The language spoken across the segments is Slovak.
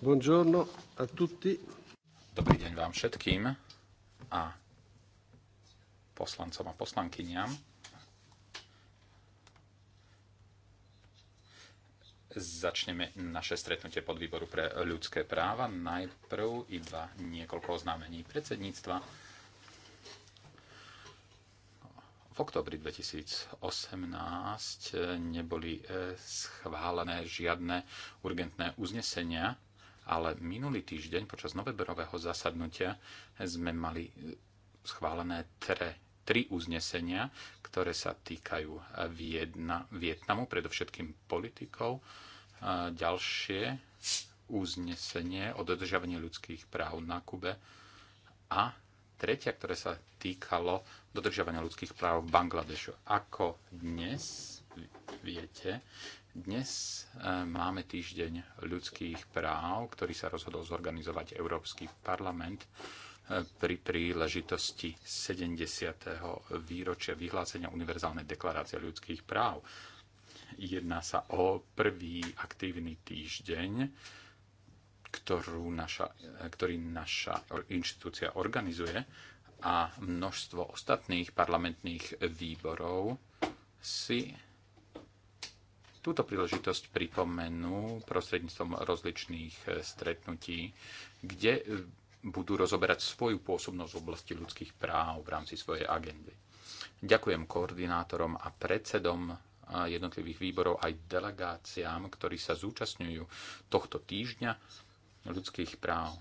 Buongiorno a tutti. Dobrý deň vám všetkým a poslancom a poslankyniam. Začneme naše stretnutie pod výboru pre ľudské práva. Najprv iba niekoľko oznámení predsedníctva. V oktobri 2018 neboli eh, schválené žiadne urgentné uznesenia ale minulý týždeň počas novemberového zasadnutia sme mali schválené tre, tri uznesenia, ktoré sa týkajú Viedna, Vietnamu, predovšetkým politikov. A ďalšie uznesenie o dodržiavaní ľudských práv na Kube a tretia, ktoré sa týkalo dodržiavania ľudských práv v Bangladešu. Ako dnes viete, dnes e, máme týždeň ľudských práv, ktorý sa rozhodol zorganizovať Európsky parlament e, pri príležitosti 70. výročia vyhlásenia Univerzálnej deklarácie ľudských práv. Jedná sa o prvý aktívny týždeň, ktorú naša, e, ktorý naša inštitúcia organizuje a množstvo ostatných parlamentných výborov si túto príležitosť pripomenú prostredníctvom rozličných e, stretnutí, kde e, budú rozoberať svoju pôsobnosť v oblasti ľudských práv v rámci svojej agendy. Ďakujem koordinátorom a predsedom e, jednotlivých výborov aj delegáciám, ktorí sa zúčastňujú tohto týždňa ľudských práv.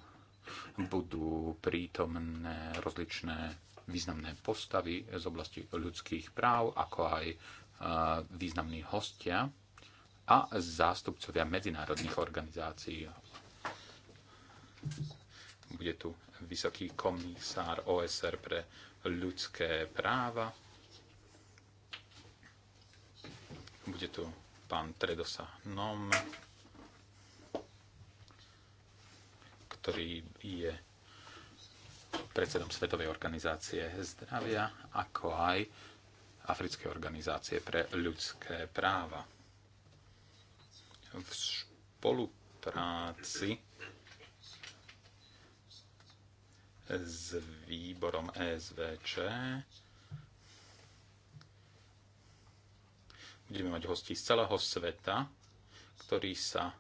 Budú prítomné rozličné významné postavy z oblasti ľudských práv, ako aj významní hostia a zástupcovia medzinárodných organizácií. Bude tu vysoký komisár OSR pre ľudské práva. Bude tu pán Tredosa Nom, ktorý je predsedom Svetovej organizácie zdravia, ako aj Africkej organizácie pre ľudské práva v spolupráci s výborom ESVČ budeme mať hostí z celého sveta, ktorí sa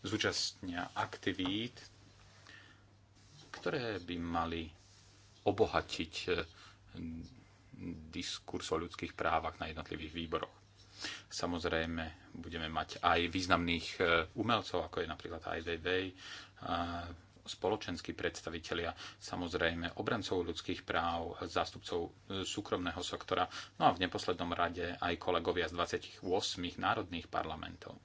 zúčastnia aktivít, ktoré by mali obohatiť eh, diskurs o ľudských právach na jednotlivých výboroch. Samozrejme, budeme mať aj významných e, umelcov, ako je napríklad AJ Weiwei, e, spoločenskí predstavitelia, samozrejme obrancov ľudských práv, zástupcov e, súkromného sektora, no a v neposlednom rade aj kolegovia z 28 národných parlamentov.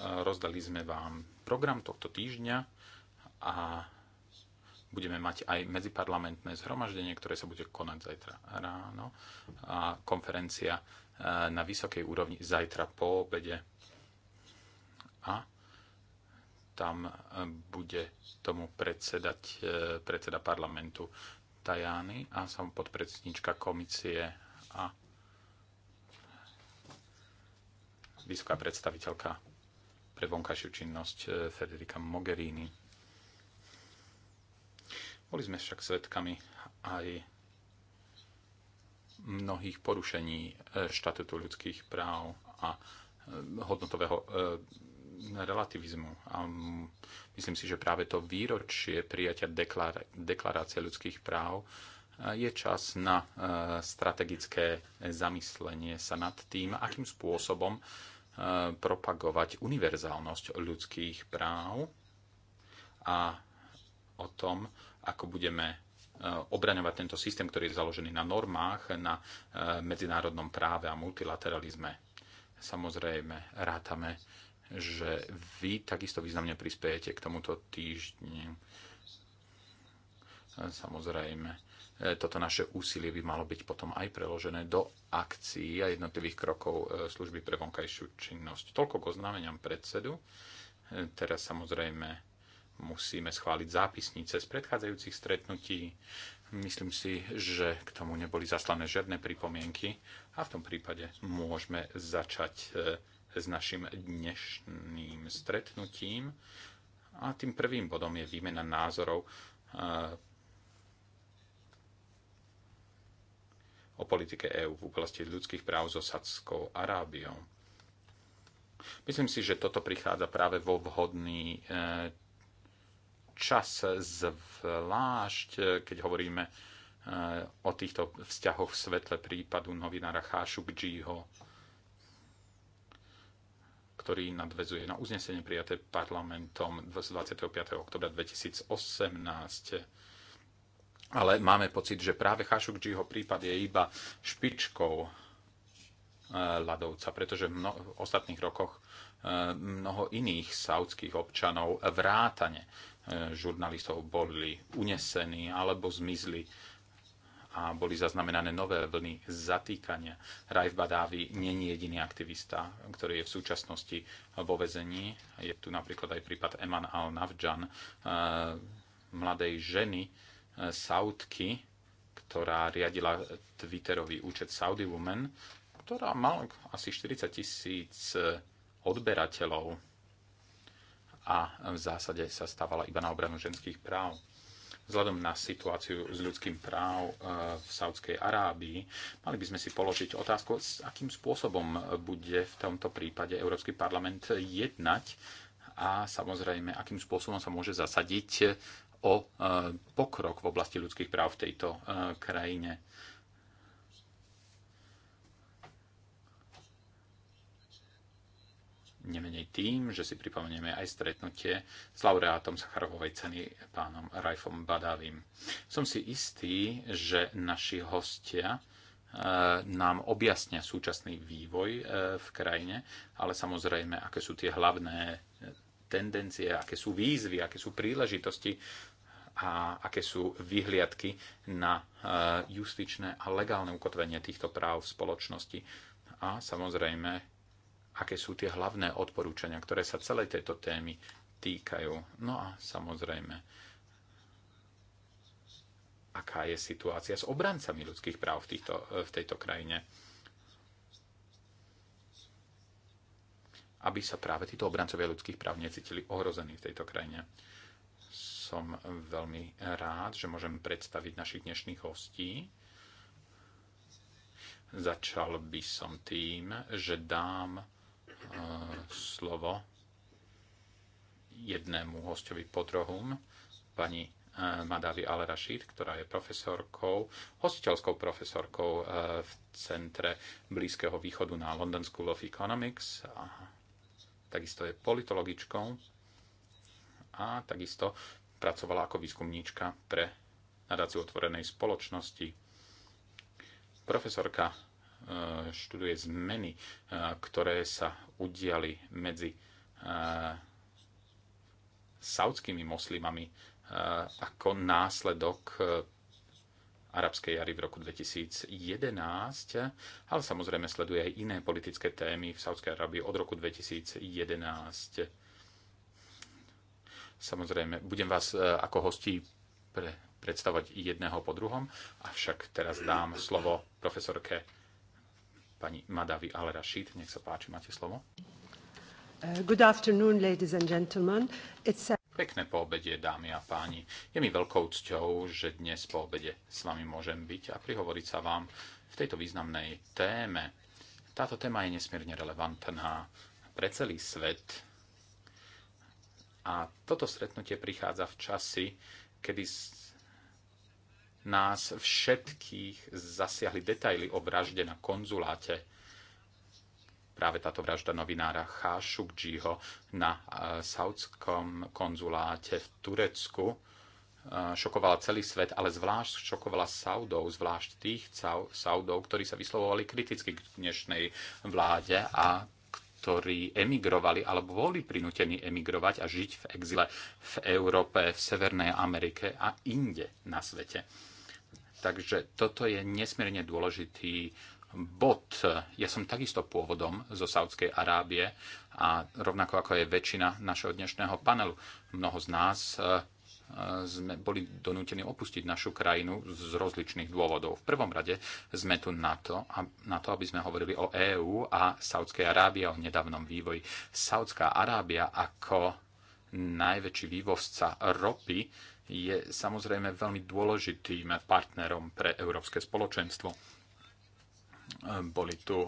Rozdali sme vám program tohto týždňa a budeme mať aj medziparlamentné zhromaždenie, ktoré sa bude konať zajtra ráno a konferencia e, na vysokej úrovni zajtra po obede. A tam e, bude tomu predsedať e, predseda parlamentu Tajány a som podpredsednička komisie a vysoká predstaviteľka pre vonkajšiu činnosť Federica Mogherini. Boli sme však svedkami aj mnohých porušení e, štatutu ľudských práv a e, hodnotového e, relativizmu. A myslím si, že práve to výročie prijatia deklarácie ľudských práv je čas na strategické zamyslenie sa nad tým, akým spôsobom propagovať univerzálnosť ľudských práv a o tom, ako budeme e, obraňovať tento systém, ktorý je založený na normách, na e, medzinárodnom práve a multilateralizme. Samozrejme, rátame, že vy takisto významne prispiejete k tomuto týždňu? E, samozrejme, toto naše úsilie by malo byť potom aj preložené do akcií a jednotlivých krokov služby pre vonkajšiu činnosť. Toľko k oznámeniam predsedu. Teraz samozrejme musíme schváliť zápisnice z predchádzajúcich stretnutí. Myslím si, že k tomu neboli zaslané žiadne pripomienky a v tom prípade môžeme začať eh, s našim dnešným stretnutím. A tým prvým bodom je výmena názorov eh, o politike EÚ v oblasti ľudských práv so Sadskou Arábiou. Myslím si, že toto prichádza práve vo vhodný eh, čas, zvlášť keď hovoríme eh, o týchto vzťahoch v svetle prípadu novinára Khashoggiho, ktorý nadvezuje na uznesenie prijaté parlamentom z 25. oktobra 2018. Ale máme pocit, že práve Khashoggiho prípad je iba špičkou eh, ľadovca, pretože v ostatných rokoch eh, mnoho iných saudských občanov vrátane E, žurnalistov boli unesení alebo zmizli a boli zaznamenané nové vlny zatýkania. Raif nie není jediný aktivista, ktorý je v súčasnosti vo vezení. Je tu napríklad aj prípad Eman al-Navjan, e, mladej ženy, e, Saudky, ktorá riadila Twitterový účet Saudi Woman, ktorá mal asi 40 tisíc odberateľov a v zásade sa stávala iba na obranu ženských práv. Vzhľadom na situáciu s ľudským práv eh, v Saudskej Arábii, mali by sme si položiť otázku, s akým spôsobom bude v tomto prípade Európsky parlament jednať a samozrejme, akým spôsobom sa môže zasadiť o eh, pokrok v oblasti ľudských práv v tejto eh, krajine nemenej tým, že si pripomenieme aj stretnutie s laureátom Sacharovovej ceny pánom Rajfom badavým. Som si istý, že naši hostia e, nám objasnia súčasný vývoj e, v krajine, ale samozrejme, aké sú tie hlavné e, tendencie, aké sú výzvy, aké sú príležitosti a aké sú vyhliadky na justičné a legálne ukotvenie týchto práv v spoločnosti. A samozrejme, aké sú tie hlavné odporúčania, ktoré sa celej tejto témy týkajú. No a samozrejme, aká je situácia s obrancami ľudských práv v, týchto, v tejto krajine. Aby sa práve títo obrancovia ľudských práv necítili ohrození v tejto krajine. Som veľmi rád, že môžem predstaviť našich dnešných hostí. Začal by som tým, že dám slovo jednému hostovi podrohum, pani eh, Madavi Al-Rashid, ktorá je profesorkou, hostiteľskou profesorkou eh, v Centre Blízkeho východu na London School of Economics a takisto je politologičkou a takisto pracovala ako výskumníčka pre nadáciu otvorenej spoločnosti. Profesorka E, študuje zmeny, e, ktoré sa udiali medzi e, saudskými moslimami ako následok arabskej jary v roku 2011, ale samozrejme sleduje aj iné politické témy v Saudskej Arabii od roku 2011. Samozrejme, budem vás ako hostí pre, predstavovať jedného po druhom, avšak teraz dám slovo profesorke pani Madavi Al-Rashid. Nech sa páči, máte slovo. Eh, good afternoon, ladies and gentlemen. It's a... Pekné poobedie, dámy a páni. Je mi veľkou cťou, že dnes po obede s vami môžem byť a prihovoriť sa vám v tejto významnej téme. Táto téma je nesmierne relevantná pre celý svet. A toto stretnutie prichádza v časi, kedy nás všetkých zasiahli detaily o vražde na konzuláte. Práve táto vražda novinára Khashoggiho na eh, saudskom konzuláte v Turecku eh, šokovala celý svet, ale zvlášť šokovala Saudov, zvlášť tých Saudov, ktorí sa vyslovovali kriticky k dnešnej vláde a ktorí emigrovali alebo boli prinútení emigrovať a žiť v exile v Európe, v Severnej Amerike a inde na svete Takže toto je nesmierne dôležitý bod. Ja som takisto pôvodom zo Saudskej Arábie a rovnako ako je väčšina našeho dnešného panelu. Mnoho z nás e, e, sme boli donútení opustiť našu krajinu z rozličných dôvodov. V prvom rade sme tu na to, na to aby sme hovorili o EÚ a Saudskej Arábie, o nedávnom vývoji. Saudská Arábia ako najväčší vývozca ropy je samozrejme veľmi dôležitým partnerom pre Európske spoločenstvo. Boli tu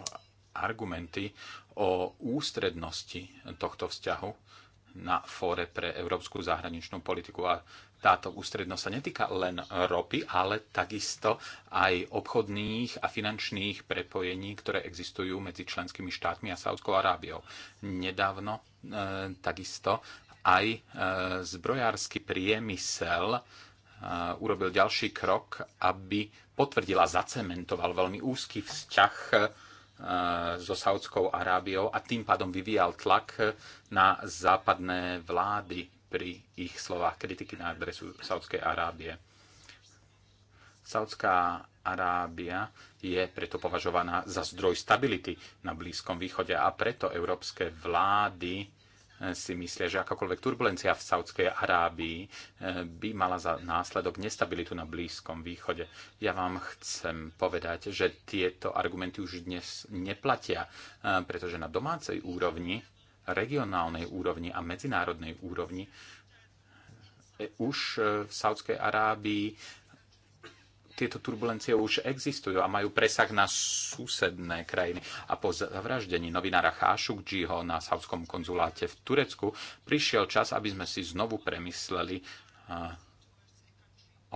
argumenty o ústrednosti tohto vzťahu na fóre pre európsku zahraničnú politiku. A táto ústrednosť sa netýka len ropy, ale takisto aj obchodných a finančných prepojení, ktoré existujú medzi členskými štátmi a Saudskou Arábiou. Nedávno e, takisto aj e, zbrojársky priemysel e, urobil ďalší krok, aby potvrdila, zacementoval veľmi úzky vzťah e, so Saudskou Arábiou a tým pádom vyvíjal tlak na západné vlády pri ich slovách kritiky na adresu Saudskej Arábie. Saudská Arábia je preto považovaná za zdroj stability na Blízkom východe a preto európske vlády si myslia, že akákoľvek turbulencia v Saudskej Arábii eh, by mala za následok nestabilitu na Blízkom východe. Ja vám chcem povedať, že tieto argumenty už dnes neplatia, eh, pretože na domácej úrovni, regionálnej úrovni a medzinárodnej úrovni eh, už v Saudskej Arábii tieto turbulencie už existujú a majú presah na susedné krajiny. A po zavraždení novinára Džiho na Savskom konzuláte v Turecku prišiel čas, aby sme si znovu premysleli uh,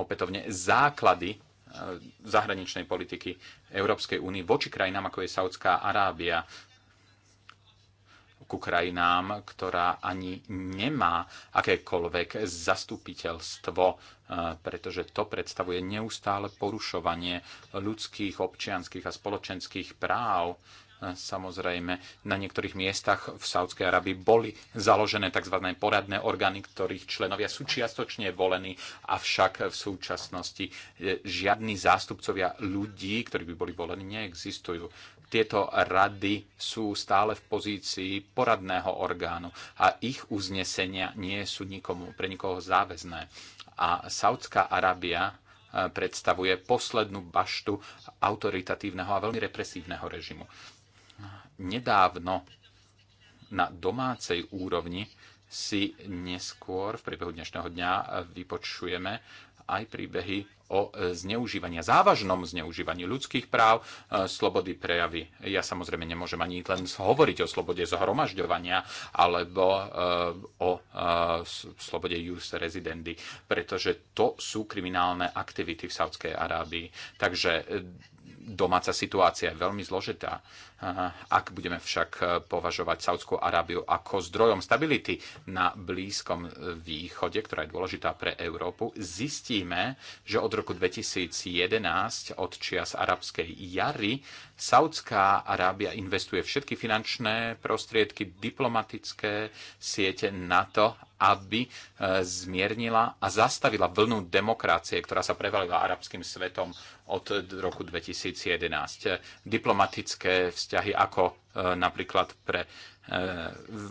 opätovne základy zahraničnej politiky Európskej únie voči krajinám, ako je Saudská Arábia, ku krajinám, ktorá ani nemá akékoľvek zastupiteľstvo, e, pretože to predstavuje neustále porušovanie ľudských, občianských a spoločenských práv. E, samozrejme, na niektorých miestach v Saudskej Arabii boli založené tzv. poradné orgány, ktorých členovia sú čiastočne volení, avšak v súčasnosti e, žiadni zástupcovia ľudí, ktorí by boli volení, neexistujú tieto rady sú stále v pozícii poradného orgánu a ich uznesenia nie sú nikomu, pre nikoho záväzné. A Saudská Arábia eh, predstavuje poslednú baštu autoritatívneho a veľmi represívneho režimu. Nedávno na domácej úrovni si neskôr v priebehu dnešného dňa eh, vypočujeme aj príbehy o e, zneužívaní, závažnom zneužívaní ľudských práv, e, slobody prejavy. Ja samozrejme nemôžem ani len hovoriť o slobode zhromažďovania alebo e, o slobode jus residendi, pretože to sú kriminálne aktivity v Saudskej Arábii. Takže domáca situácia je veľmi zložitá. Ak budeme však eh, považovať Saudskú Arábiu ako zdrojom stability na Blízkom eh, východe, ktorá je dôležitá pre Európu, zistíme, že od roku 2011, od čias arabskej jary, Saudská Arábia investuje všetky finančné prostriedky, diplomatické siete na to, aby eh, zmiernila a zastavila vlnu demokracie, ktorá sa prevalila arabským svetom od roku 2011. Diplomatické vzťahy vzťahy, ako e, napríklad pre, e,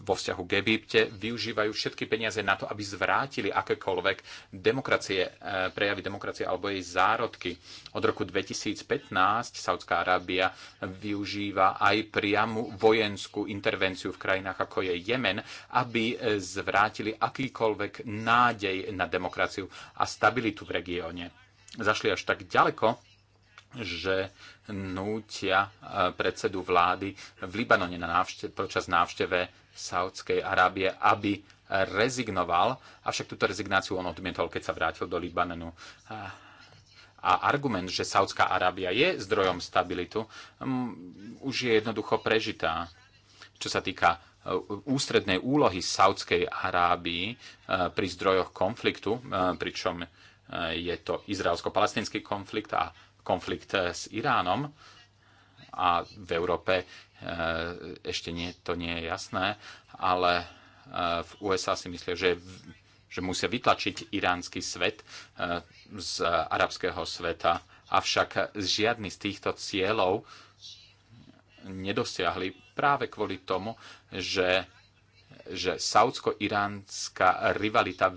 vo vzťahu k Egypte, využívajú všetky peniaze na to, aby zvrátili akékoľvek demokracie, e, prejavy demokracie alebo jej zárodky. Od roku 2015 Saudská Arábia využíva aj priamu vojenskú intervenciu v krajinách ako je Jemen, aby zvrátili akýkoľvek nádej na demokraciu a stabilitu v regióne. Zašli až tak ďaleko, že nútia e, predsedu vlády v Libanone na návšte- počas návšteve Saudskej Arábie, aby rezignoval, avšak túto rezignáciu on odmietol, keď sa vrátil do Libanonu. A argument, že Saudská Arábia je zdrojom stabilitu, už je jednoducho prežitá. Čo sa týka e, ústrednej úlohy Saudskej Arábii e, pri zdrojoch konfliktu, pričom je to izraelsko-palestinský konflikt a konflikt eh, s Iránom a v Európe eh, ešte nie, to nie je jasné, ale eh, v USA si myslia, že, že musia vytlačiť iránsky svet z arabského sveta. Avšak žiadny z týchto cieľov nedosiahli práve kvôli tomu, že že saudsko-iránska rivalita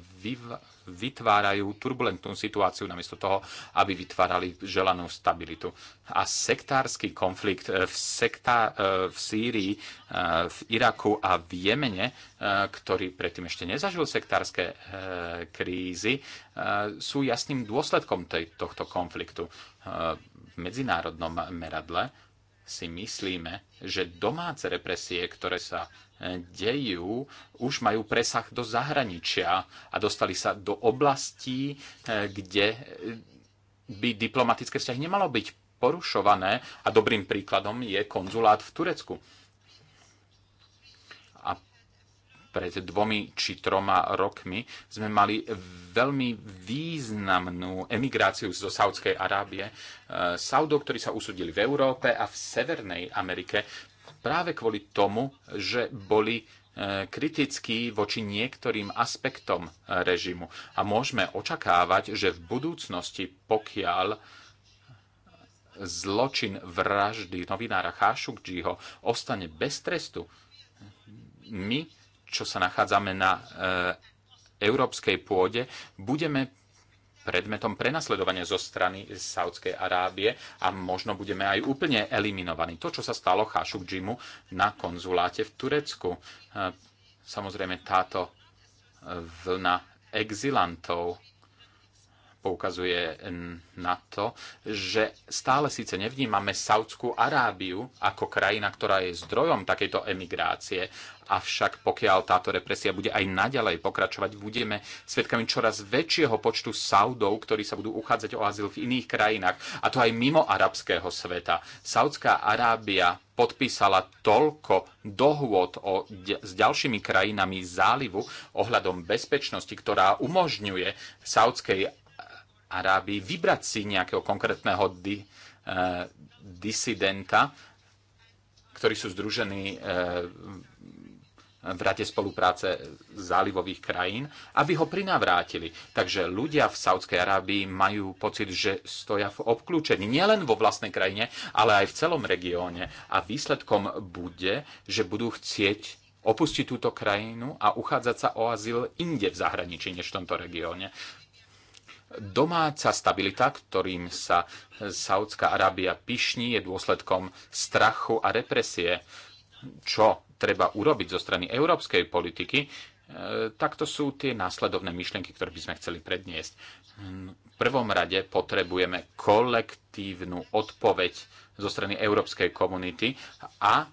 vytvárajú turbulentnú situáciu namiesto toho, aby vytvárali želanú stabilitu. A sektársky konflikt e, v, sektá, e, v Sýrii, e, v Iraku a v Jemene, ktorý predtým ešte nezažil sektárske krízy, sú jasným dôsledkom tej, tohto konfliktu. V medzinárodnom meradle si myslíme, že domáce represie, ktoré sa dejú, už majú presah do zahraničia a dostali sa do oblastí, eh, kde by diplomatické vzťahy nemalo byť porušované a dobrým príkladom je konzulát v Turecku. A pred dvomi či troma rokmi sme mali veľmi významnú emigráciu zo Saudskej Arábie. Eh, Saudov, ktorí sa usudili v Európe a v Severnej Amerike, práve kvôli tomu, že boli e, kritickí voči niektorým aspektom e, režimu. A môžeme očakávať, že v budúcnosti, pokiaľ zločin vraždy novinára Khashoggiho ostane bez trestu, my, čo sa nachádzame na e, európskej pôde, budeme predmetom prenasledovania zo strany Saudskej Arábie a možno budeme aj úplne eliminovaní. To, čo sa stalo Khashoggimu na konzuláte v Turecku. E, samozrejme táto vlna exilantov poukazuje na to, že stále síce nevnímame Saudskú Arábiu ako krajina, ktorá je zdrojom takejto emigrácie, avšak pokiaľ táto represia bude aj naďalej pokračovať, budeme svetkami čoraz väčšieho počtu Saudov, ktorí sa budú uchádzať o azyl v iných krajinách, a to aj mimo arabského sveta. Saudská Arábia podpísala toľko dohôd o, s ďalšími krajinami zálivu ohľadom bezpečnosti, ktorá umožňuje Saudskej Arábii vybrať si nejakého konkrétneho di, e, disidenta, ktorí sú združení e, v Rade spolupráce zálivových krajín, aby ho prinavrátili. Takže ľudia v Saudskej Arábii majú pocit, že stoja v obklúčení nielen vo vlastnej krajine, ale aj v celom regióne. A výsledkom bude, že budú chcieť opustiť túto krajinu a uchádzať sa o azyl inde v zahraničí než v tomto regióne. Domáca stabilita, ktorým sa Saudská Arábia pyšní, je dôsledkom strachu a represie. Čo treba urobiť zo strany európskej politiky, e, tak to sú tie následovné myšlienky, ktoré by sme chceli predniesť. V prvom rade potrebujeme kolektívnu odpoveď zo strany európskej komunity a e,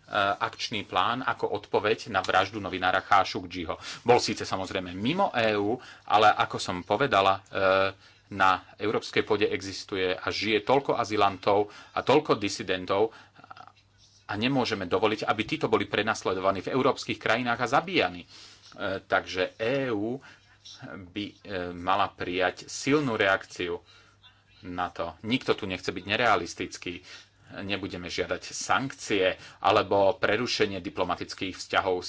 akčný plán ako odpoveď na vraždu novinára Khashoggiho. Bol síce samozrejme mimo EÚ, ale ako som povedala, e, na európskej pôde existuje a žije toľko azilantov a toľko disidentov a nemôžeme dovoliť, aby títo boli prenasledovaní v európskych krajinách a zabíjani. E, takže EÚ by mala prijať silnú reakciu na to. Nikto tu nechce byť nerealistický nebudeme žiadať sankcie alebo prerušenie diplomatických vzťahov eh,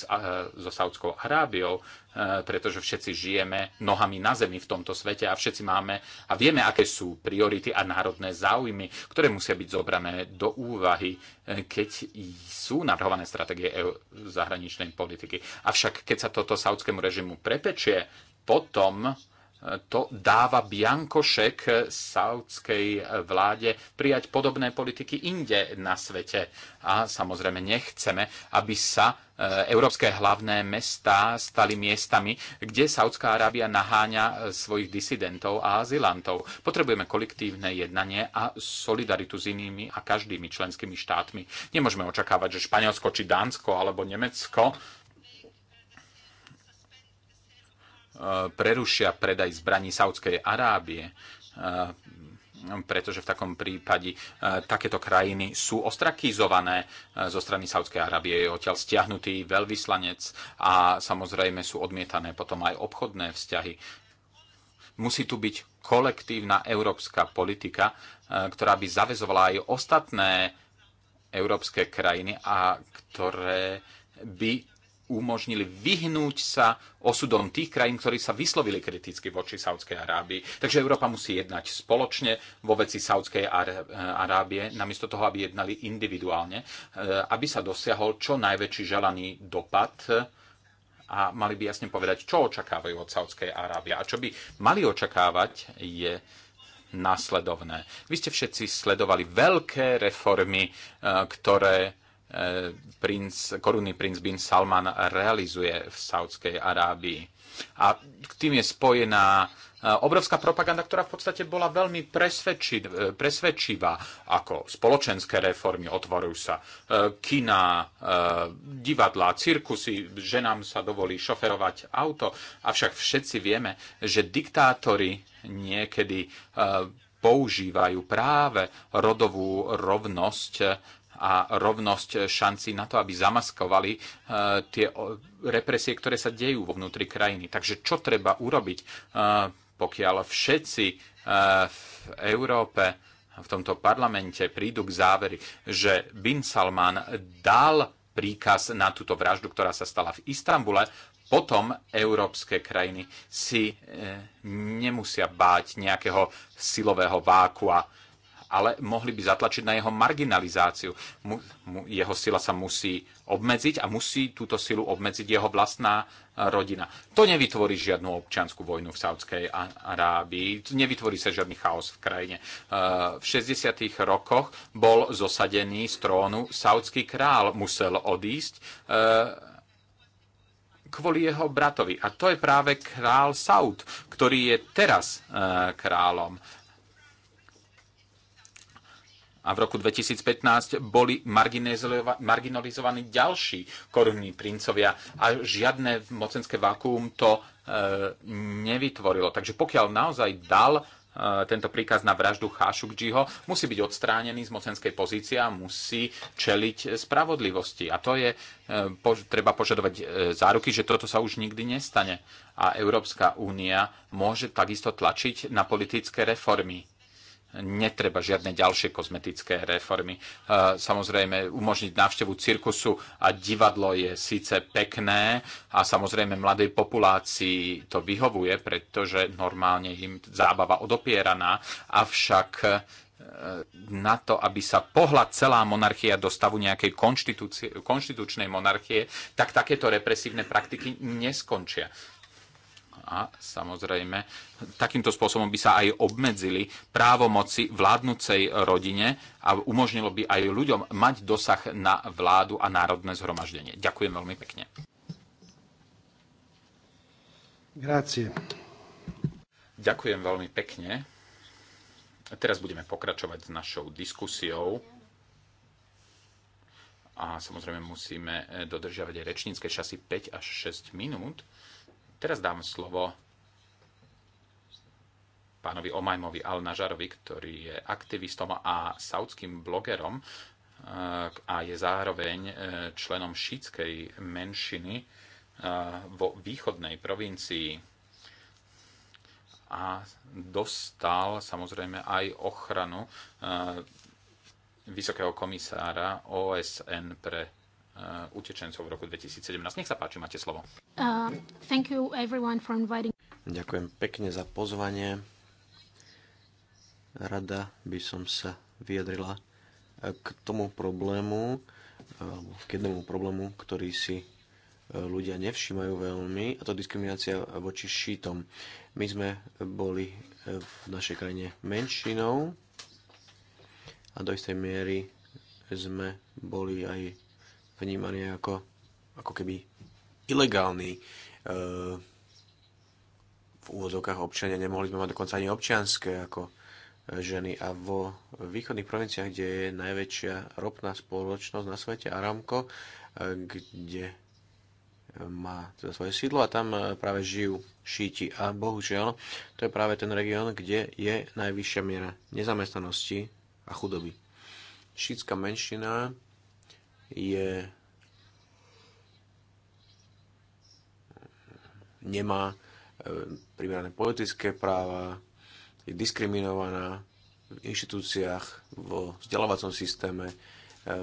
so Saudskou Arábiou, eh, pretože všetci žijeme nohami na zemi v tomto svete a všetci máme a vieme, aké sú priority a národné záujmy, ktoré musia byť zobrané do úvahy, eh, keď sú navrhované stratégie e zahraničnej politiky. Avšak keď sa toto saudskému režimu prepečie, potom to dáva biankošek saudskej vláde prijať podobné politiky inde na svete. A samozrejme nechceme, aby sa e, európske hlavné mestá stali miestami, kde Saudská Arábia naháňa e, svojich disidentov a azylantov. Potrebujeme kolektívne jednanie a solidaritu s inými a každými členskými štátmi. Nemôžeme očakávať, že Španielsko či Dánsko alebo Nemecko prerušia predaj zbraní Saudskej Arábie, e, pretože v takom prípade e, takéto krajiny sú ostrakizované e, zo strany Saudskej Arábie. Je odtiaľ stiahnutý veľvyslanec a samozrejme sú odmietané potom aj obchodné vzťahy. Musí tu byť kolektívna európska politika, ktorá by zavezovala aj ostatné európske krajiny a ktoré by umožnili vyhnúť sa osudom tých krajín, ktorí sa vyslovili kriticky voči Saudskej Arábii. Takže Európa musí jednať spoločne vo veci Saudskej Arábie, namiesto toho, aby jednali individuálne, e, aby sa dosiahol čo najväčší želaný dopad a mali by jasne povedať, čo očakávajú od Saudskej Arábie. A čo by mali očakávať je nasledovné. Vy ste všetci sledovali veľké reformy, e, ktoré Eh, princ, korunný princ bin Salman realizuje v Saudskej Arábii. A k tým je spojená eh, obrovská propaganda, ktorá v podstate bola veľmi eh, presvedčivá, ako spoločenské reformy, otvorujú sa kina, divadlá, cirkusy, ženám sa dovolí šoferovať auto. Avšak všetci vieme, že diktátori niekedy používajú práve rodovú rovnosť a rovnosť šanci na to, aby zamaskovali e, tie represie, ktoré sa dejú vo vnútri krajiny. Takže čo treba urobiť, e, pokiaľ všetci e, v Európe v tomto parlamente prídu k záveri, že Bin Salman dal príkaz na túto vraždu, ktorá sa stala v Istambule, potom európske krajiny si nemusia báť nejakého silového vákua ale mohli by zatlačiť na jeho marginalizáciu. Mu, mu, jeho sila sa musí obmedziť a musí túto silu obmedziť jeho vlastná e, rodina. To nevytvorí žiadnu občianskú vojnu v Saudskej Arábii, nevytvorí sa žiadny chaos v krajine. E, v 60. rokoch bol zosadený z trónu saudský král, musel odísť e, kvôli jeho bratovi. A to je práve král Saud, ktorý je teraz e, králom a v roku 2015 boli marginalizovaní ďalší korunní princovia a žiadne mocenské vakuum to e, nevytvorilo. Takže pokiaľ naozaj dal e, tento príkaz na vraždu Khashoggiho, musí byť odstránený z mocenskej pozície a musí čeliť spravodlivosti. A to je, e, treba požadovať e, záruky, že toto sa už nikdy nestane. A Európska únia môže takisto tlačiť na politické reformy netreba žiadne ďalšie kozmetické reformy. E, samozrejme, umožniť návštevu cirkusu a divadlo je síce pekné a samozrejme mladej populácii to vyhovuje, pretože normálne im zábava odopieraná, avšak e, na to, aby sa pohľad celá monarchia do stavu nejakej konštitučnej monarchie, tak takéto represívne praktiky neskončia. A samozrejme, takýmto spôsobom by sa aj obmedzili právomoci vládnucej rodine a umožnilo by aj ľuďom mať dosah na vládu a národné zhromaždenie. Ďakujem veľmi pekne. Grazie. Ďakujem veľmi pekne. Teraz budeme pokračovať s našou diskusiou. A samozrejme musíme dodržiavať aj rečnícke časy 5 až 6 minút. Teraz dám slovo pánovi Omajmovi Al-Nažarovi, ktorý je aktivistom a saudským blogerom e, a je zároveň e, členom šítskej menšiny e, vo východnej provincii a dostal samozrejme aj ochranu vysokého komisára OSN pre Uh, utečencov v roku 2017. Nech sa páči, máte slovo. Uh, inviting... Ďakujem pekne za pozvanie. Rada by som sa vyjadrila uh, k tomu problému, uh, alebo k jednému problému, ktorý si ľudia nevšímajú veľmi, a to diskriminácia voči šítom. My sme boli v našej krajine menšinou a do istej miery sme boli aj vnímaný ako, ako keby ilegálny. E, v úvodzovkách občania nemohli sme mať dokonca ani občianské ako e, ženy. A vo východných provinciách, kde je najväčšia ropná spoločnosť na svete, Aramko, e, kde e, má teda svoje sídlo a tam práve žijú šíti. A bohužiaľ, to je práve ten región, kde je najvyššia miera nezamestnanosti a chudoby. Šítska menšina je nemá e, primárne politické práva, je diskriminovaná v inštitúciách, v vzdelávacom systéme, e,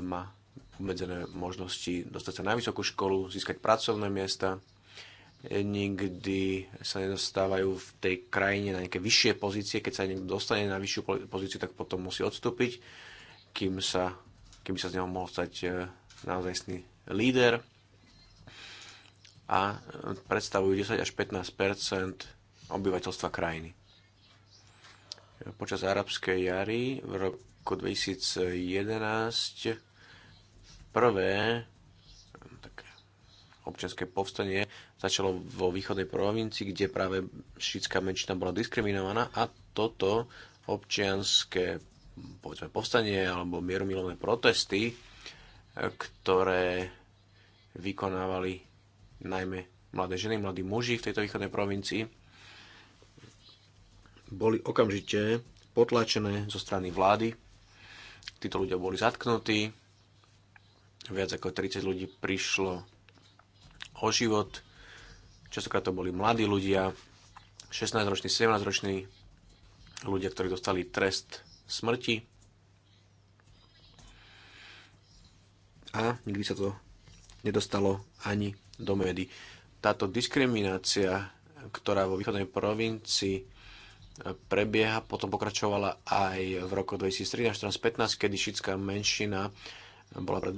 má obmedzené možnosti dostať sa na vysokú školu, získať pracovné miesta, e, nikdy sa nedostávajú v tej krajine na nejaké vyššie pozície. Keď sa niekto dostane na vyššiu pozíciu, tak potom musí odstúpiť, kým sa keby sa z neho mohol stať e, naozaj líder a e, predstavujú 10 až 15 obyvateľstva krajiny. E, počas arabskej jary v roku 2011 prvé také občianské povstanie začalo vo východnej provincii, kde práve šítska menšina bola diskriminovaná a toto občianské povedzme povstanie alebo mieromilovné protesty, e, ktoré vykonávali najmä mladé ženy, mladí muži v tejto východnej provincii, boli okamžite potlačené zo strany vlády. Títo ľudia boli zatknutí, viac ako 30 ľudí prišlo o život, častokrát to boli mladí ľudia, 16-roční, 17-roční ľudia, ktorí dostali trest smrti. A nikdy sa to nedostalo ani do médií. Táto diskriminácia, ktorá vo východnej provincii prebieha, potom pokračovala aj v roku 2013 2015 kedy šická menšina bola pred,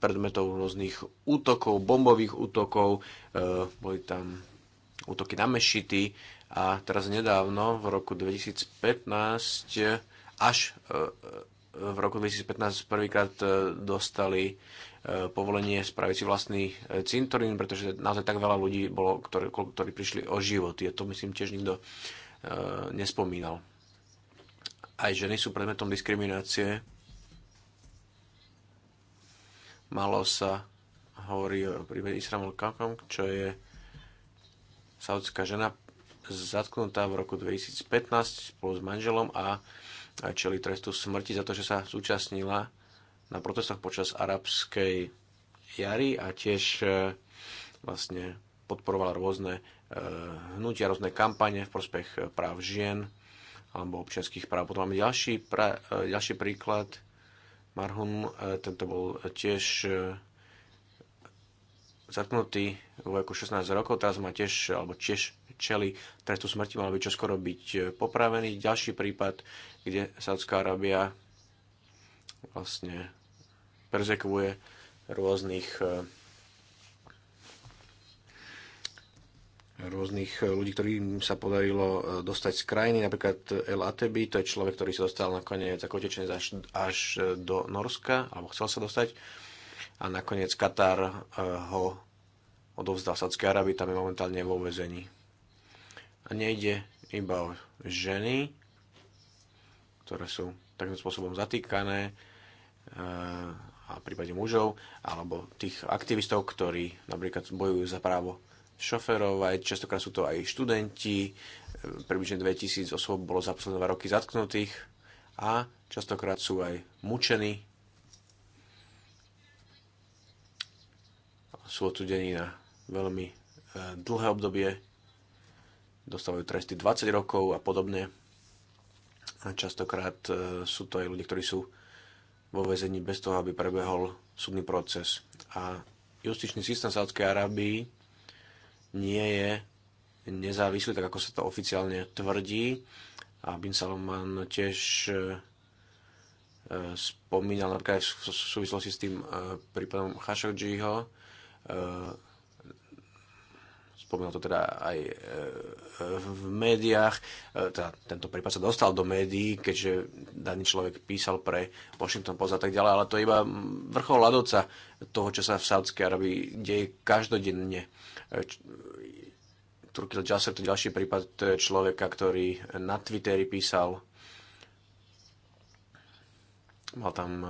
predmetov rôznych útokov, bombových útokov, e, boli tam útoky na mešity a teraz nedávno, v roku 2015, až e, e, v roku 2015 prvýkrát e, dostali povolenie spraviť si vlastný cintorín, pretože naozaj tak veľa ľudí bolo, ktorí, ktorí prišli o život. Je to myslím tiež nikto nespomínal. Aj ženy sú predmetom diskriminácie. Malo sa hovorí o prípade Isramel Kakom, čo je saudská žena zatknutá v roku 2015 spolu s manželom a čeli trestu smrti za to, že sa zúčastnila na protestoch počas arabskej jary a tiež e, vlastne podporovala rôzne e, hnutia, rôzne kampane v prospech e, práv žien alebo občianských práv. Potom máme ďalší, pra, ďalší príklad. Marhum, tento bol tiež zatknutý vo veku 16 rokov, teraz má tiež, alebo tiež čeli trestu smrti, mal by čoskoro byť eh, popravený. Ďalší prípad, kde Saudská Arábia vlastne perzekvuje rôznych eh, rôznych eh, ľudí, ktorým sa podarilo dostať z krajiny, napríklad El Atebi, to je človek, ktorý sa dostal nakoniec ako utečenec až, až do Norska, alebo chcel sa dostať a nakoniec Katar ho odovzdal Sadskej Arabii, tam je momentálne vo vezení nejde iba o ženy, ktoré sú takým spôsobom zatýkané e, a v prípade mužov, alebo tých aktivistov, ktorí napríklad bojujú za právo šoferov, aj častokrát sú to aj študenti, e, približne 2000 osôb bolo za posledné dva roky zatknutých a častokrát sú aj mučení, sú odsudení na veľmi e, dlhé obdobie dostávajú tresty 20 rokov a podobne. A častokrát e, sú to aj ľudia, ktorí sú vo väzení bez toho, aby prebehol súdny proces. A justičný systém Sádskej Arábii nie je nezávislý, tak ako sa to oficiálne tvrdí. A Bin Salman tiež e, e, spomínal napríklad aj v súvislosti s tým prípadom Khashoggiho, spomínal to teda aj e, v médiách, e, teda tento prípad sa dostal do médií, keďže daný človek písal pre Washington Post a tak ďalej, ale to je iba vrchol ľadovca toho, čo sa v Sádskej Arabii deje každodenne. E, Turkil Jasser, to je ďalší prípad človeka, ktorý na Twitteri písal, mal tam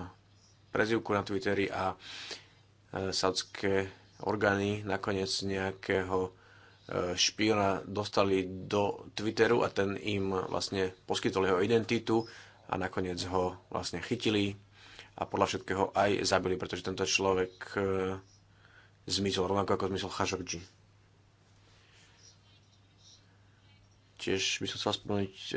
prezivku na Twitteri a saudské orgány nakoniec nejakého E, špiona dostali do Twitteru a ten im vlastne poskytol jeho identitu a nakoniec ho vlastne chytili a podľa všetkého aj zabili, pretože tento človek e, zmizol, rovnako ako zmizol Khashoggi. Tiež by som chcel spomenúť e,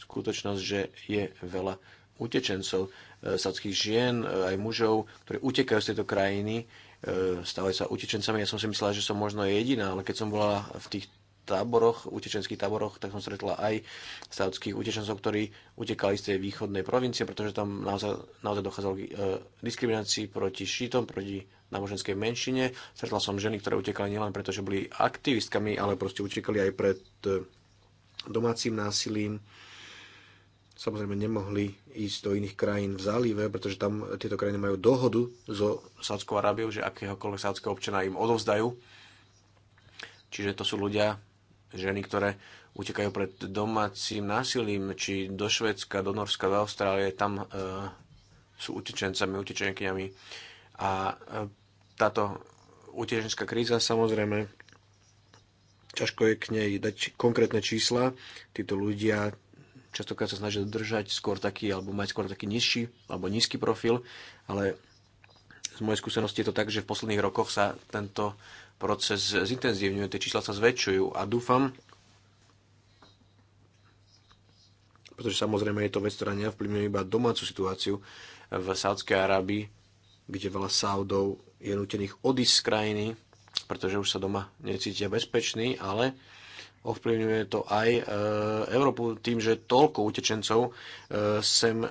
skutočnosť, že je veľa utečencov, sadských žien, aj mužov, ktorí utekajú z tejto krajiny E, stávajú sa utečencami. Ja som si myslela, že som možno jediná, ale keď som bola v tých táboroch, utečenských táboroch, tak som stretla aj saudských utečencov, ktorí utekali z tej východnej provincie, pretože tam naozaj, naozaj dochádzalo k e, diskriminácii proti šítom, proti náboženskej menšine. Stretla som ženy, ktoré utekali nielen preto, že boli aktivistkami, ale proste utekali aj pred e, domácim násilím samozrejme nemohli ísť do iných krajín v zálive, pretože tam tieto krajiny majú dohodu so Sádskou Arábiou, že akéhokoľvek sádskeho občana im odovzdajú. Čiže to sú ľudia, ženy, ktoré utekajú pred domácim násilím, či do Švedska, do Norska, do Austrálie, tam e, sú utečencami, utečenkyňami. A e, táto utečenská kríza samozrejme ťažko je k nej dať konkrétne čísla. Títo ľudia častokrát sa snažia držať skôr taký, alebo mať skôr taký nižší, alebo nízky profil, ale z mojej skúsenosti je to tak, že v posledných rokoch sa tento proces zintenzívňuje, tie čísla sa zväčšujú a dúfam, pretože samozrejme je to vec, ktorá nevplyvňuje iba domácu situáciu v Sádskej Arábii, kde veľa Saudov je nutených odísť z krajiny, pretože už sa doma necítia bezpečný. ale ovplyvňuje to aj e, Európu tým, že toľko utečencov e, sem e,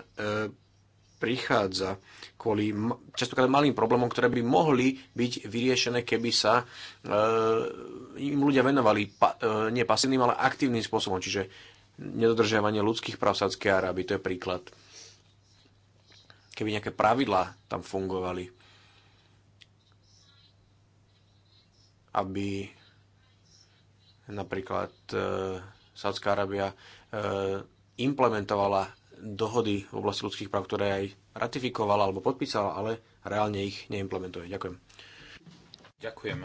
prichádza kvôli častokrát malým problémom, ktoré by mohli byť vyriešené, keby sa im ľudia venovali nie pasívnym, ale aktívnym spôsobom. Čiže nedodržiavanie ľudských práv Sádskej Aráby, to je príklad. Keby nejaké pravidlá tam fungovali, aby Napríklad e, Sádzka Arábia e, implementovala dohody v oblasti ľudských práv, ktoré aj ratifikovala alebo podpísala, ale reálne ich neimplementuje. Ďakujem. Ďakujem,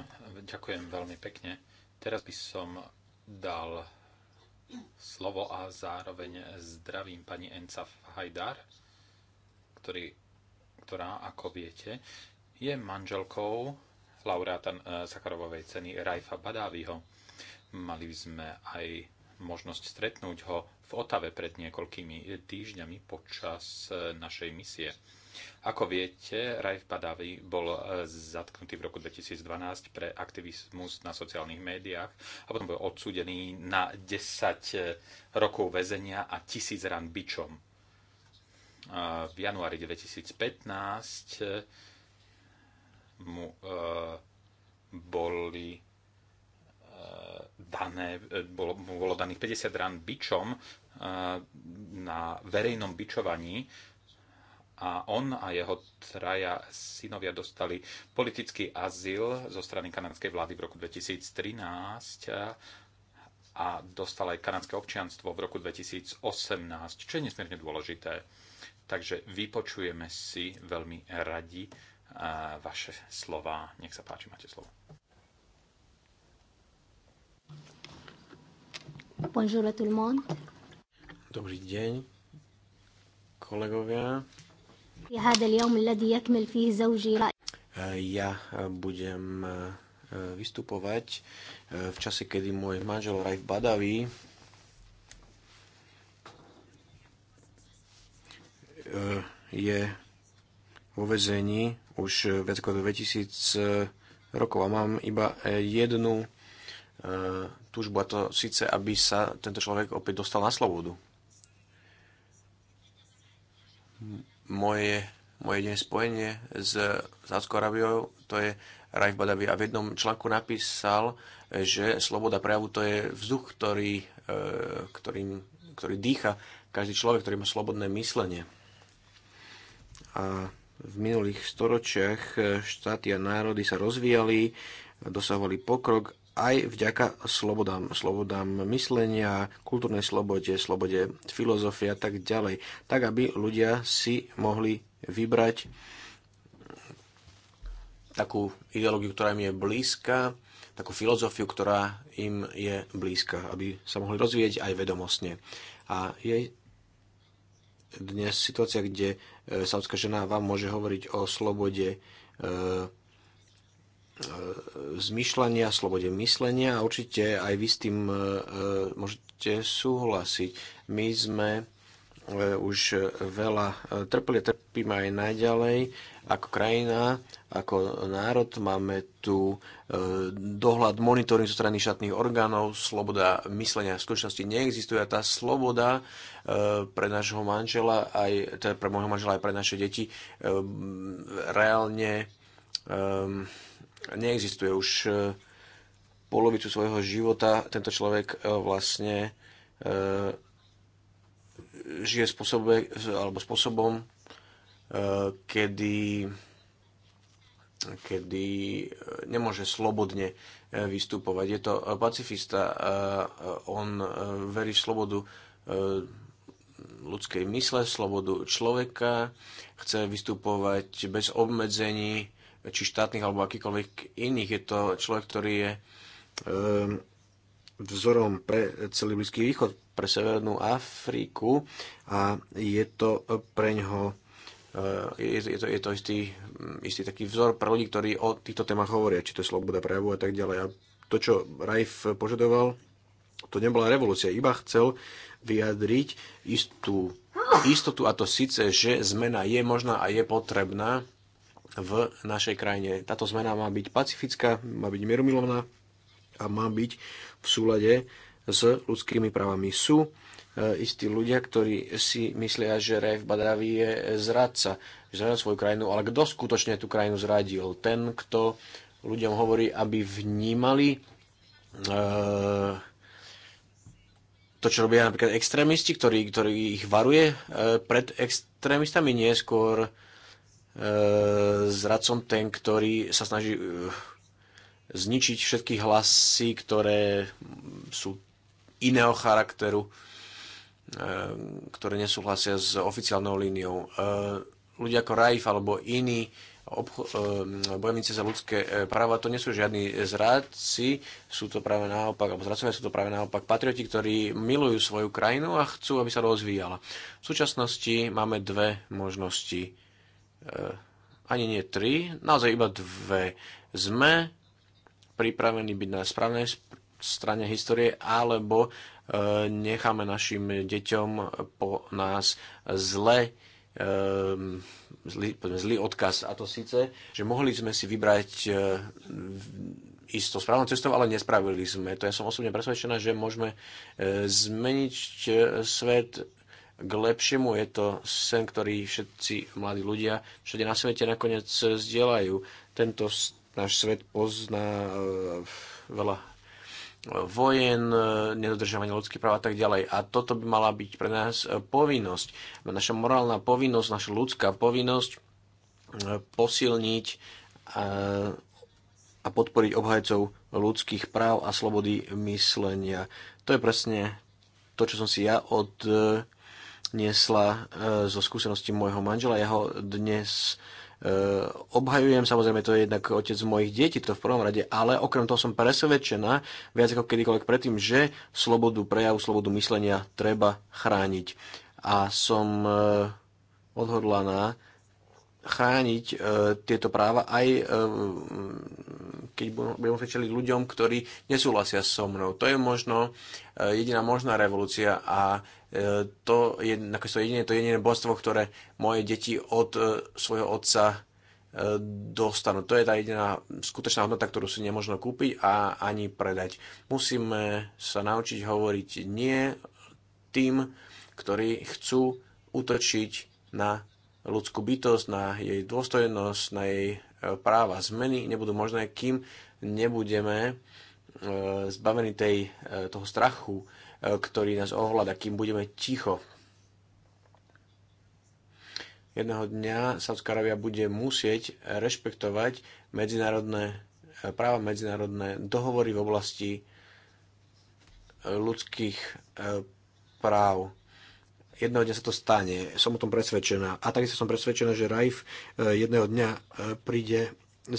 ďakujem veľmi pekne. Teraz by som dal slovo a zároveň zdravím pani Encaf Hajdar, ktorý, ktorá, ako viete, je manželkou laureáta e, Sakarovovej ceny Rajfa Badáviho Mali by sme aj možnosť stretnúť ho v Otave pred niekoľkými týždňami počas e, našej misie. Ako viete, Raif Badavi bol e, zatknutý v roku 2012 pre aktivizmus na sociálnych médiách a potom bol odsúdený na 10 e, rokov väzenia a tisíc ran bičom. V januári 2015 mu boli dané, bolo, bolo daných 50 rán bičom eh, na verejnom bičovaní a on a jeho traja synovia dostali politický azyl zo strany kanadskej vlády v roku 2013 eh, a dostal aj kanadské občianstvo v roku 2018, čo je nesmierne dôležité. Takže vypočujeme si veľmi radi eh, vaše slova. Nech sa páči, máte slovo. Bonjour à tout le monde. Dobrý deň, kolegovia. Eh, ja eh, budem eh, vystupovať v čase, kedy môj manžel Rajf Badavi je vo vezení už viac ako 2000 rokov a mám iba jednu túžbu a to síce, aby sa tento človek opäť dostal na slobodu. Moje, moje jedine spojenie s Sádskou Arabiou, to je Raif Badavi a v jednom článku napísal, že sloboda prejavu to je vzduch, ktorý, e, ktorým, ktorý dýcha každý človek, ktorý má slobodné myslenie. A v minulých storočiach e, štáty a národy sa rozvíjali, dosahovali pokrok aj vďaka slobodám, slobodám myslenia, kultúrnej slobode, slobode filozofie a tak ďalej. Tak, aby ľudia si mohli vybrať takú ideológiu, ktorá im je blízka, takú filozofiu, ktorá im je blízka, aby sa mohli rozvíjať aj vedomostne. A je dnes situácia, kde e, saudská žena vám môže hovoriť o slobode e, E, zmyšľania, slobode myslenia a určite aj vy s tým e, e, môžete súhlasiť. My sme už veľa trpeli, trpíme aj naďalej ako krajina, ako národ. Máme tu dohľad, monitoring zo strany štátnych orgánov, sloboda myslenia v skutočnosti neexistuje a tá sloboda pre nášho manžela, aj, teda pre môjho manžela aj pre naše deti reálne um, neexistuje už e, polovicu svojho života. Tento človek e, vlastne e, žije spôsobe, alebo spôsobom, kedy, kedy nemôže slobodne vystupovať. Je to pacifista, on verí v slobodu ľudskej mysle, slobodu človeka, chce vystupovať bez obmedzení, či štátnych alebo akýkoľvek iných. Je to človek, ktorý je ehm, vzorom pre celý Blízky východ, pre Severnú Afriku a je to pre ňoho eh, je, je, to, je to istý, istý taký vzor pre ľudí, ktorí o týchto témach hovoria, či to je sloboda prejavu a tak ďalej. A to, čo Rajf požadoval, to nebola revolúcia, iba chcel vyjadriť istú istotu a to síce, že zmena je možná a je potrebná v našej krajine. Táto zmena má byť pacifická, má byť mierumilovná a má byť v súlade s ľudskými právami. Sú e, istí ľudia, ktorí si myslia, že Raif Badavi je zradca, že zradil svoju krajinu, ale kto skutočne tú krajinu zradil? Ten, kto ľuďom hovorí, aby vnímali e, to, čo robia napríklad extrémisti, ktorí, ktorí ich varuje e, pred extrémistami, nie skôr E, zradcom ten, ktorý sa snaží e, zničiť všetky hlasy, ktoré sú iného charakteru, e, ktoré nesúhlasia s oficiálnou líniou. Ľudia ako Raif alebo iní obcho- bojovníci za ľudské práva, to nie sú žiadni zradci, sú to práve naopak, alebo zradcovia sú to práve naopak patrioti, ktorí milujú svoju krajinu a chcú, aby sa rozvíjala. V súčasnosti máme dve možnosti E, ani nie tri, naozaj iba dve. Sme pripravení byť na správnej strane histórie, alebo e, necháme našim deťom po nás zle zlý, povedzme, zlý odkaz. A to síce, že mohli sme si vybrať istou e, správnou cestou, ale nespravili sme. To ja som osobne presvedčená, že môžeme zmeniť svet k lepšiemu. Je to sen, ktorý všetci mladí ľudia všade na svete nakoniec zdieľajú. Tento náš svet pozná eh, veľa eh, vojen, eh, nedodržiavanie ľudských práv a tak ďalej. A toto by mala byť pre nás povinnosť, naša morálna povinnosť, naša ľudská povinnosť posilniť a podporiť obhajcov ľudských práv a slobody myslenia. To je presne to, čo som si ja od e, zo skúsenosti môjho manžela. Ja ho dnes e, obhajujem, samozrejme to je jednak otec mojich detí, to v prvom rade, ale okrem toho som presvedčená viac ako kedykoľvek predtým, že slobodu prejavu, slobodu myslenia treba chrániť. A som e, odhodlaná chrániť e, tieto práva aj e, keď budeme svedčili ľuďom, ktorí nesúhlasia so mnou. To je možno e, jediná možná revolúcia a e, to je to jediné, to jediné božstvo, ktoré moje deti od e, svojho otca e, dostanú. To je tá jediná skutočná hodnota, ktorú si nemôžno kúpiť a ani predať. Musíme sa naučiť hovoriť nie tým, ktorí chcú útočiť na ľudskú bytosť, na jej dôstojnosť, na jej e, práva. Zmeny nebudú možné, kým nebudeme e, zbavení tej, e, toho strachu, ktorý nás ovláda, kým budeme ticho. Jedného dňa Saudská Arábia bude musieť rešpektovať medzinárodné práva, medzinárodné dohovory v oblasti ľudských práv jedného dňa sa to stane. Som o tom presvedčená. A takisto som presvedčená, že Raif eh, jedného dňa eh, príde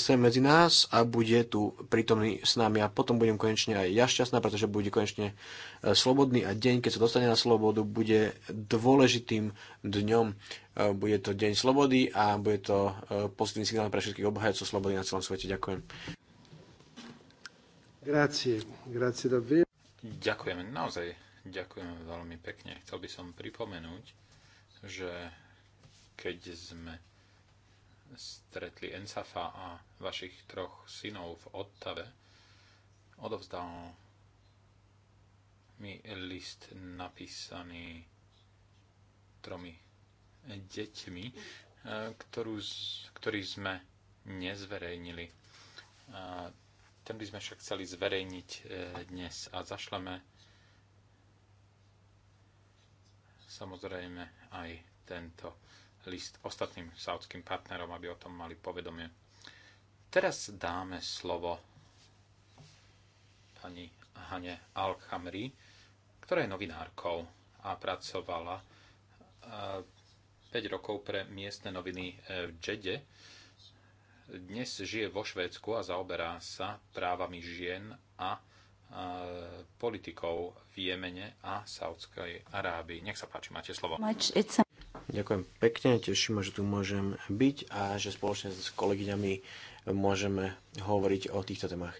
sem medzi nás a bude tu prítomný s nami a potom budem konečne aj ja šťastná, pretože bude konečne eh, slobodný a deň, keď sa dostane na slobodu, bude dôležitým dňom. Bude to deň slobody a bude to pozitívny signál pre všetkých obhajcov slobody na celom svete. Ďakujem. Grazie, grazie davvero. Ďakujem, naozaj Ďakujem veľmi pekne. Chcel by som pripomenúť, že keď sme stretli Ensafa a vašich troch synov v Ottave, odovzdal mi list napísaný tromi deťmi, e, ktorú, ktorý sme nezverejnili. E, ten by sme však chceli zverejniť e, dnes a zašleme samozrejme aj tento list ostatným saudským partnerom, aby o tom mali povedomie. Teraz dáme slovo pani Hane al ktorá je novinárkou a pracovala 5 e, rokov pre miestne noviny e, v Džede. Dnes žije vo Švédsku a zaoberá sa právami žien a politikov v Jemene a Saudskej Arábii. Nech sa páči, máte slovo. Ďakujem pekne, teším ma, že tu môžem byť a že spoločne s kolegyňami môžeme hovoriť o týchto témach.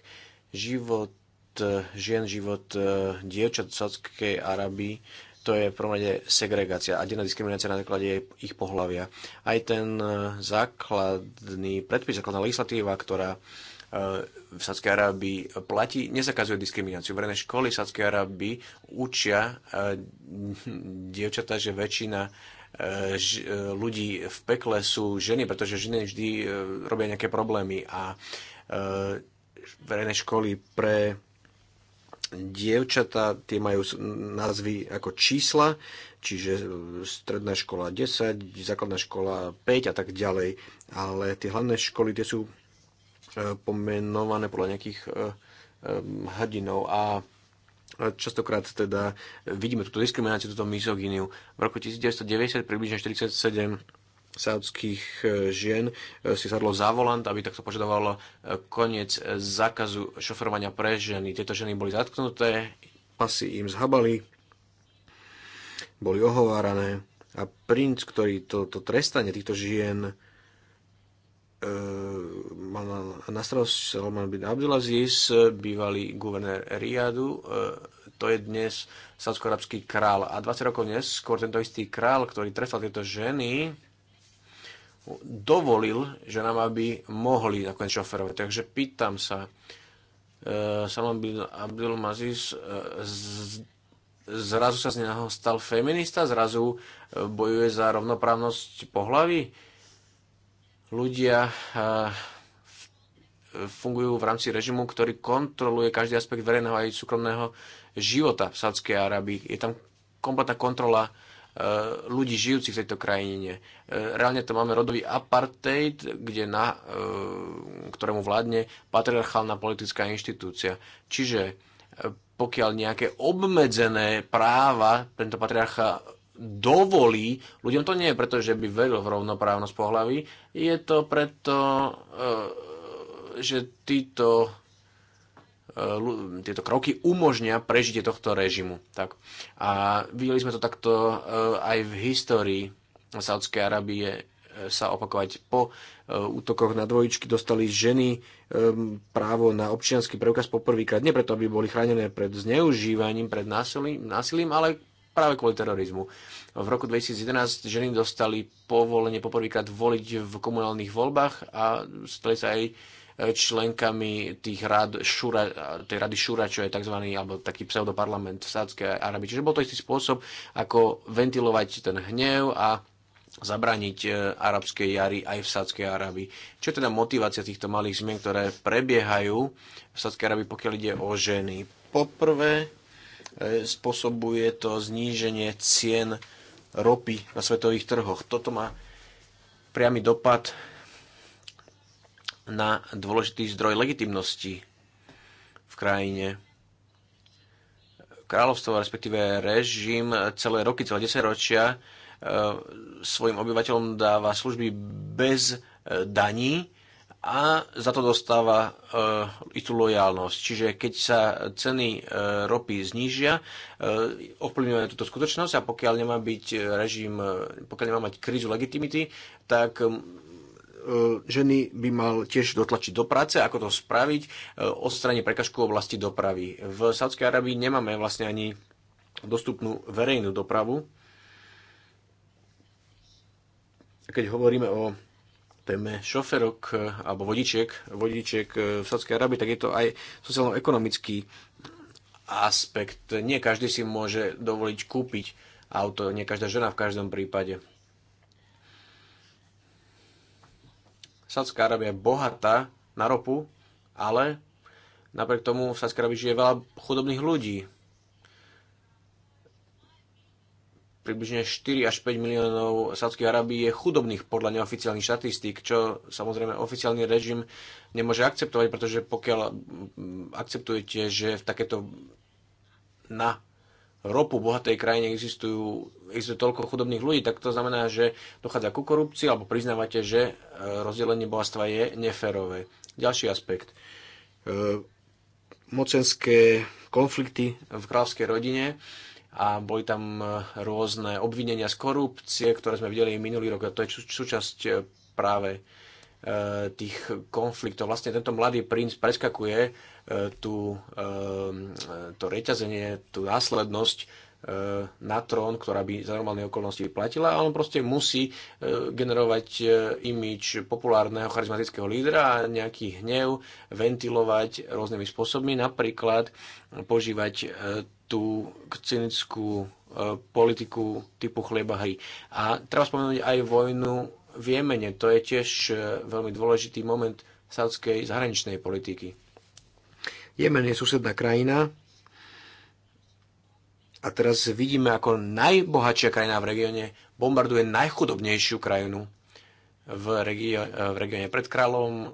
Život e, žien, život e, dievčat v Saudskej Arábii to je v prvom rade segregácia a denná diskriminácia na základe ich pohľavia. Aj ten e, základný predpis, základná legislatíva, ktorá v Sádskej Arábii platí, nezakazuje diskrimináciu. Verejné školy Sádskej Arábii učia eh, dievčatá, že väčšina eh, eh, ľudí v pekle sú ženy, pretože ženy vždy robia nejaké problémy a verejné školy pre dievčatá, tie majú názvy ako čísla, čiže stredná škola 10, základná škola 5 a tak ďalej. Ale tie hlavné školy, tie sú Eh, pomenované podľa nejakých eh, eh, hrdinov a častokrát teda vidíme túto diskrimináciu, túto misogíniu. V roku 1990 približne 47 sádských žien si sadlo za volant, aby takto požadovalo koniec zákazu šoferovania pre ženy. Tieto ženy boli zatknuté, pasy im zhabali, boli ohovárané a princ, ktorý toto to trestanie týchto žien e, mal na starosti Salman bin Abdulaziz, bývalý guvernér Riadu, e, to je dnes saudsko-arabský král. A 20 rokov dnes skôr tento istý král, ktorý trestal tieto ženy, dovolil že nám aby mohli nakoniec šoferovať. Takže pýtam sa, e, Salman bin Abdulaziz e, zrazu sa z neho stal feminista, zrazu bojuje za rovnoprávnosť pohlavy. Ľudia fungujú v rámci režimu, ktorý kontroluje každý aspekt verejného aj súkromného života v Sádskej Arabii. Je tam kompletná kontrola e, ľudí žijúcich v tejto krajine. E, reálne to máme rodový apartheid, kde na, e, ktorému vládne patriarchálna politická inštitúcia. Čiže pokiaľ nejaké obmedzené práva tento patriarcha dovolí, ľuďom to nie je preto, že by veril v rovnoprávnosť pohľavy, je to preto, že títo, e, tieto kroky umožnia prežitie tohto režimu. Tak. A videli sme to takto e, aj v histórii Saudskej Arábie e, sa opakovať. Po útokoch na dvojičky dostali ženy právo na občianský preukaz poprvýkrát. Nie preto, aby boli chránené pred zneužívaním, pred násilím, násilím ale práve kvôli terorizmu. V roku 2011 ženy dostali povolenie poprvýkrát voliť v komunálnych voľbách a stali sa aj členkami tých rád šura, tej rady Šura, čo je tzv. alebo taký pseudoparlament v Sádskej Arabii. Čiže bol to istý spôsob, ako ventilovať ten hnev a zabraniť e, arabskej jary aj v Sádskej Arabii. Čo je teda motivácia týchto malých zmien, ktoré prebiehajú v Sádskej Arabii, pokiaľ ide o ženy? Poprvé, e, spôsobuje to zníženie cien ropy na svetových trhoch. Toto má priamy dopad na dôležitý zdroj legitimnosti v krajine. Kráľovstvo, respektíve režim celé roky, celé desaťročia e, svojim obyvateľom dáva služby bez e, daní a za to dostáva i e, istú lojálnosť. Čiže keď sa ceny ropy znížia, ovplyvňuje túto skutočnosť a pokiaľ nemá byť režim, pokiaľ nemá mať krízu legitimity, tak E, ženy by mal tiež dotlačiť do práce. Ako to spraviť? E, strane prekažku oblasti dopravy. V Sádskej Arabii nemáme vlastne ani dostupnú verejnú dopravu. Keď hovoríme o téme šoferok e, alebo vodičiek, vodičiek v Sádskej Arabii, tak je to aj sociálno-ekonomický aspekt. Nie každý si môže dovoliť kúpiť auto, nie každá žena v každom prípade. Sádzka Arábia je bohatá na ropu, ale napriek tomu v Sádzka Arábia žije veľa chudobných ľudí. Približne 4 až 5 miliónov Sádzkej Arábii je chudobných podľa neoficiálnych štatistík, čo samozrejme oficiálny režim nemôže akceptovať, pretože pokiaľ mm, akceptujete, že v takéto na ropu v bohatej krajine existujú, existujú toľko chudobných ľudí, tak to znamená, že dochádza ku korupcii alebo priznávate, že e, rozdelenie bohatstva je neférové. Ďalší aspekt. E, mocenské konflikty v kráľovskej rodine a boli tam e, rôzne obvinenia z korupcie, ktoré sme videli minulý rok a to je súčasť práve tých konfliktov. Vlastne tento mladý princ preskakuje tú, ehm, to reťazenie, tú následnosť ehm, na trón, ktorá by za normálne okolnosti platila ale on proste musí ehm, generovať e, imič populárneho charizmatického lídra a nejaký hnev ventilovať rôznymi spôsobmi, napríklad požívať e, tú cynickú e, politiku typu chlieba hry. A treba spomenúť aj vojnu v Jemene. To je tiež veľmi dôležitý moment sádskej zahraničnej politiky. Jemen je susedná krajina a teraz vidíme, ako najbohatšia krajina v regióne bombarduje najchudobnejšiu krajinu v, regio- eh, v regióne. Pred kráľom e,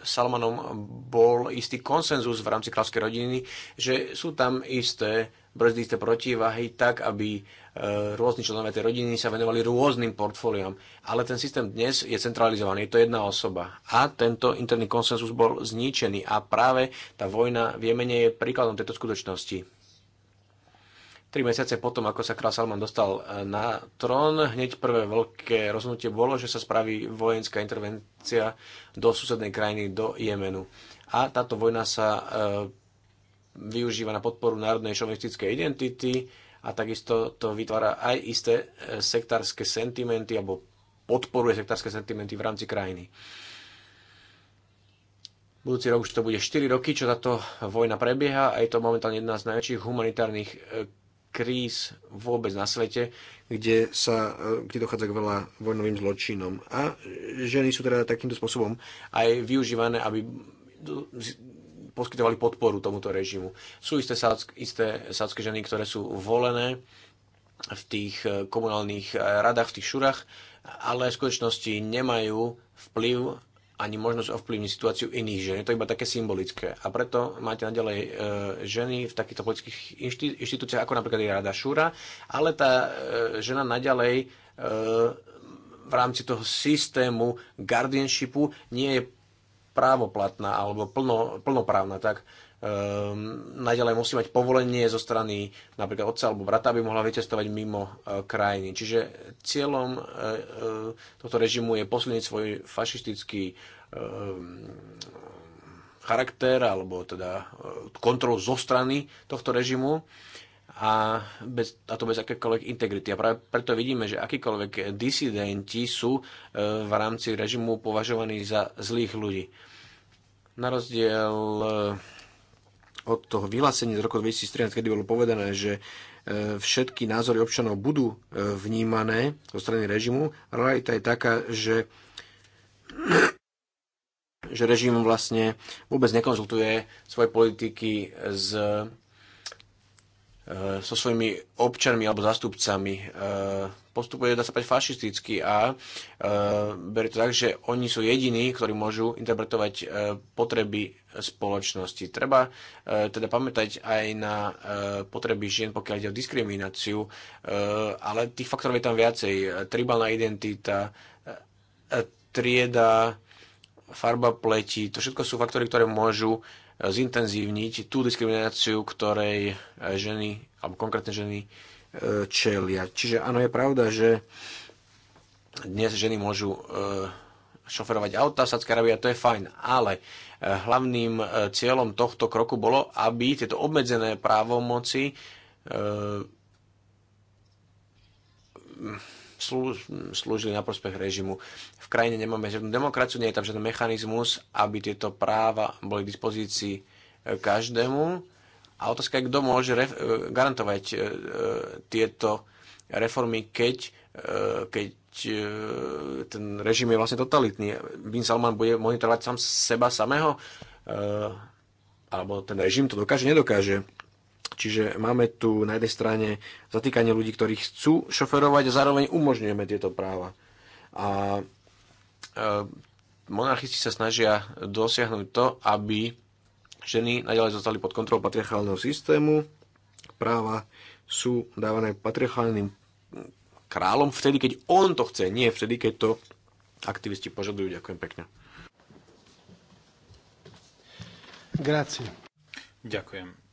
Salmanom bol istý konsenzus v rámci kráľovskej rodiny, že sú tam isté brzdy, isté protiváhy, tak aby Eh, rôzni členovia tej rodiny sa venovali rôznym portfóliom, ale ten systém dnes je centralizovaný, je to jedna osoba. A tento interný konsenzus bol zničený a práve tá vojna v Jemene je príkladom tejto skutočnosti. Tri mesiace potom, ako sa král Salman dostal eh, na trón, hneď prvé veľké rozhodnutie bolo, že sa spraví vojenská intervencia do susednej krajiny, do Jemenu. A táto vojna sa eh, využíva na podporu národnej šovinistickej identity, a takisto to vytvára aj isté e, sektárske sentimenty alebo podporuje sektárske sentimenty v rámci krajiny. Budúci rok už to bude 4 roky, čo táto vojna prebieha a je to momentálne jedna z najväčších humanitárnych e, kríz vôbec na svete, kde, sa, e, kde dochádza k veľa vojnovým zločinom. A ženy sú teda takýmto spôsobom aj využívané, aby poskytovali podporu tomuto režimu. Sú isté, sádzke, isté sádske ženy, ktoré sú volené v tých eh, komunálnych eh, radách, v tých šurách, ale v skutočnosti nemajú vplyv ani možnosť ovplyvniť situáciu iných žien. Je to iba také symbolické. A preto máte naďalej e, ženy v takýchto politických inštitú- inštitúciách, ako napríklad je Rada Šúra, ale tá e, žena naďalej e, v rámci toho systému guardianshipu nie je právoplatná alebo plno, plnoprávna, tak um, naďalej musí mať povolenie zo strany napríklad otca alebo brata, aby mohla vycestovať mimo uh, krajiny. Čiže cieľom uh, uh, tohto režimu je posilniť svoj fašistický uh, charakter alebo teda kontrolu zo strany tohto režimu a, bez, a to bez akékoľvek integrity. A práve preto vidíme, že akýkoľvek disidenti sú e, v rámci režimu považovaní za zlých ľudí. Na rozdiel e, od toho vyhlásenia z roku 2013, kedy bolo povedané, že e, všetky názory občanov budú vnímané zo strany režimu, realita je taká, že že režim vlastne vôbec nekonzultuje svoje politiky s Eh, so svojimi občanmi alebo zastupcami eh, postupuje, dá sa povedať, fašisticky a eh, berie to tak, že oni sú jediní, ktorí môžu interpretovať potreby spoločnosti. Treba teda pamätať aj na potreby žien, pokiaľ ide o diskrimináciu, ale tých faktorov je tam viacej. Tribálna identita, trieda, farba pleti, to všetko sú faktory, ktoré môžu zintenzívniť tú diskrimináciu, ktorej e, ženy, alebo konkrétne ženy, e, čelia. Čiže áno, je pravda, že dnes ženy môžu e, šoferovať auta v Sádskej a to je fajn, ale hlavným cieľom tohto kroku bolo, aby tieto obmedzené právomoci slú, slúžili na prospech režimu. V krajine nemáme žiadnu demokraciu, nie je tam žiadny mechanizmus, aby tieto práva boli k dispozícii e, každému. A otázka je, kto môže e, garantovať e, e, tieto reformy, keď, e, keď e, ten režim je vlastne totalitný. Bin Salman bude monitorovať sám seba samého? Alebo ten režim to dokáže, nedokáže? Čiže máme tu na jednej strane zatýkanie ľudí, ktorí chcú šoferovať a zároveň umožňujeme tieto práva. A e, monarchisti sa snažia dosiahnuť to, aby ženy nadalej zostali pod kontrolou patriarchálneho systému. Práva sú dávané patriarchálnym kráľom vtedy, keď on to chce, nie vtedy, keď to aktivisti požadujú. Ďakujem pekne. Grazie. Ďakujem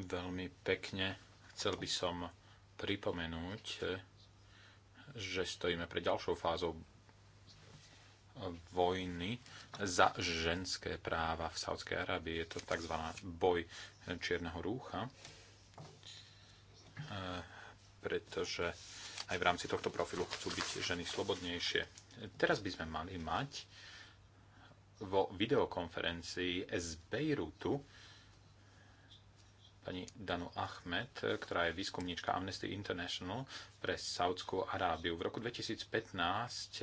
veľmi pekne. Chcel by som pripomenúť, že stojíme pred ďalšou fázou vojny za ženské práva v Saudskej Arábii. Je to tzv. boj čierneho rúcha, e, pretože aj v rámci tohto profilu chcú byť ženy slobodnejšie. Teraz by sme mali mať vo videokonferencii z Beirutu pani Danu Ahmed, ktorá je výskumníčka Amnesty International pre Saudskú Arábiu. V roku 2015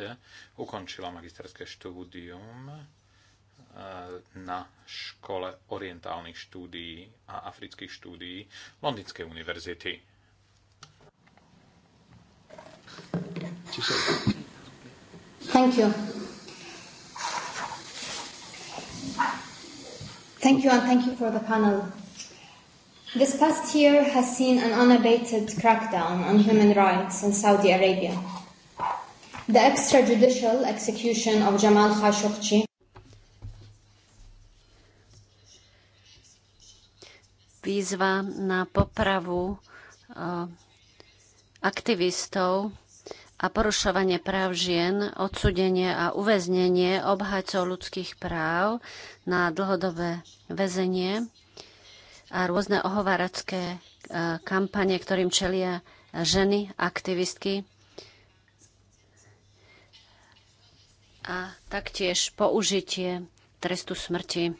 ukončila magisterské štúdium eh, na škole orientálnych štúdií a afrických štúdií Londýnskej univerzity. Thank you. Thank you and thank you for the panel. This past year has seen an unabated crackdown on human rights in Saudi Arabia. The extrajudicial execution of Jamal Khashoggi výzva na popravu eh, aktivistov a porušovanie práv žien, odsudenie a uväznenie obhajcov ľudských práv na dlhodobé väzenie a rôzne ohovaracké e, kampanie, ktorým čelia ženy, aktivistky. A taktiež použitie trestu smrti. E,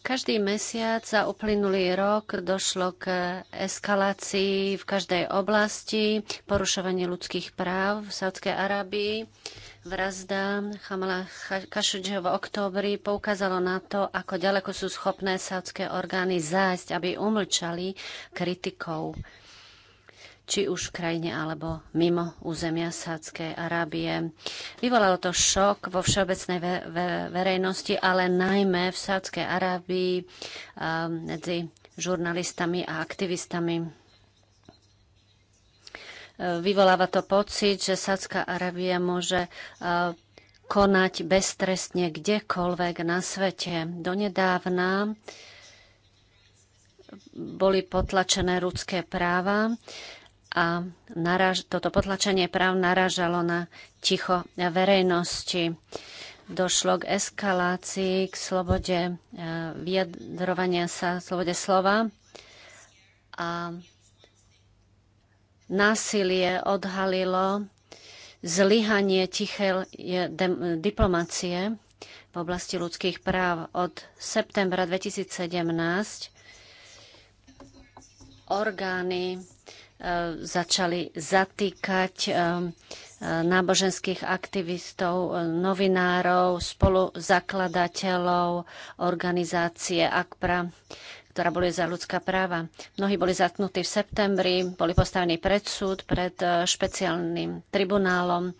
každý mesiac za uplynulý rok došlo k eskalácii v každej oblasti, porušovanie ľudských práv v Saudskej Arábii Vrazda Hamala Khashoggiho v októbri poukázalo na to, ako ďaleko sú schopné sádske orgány zájsť, aby umlčali kritikov či už v krajine alebo mimo územia Sádskej Arábie. Vyvolalo to šok vo všeobecnej ve- ve- verejnosti, ale najmä v Sádskej Arábii medzi žurnalistami a aktivistami. Vyvoláva to pocit, že Sádzka Arábia môže e, konať beztrestne kdekoľvek na svete. Donedávna boli potlačené ľudské práva a naraž, toto potlačenie práv naražalo na ticho verejnosti. Došlo k eskalácii, k slobode e, vyjadrovania sa, slobode slova a násilie odhalilo zlyhanie tichej diplomacie v oblasti ľudských práv od septembra 2017 orgány e, začali zatýkať e, e, náboženských aktivistov, novinárov, spoluzakladateľov organizácie AKPRA ktorá boli za ľudská práva. Mnohí boli zatknutí v septembri, boli postavení pred súd, pred e, špeciálnym tribunálom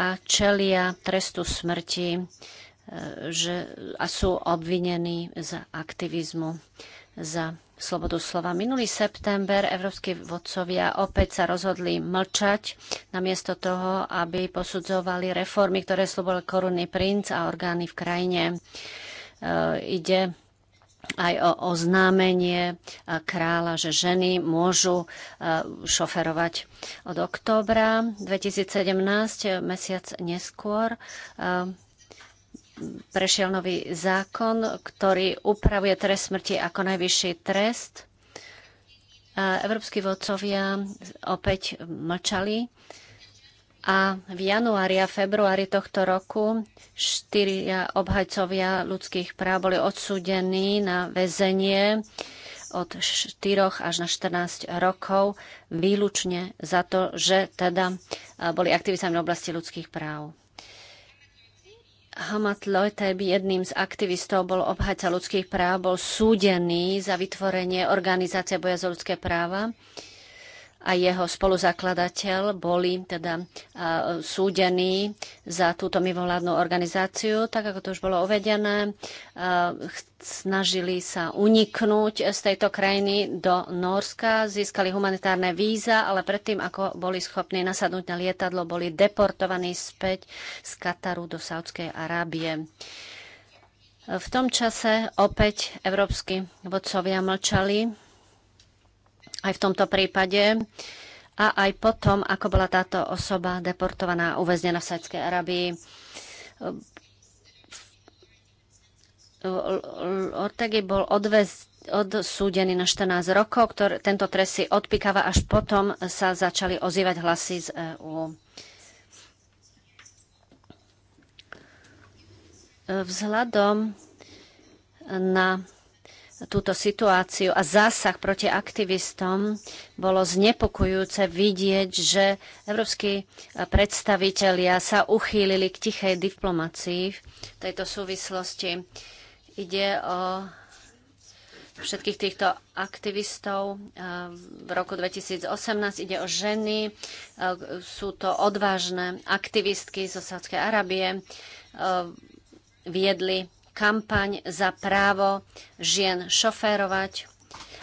a čelia trestu smrti e, že, a sú obvinení za aktivizmu, za slobodu slova. Minulý september európsky vodcovia opäť sa rozhodli mlčať, namiesto toho, aby posudzovali reformy, ktoré slúbil korunný princ a orgány v krajine. E, ide aj o oznámenie kráľa, že ženy môžu e, šoferovať. Od októbra 2017, mesiac neskôr, e, prešiel nový zákon, ktorý upravuje trest smrti ako najvyšší trest. Európsky vodcovia opäť mlčali a v januári a februári tohto roku štyria obhajcovia ľudských práv boli odsúdení na väzenie od 4 až na 14 rokov výlučne za to, že teda boli aktivistami v oblasti ľudských práv. Hamad Lojteb, jedným z aktivistov, bol obhajca ľudských práv, bol súdený za vytvorenie organizácie boja za ľudské práva a jeho spoluzakladateľ boli teda súdení za túto mimovládnu organizáciu, tak ako to už bolo uvedené. Snažili sa uniknúť z tejto krajiny do Norska, získali humanitárne víza, ale predtým, ako boli schopní nasadnúť na lietadlo, boli deportovaní späť z Kataru do Saudskej Arábie. V tom čase opäť európsky vodcovia mlčali aj v tomto prípade a aj potom, ako bola táto osoba deportovaná, a uväznená v Sajdskej Arabii. Ortegi bol odvez, odsúdený na 14 rokov, ktorý, tento trest si odpikáva, až potom sa začali ozývať hlasy z EÚ. Vzhľadom na túto situáciu a zásah proti aktivistom, bolo znepokojúce vidieť, že európsky e, predstavitelia sa uchýlili k tichej diplomácii v tejto súvislosti. Ide o všetkých týchto aktivistov. E, v roku 2018 ide o ženy, e, sú to odvážne aktivistky zo Sádskej Arábie, viedli kampaň za právo žien šoférovať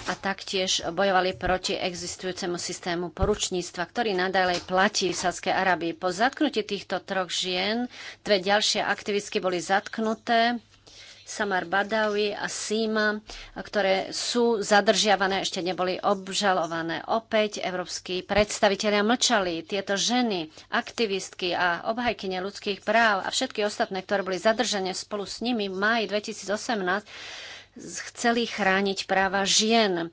a taktiež bojovali proti existujúcemu systému poručníctva, ktorý nadalej platí v Sádskej Arabii. Po zatknutí týchto troch žien dve ďalšie aktivistky boli zatknuté Samar Badawi a Sima, ktoré sú zadržiavané, ešte neboli obžalované. Opäť európsky predstavitelia mlčali. Tieto ženy, aktivistky a obhajkyne ľudských práv a všetky ostatné, ktoré boli zadržané spolu s nimi v máji 2018, chceli chrániť práva žien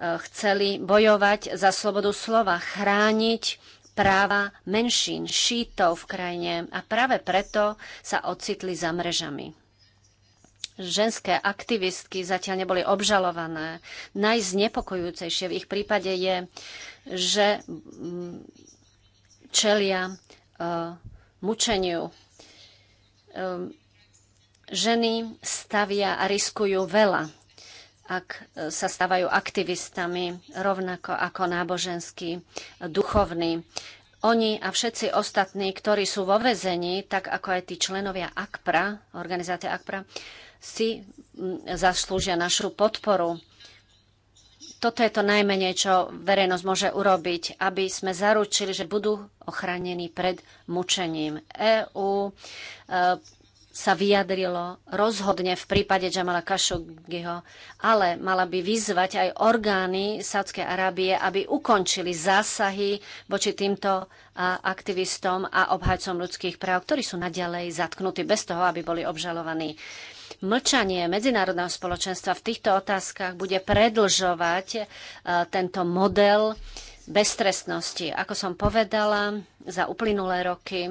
chceli bojovať za slobodu slova, chrániť práva menšín, šítov v krajine a práve preto sa ocitli za mrežami ženské aktivistky zatiaľ neboli obžalované. Najznepokojúcejšie v ich prípade je, že čelia uh, mučeniu. Um, ženy stavia a riskujú veľa, ak e, sa stávajú aktivistami, rovnako ako náboženskí, duchovní. Oni a všetci ostatní, ktorí sú vo vezení, tak ako aj tí členovia AKPRA, organizácie AKPRA, si zaslúžia našu podporu. Toto je to najmenej, čo verejnosť môže urobiť, aby sme zaručili, že budú ochránení pred mučením. EÚ e, sa vyjadrilo rozhodne v prípade Jamala Khashoggiho, ale mala by vyzvať aj orgány Sádskej Arábie, aby ukončili zásahy voči týmto aktivistom a obhajcom ľudských práv, ktorí sú naďalej zatknutí bez toho, aby boli obžalovaní mlčanie medzinárodného spoločenstva v týchto otázkach bude predlžovať e, tento model beztrestnosti. Ako som povedala, za uplynulé roky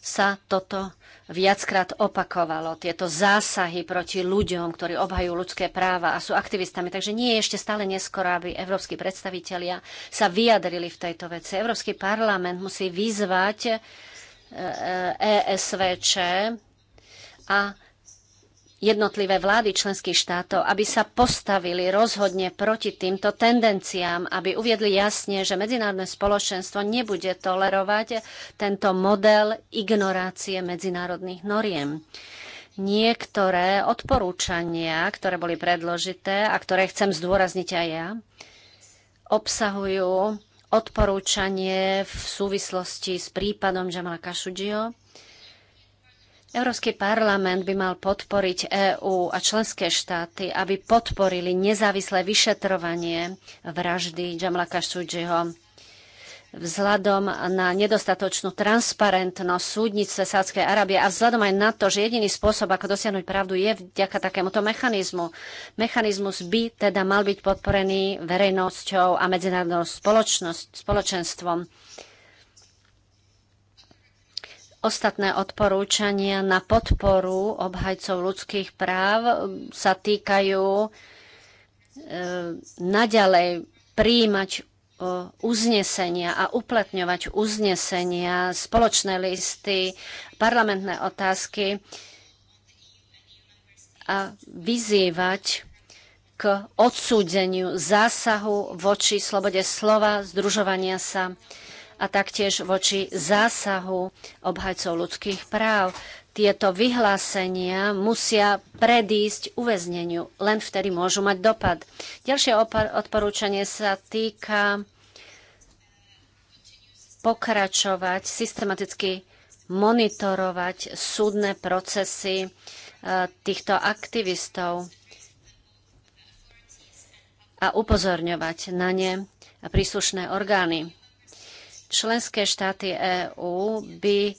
sa toto viackrát opakovalo, tieto zásahy proti ľuďom, ktorí obhajú ľudské práva a sú aktivistami. Takže nie je ešte stále neskoro, aby európsky predstavitelia sa vyjadrili v tejto veci. Európsky parlament musí vyzvať ESVČ e, e a jednotlivé vlády členských štátov, aby sa postavili rozhodne proti týmto tendenciám, aby uviedli jasne, že medzinárodné spoločenstvo nebude tolerovať tento model ignorácie medzinárodných noriem niektoré odporúčania, ktoré boli predložité a ktoré chcem zdôrazniť aj ja, obsahujú odporúčanie v súvislosti s prípadom Jamala Kašudžio, Európsky parlament by mal podporiť EÚ a členské štáty, aby podporili nezávislé vyšetrovanie vraždy Jamla Kašudžiho. Vzhľadom na nedostatočnú transparentnosť súdnice Sádskej Arábie a vzhľadom aj na to, že jediný spôsob, ako dosiahnuť pravdu, je vďaka takémuto mechanizmu. Mechanizmus by teda mal byť podporený verejnosťou a medzinárodnou spoločnosť, spoločenstvom Ostatné odporúčania na podporu obhajcov ľudských práv sa týkajú e, naďalej príjimať e, uznesenia a uplatňovať uznesenia, spoločné listy, parlamentné otázky a vyzývať k odsúdeniu zásahu voči slobode slova, združovania sa a taktiež voči zásahu obhajcov ľudských práv. Tieto vyhlásenia musia predísť uväzneniu, len vtedy môžu mať dopad. Ďalšie odporúčanie sa týka pokračovať, systematicky monitorovať súdne procesy e, týchto aktivistov a upozorňovať na ne príslušné orgány. Členské štáty EÚ by e,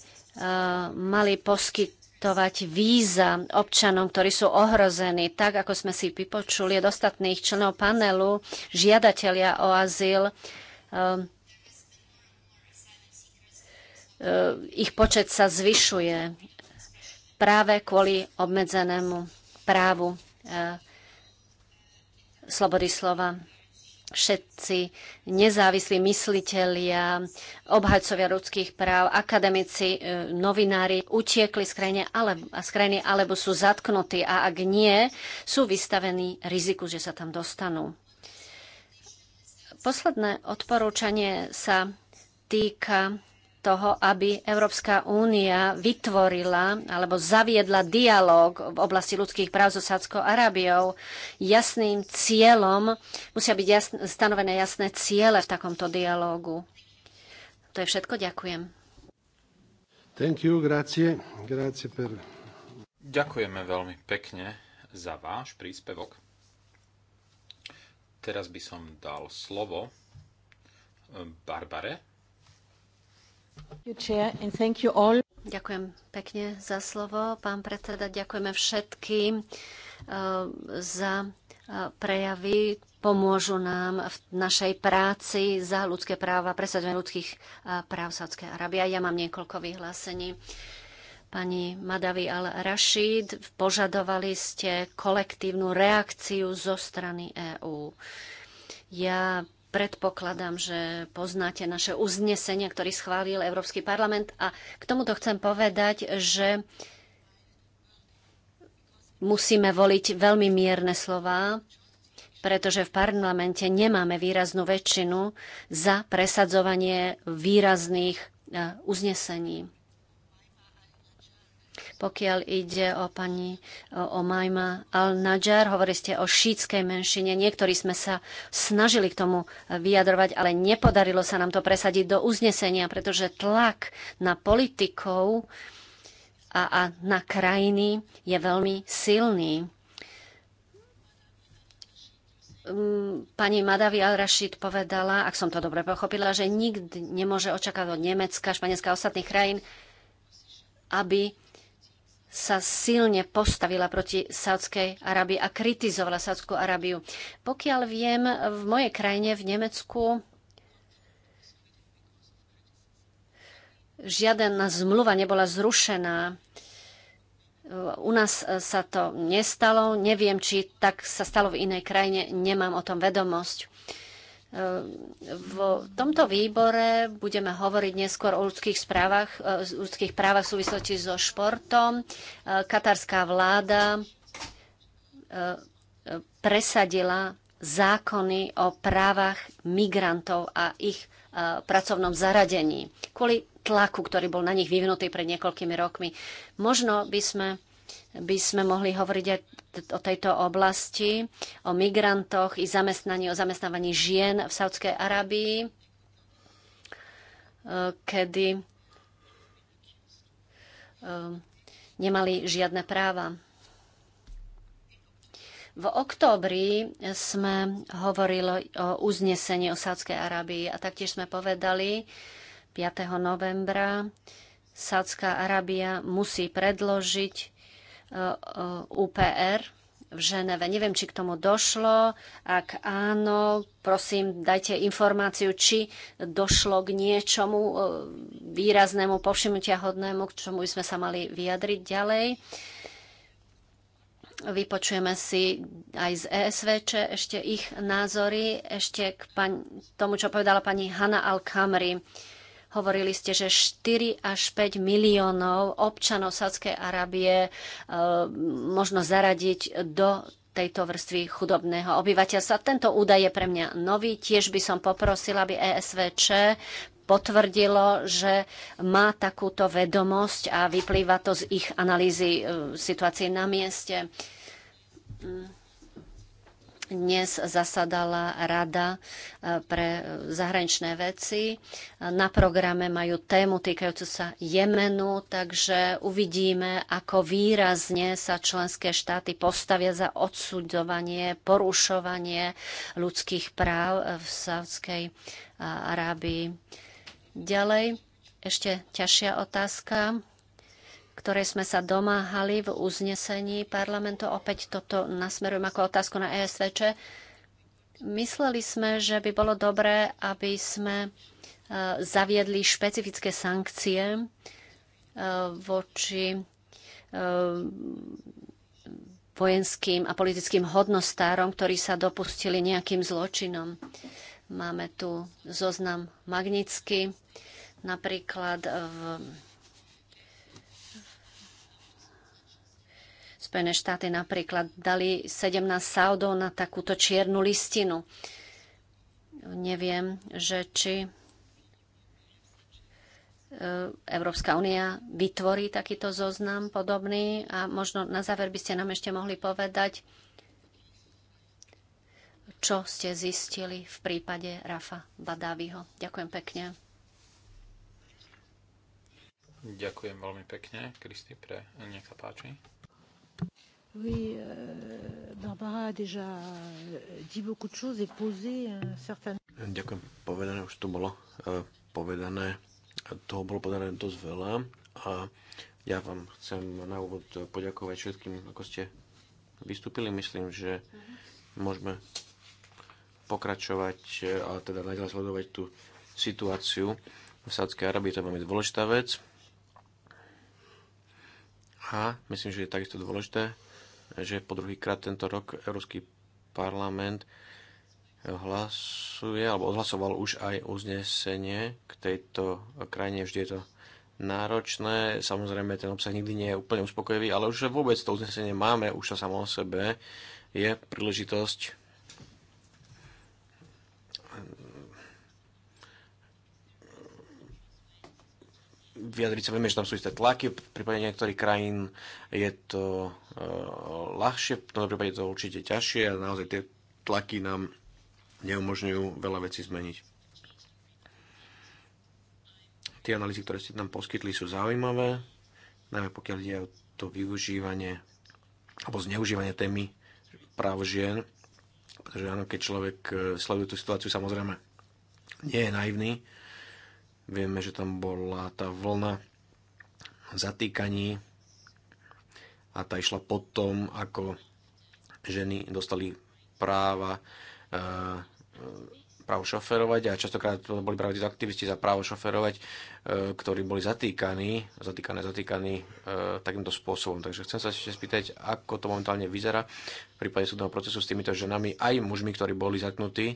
mali poskytovať víza občanom, ktorí sú ohrození. Tak, ako sme si vypočuli od ostatných členov panelu, žiadatelia o azyl, e, e, ich počet sa zvyšuje práve kvôli obmedzenému právu slobody slova všetci nezávislí myslitelia, obhajcovia ľudských práv, akademici, e, novinári utiekli z krajiny, ale, z krajiny alebo sú zatknutí a ak nie, sú vystavení riziku, že sa tam dostanú. Posledné odporúčanie sa týka toho, aby Európska únia vytvorila alebo zaviedla dialog v oblasti ľudských práv so Sádskou Arábiou. Jasným cieľom, musia byť jasn- stanovené jasné ciele v takomto dialogu. To je všetko, ďakujem. Thank you, grazie. Grazie per... Ďakujeme veľmi pekne za váš príspevok. Teraz by som dal slovo eh, Barbare, Ďakujem pekne za slovo. Pán predseda, ďakujeme všetkým eh, za eh, prejavy pomôžu nám v našej práci za ľudské práva, presadzovanie ľudských eh, práv Sádskej Arábie. Ja mám niekoľko vyhlásení. Pani Madavi al-Rashid, požadovali ste kolektívnu reakciu zo strany EÚ. Ja Predpokladám, že poznáte naše uznesenie, ktorý schválil Európsky parlament a k tomuto chcem povedať, že musíme voliť veľmi mierne slova, pretože v parlamente nemáme výraznú väčšinu za presadzovanie výrazných eh, uznesení. Pokiaľ ide o pani Omajma al najar hovorili ste o šítskej menšine. Niektorí sme sa snažili k tomu e, vyjadrovať, ale nepodarilo sa nám to presadiť do uznesenia, pretože tlak na politikov a, a na krajiny je veľmi silný mm, pani Madavi al-Rashid povedala, ak som to dobre pochopila, že nikdy nemôže očakávať od Nemecka, Španielska a ostatných krajín, aby sa silne postavila proti Saudskej Arabii a kritizovala Saudskú Arabiu. Pokiaľ viem, v mojej krajine, v Nemecku, žiadna zmluva nebola zrušená. U nás sa to nestalo. Neviem, či tak sa stalo v inej krajine. Nemám o tom vedomosť. V tomto výbore budeme hovoriť neskôr o ľudských, správach, e, ľudských právach v súvislosti so športom. E, katarská vláda e, presadila zákony o právach migrantov a ich pracovnom zaradení kvôli tlaku, ktorý bol na nich vyvinutý pred niekoľkými rokmi. Možno by sme by sme mohli hovoriť aj o tejto oblasti, o migrantoch i zamestnaní, o zamestnávaní žien v Saudskej Arabii, e, kedy e, nemali žiadne práva. V októbri sme hovorili o uznesení o Sádskej Arabii a taktiež sme povedali 5. novembra, Sádska Arábia musí predložiť Eh, UPR v Ženeve. Neviem, či k tomu došlo. Ak áno, prosím, dajte informáciu, či došlo k niečomu eh, výraznému, povšimnutia hodnému, k čomu sme sa mali vyjadriť ďalej. Vypočujeme si aj z ESVČ ešte ich názory, ešte k tomu, čo povedala pani Hanna Al-Kamri. Hovorili ste, že 4 až 5 miliónov občanov Sádskej Arábie e, možno zaradiť do tejto vrstvy chudobného obyvateľstva. Tento údaj je pre mňa nový. Tiež by som poprosila, aby ESVČ potvrdilo, že má takúto vedomosť a vyplýva to z ich analýzy e, situácie na mieste. Mm. Dnes zasadala Rada e, pre e, zahraničné veci. Na programe majú tému týkajúcu sa Jemenu, takže uvidíme, ako výrazne sa členské štáty postavia za odsudzovanie, porušovanie ľudských práv e, v Saudskej Arábii. Ďalej, ešte ťažšia otázka ktoré sme sa domáhali v uznesení parlamentu. Opäť toto nasmerujem ako otázku na ESVČ. Mysleli sme, že by bolo dobré, aby sme e, zaviedli špecifické sankcie e, voči e, vojenským a politickým hodnostárom, ktorí sa dopustili nejakým zločinom. Máme tu zoznam Magnicky, napríklad v Spojené štáty napríklad dali 17 Saudov na takúto čiernu listinu. Neviem, že či e, Európska únia vytvorí takýto zoznam podobný a možno na záver by ste nám ešte mohli povedať, čo ste zistili v prípade Rafa Badaviho. Ďakujem pekne. Ďakujem veľmi pekne, Kristi, pre nech sa páči. Oui, euh, Barbara a déjà euh, dit beaucoup de choses et posé un euh, certain... Ďakujem, povedané už to bolo uh, povedané. Toho bolo povedané dosť veľa a ja vám chcem na úvod poďakovať všetkým, ako ste vystúpili. Myslím, že môžeme pokračovať e, a teda najďalej sledovať tú situáciu v Sádskej Arabii. To je veľmi dôležitá vec. A myslím, že je takisto dôležité že po druhýkrát tento rok Európsky parlament hlasuje alebo odhlasoval už aj uznesenie k tejto krajine. Vždy je to náročné, samozrejme ten obsah nikdy nie je úplne uspokojivý, ale už vôbec to uznesenie máme, už sa samo o sebe je príležitosť vyjadriť sa. Vieme, že tam sú isté tlaky, v prípade niektorých krajín je to e, ľahšie, v tomto prípade je to určite ťažšie a naozaj tie tlaky nám neumožňujú veľa vecí zmeniť. Tie analýzy, ktoré ste nám poskytli, sú zaujímavé, najmä pokiaľ ide o to využívanie alebo zneužívanie témy práv žien, pretože áno, keď človek e, sleduje tú situáciu, samozrejme nie je naivný, Vieme, že tam bola tá vlna zatýkaní a tá išla potom, ako ženy dostali práva e, e, právo šoferovať a častokrát to boli práve tí aktivisti za právo šoferovať, e, ktorí boli zatýkaní, zatýkané, zatýkaní takýmto spôsobom. Takže chcem sa ešte spýtať, ako to momentálne vyzerá v prípade súdneho procesu s týmito ženami, aj mužmi, ktorí boli zatnutí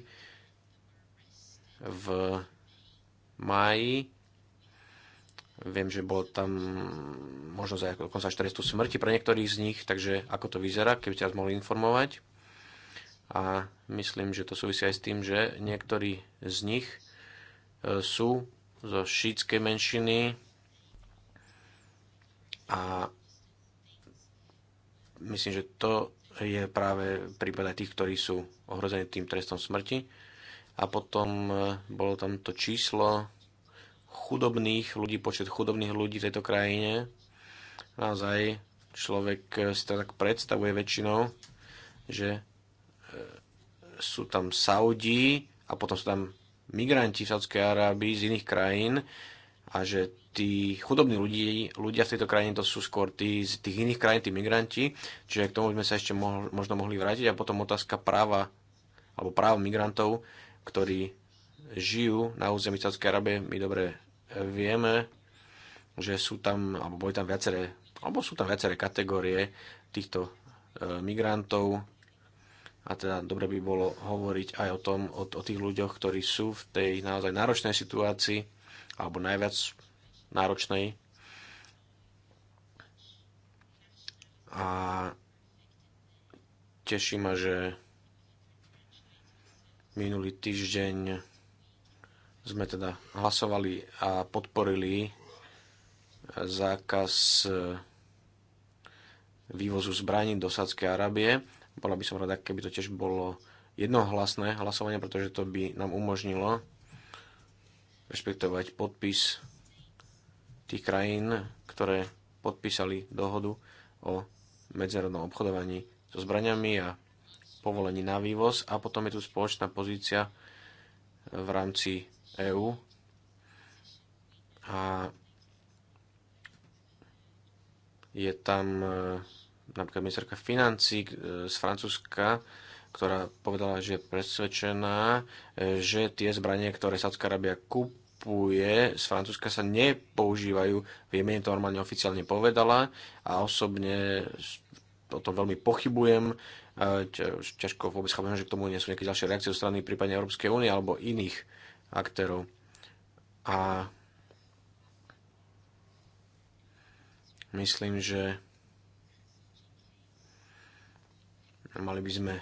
v máji. Viem, že bolo tam možno za dokonca 400 smrti pre niektorých z nich, takže ako to vyzerá, keby ste vás mohli informovať. A myslím, že to súvisí aj s tým, že niektorí z nich e, sú zo šítskej menšiny a myslím, že to je práve prípad aj tých, ktorí sú ohrození tým trestom smrti a potom e, bolo tam to číslo chudobných ľudí, počet chudobných ľudí v tejto krajine. Naozaj človek e, si to tak predstavuje väčšinou, že e, sú tam Saudí a potom sú tam migranti v Saudskej Arábii z iných krajín a že tí chudobní ľudí, ľudia v tejto krajine to sú skôr tí z tých iných krajín, tí migranti, čiže k tomu sme sa ešte mo možno mohli vrátiť a potom otázka práva alebo práv migrantov ktorí žijú na území Sádskej Arábie. My dobre vieme, že sú tam, alebo boli tam viaceré, alebo sú tam viaceré kategórie týchto e, migrantov. A teda dobre by bolo hovoriť aj o tom, o, o tých ľuďoch, ktorí sú v tej naozaj náročnej situácii, alebo najviac náročnej. A teší ma, že Minulý týždeň sme teda hlasovali a podporili zákaz e, vývozu zbraní do Sádskej Arábie. Bola by som rada, keby to tiež bolo jednohlasné hlasovanie, pretože to by nám umožnilo rešpektovať podpis tých krajín, ktoré podpísali dohodu o medzinárodnom obchodovaní so zbraniami a povolení na vývoz a potom je tu spoločná pozícia e, v rámci EÚ a je tam e, napríklad ministerka financí e, z Francúzska, ktorá povedala, že je presvedčená, že tie zbranie, ktoré Sádzka Arábia kupuje z Francúzska, sa nepoužívajú. V Jemene to normálne oficiálne povedala a osobne o tom veľmi pochybujem, ťažko vôbec chápem, že k tomu nie sú nejaké ďalšie reakcie zo strany prípadne Európskej únie alebo iných aktérov. A myslím, že mali by sme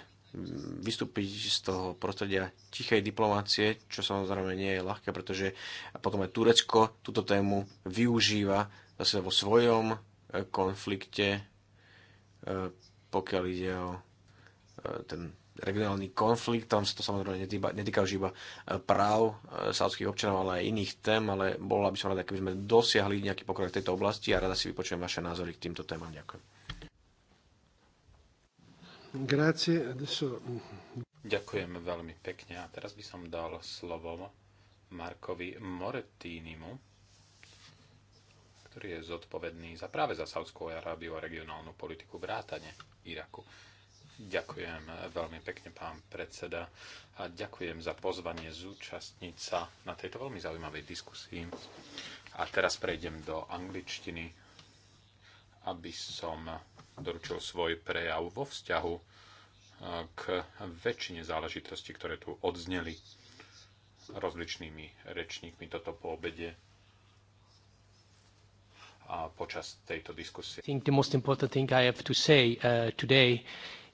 vystúpiť z toho prostredia tichej diplomácie, čo samozrejme nie je ľahké, pretože potom aj Turecko túto tému využíva zase vo svojom konflikte, e, pokiaľ ide o E, ten regionálny konflikt, tam sa to samozrejme netýka, už iba e, práv e, sádských občanov, ale aj iných tém, ale bolo, by som rada, keby sme dosiahli nejaký pokrok v tejto oblasti a rada si vypočujem vaše názory k týmto témam. Ďakujem. Grazie. Adesso... Ďakujem veľmi pekne a teraz by som dal slovo Markovi Moretínimu, ktorý je zodpovedný za práve za Saudskú Arábiu a regionálnu politiku vrátane Iraku. Ďakujem veľmi pekne, pán predseda, a ďakujem za pozvanie zúčastniť sa na tejto veľmi zaujímavej diskusii. A teraz prejdem do angličtiny, aby som doručil svoj prejav vo vzťahu eh, k väčšine záležitostí, ktoré tu odzneli rozličnými rečníkmi toto po obede a počas tejto diskusie. I think the most important thing I have to say uh, today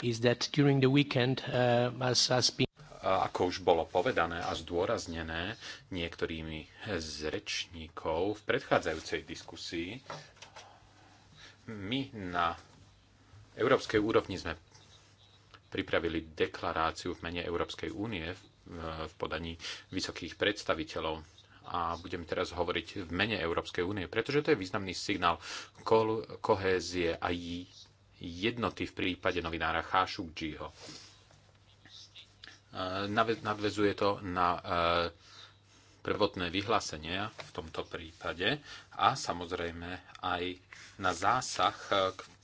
is that during the weekend, uh, as has been ako už bolo povedané a zdôraznené niektorými z rečníkov v predchádzajúcej diskusii, my na európskej úrovni sme pripravili deklaráciu v mene Európskej únie v podaní vysokých predstaviteľov a budem teraz hovoriť v mene Európskej únie, pretože to je významný signál kohézie a jednoty v prípade novinára Khashoggiho. E, nadvezuje to na e, prvotné vyhlásenia v tomto prípade a samozrejme aj na zásah e,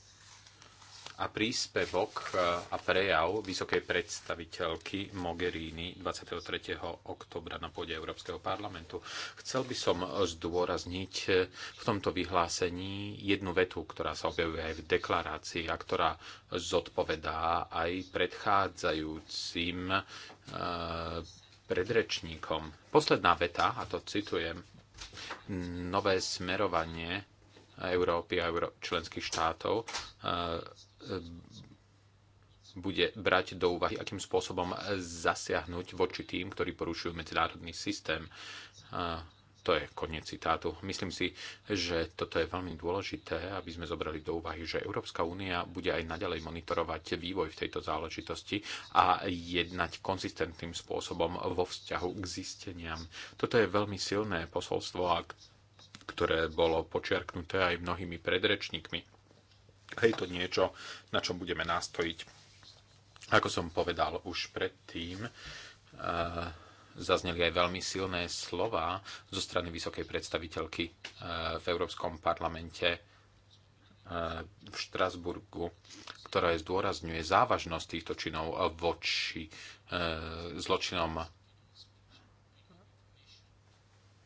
a príspevok a prejav vysokej predstaviteľky Mogherini 23. oktobra na pôde Európskeho parlamentu. Chcel by som zdôrazniť v tomto vyhlásení jednu vetu, ktorá sa objavuje aj v deklarácii a ktorá zodpovedá aj predchádzajúcim e, predrečníkom. Posledná veta, a to citujem, nové smerovanie Európy a členských štátov e, E, bude brať do úvahy, akým spôsobom zasiahnuť voči tým, ktorí porušujú medzinárodný systém. To je koniec citátu. Myslím si, že toto je veľmi dôležité, aby sme zobrali do úvahy, že Európska únia bude aj naďalej monitorovať vývoj v tejto záležitosti a jednať konzistentným spôsobom vo vzťahu k zisteniam. Toto je veľmi silné posolstvo, ktoré bolo počiarknuté aj mnohými predrečníkmi. A je to niečo, na čom budeme nastojiť. Ako som povedal už predtým, eh, zazneli aj veľmi silné slova zo strany vysokej predstaviteľky eh, v Európskom parlamente eh, v Štrasburgu, ktorá zdôrazňuje závažnosť týchto činov voči zločinom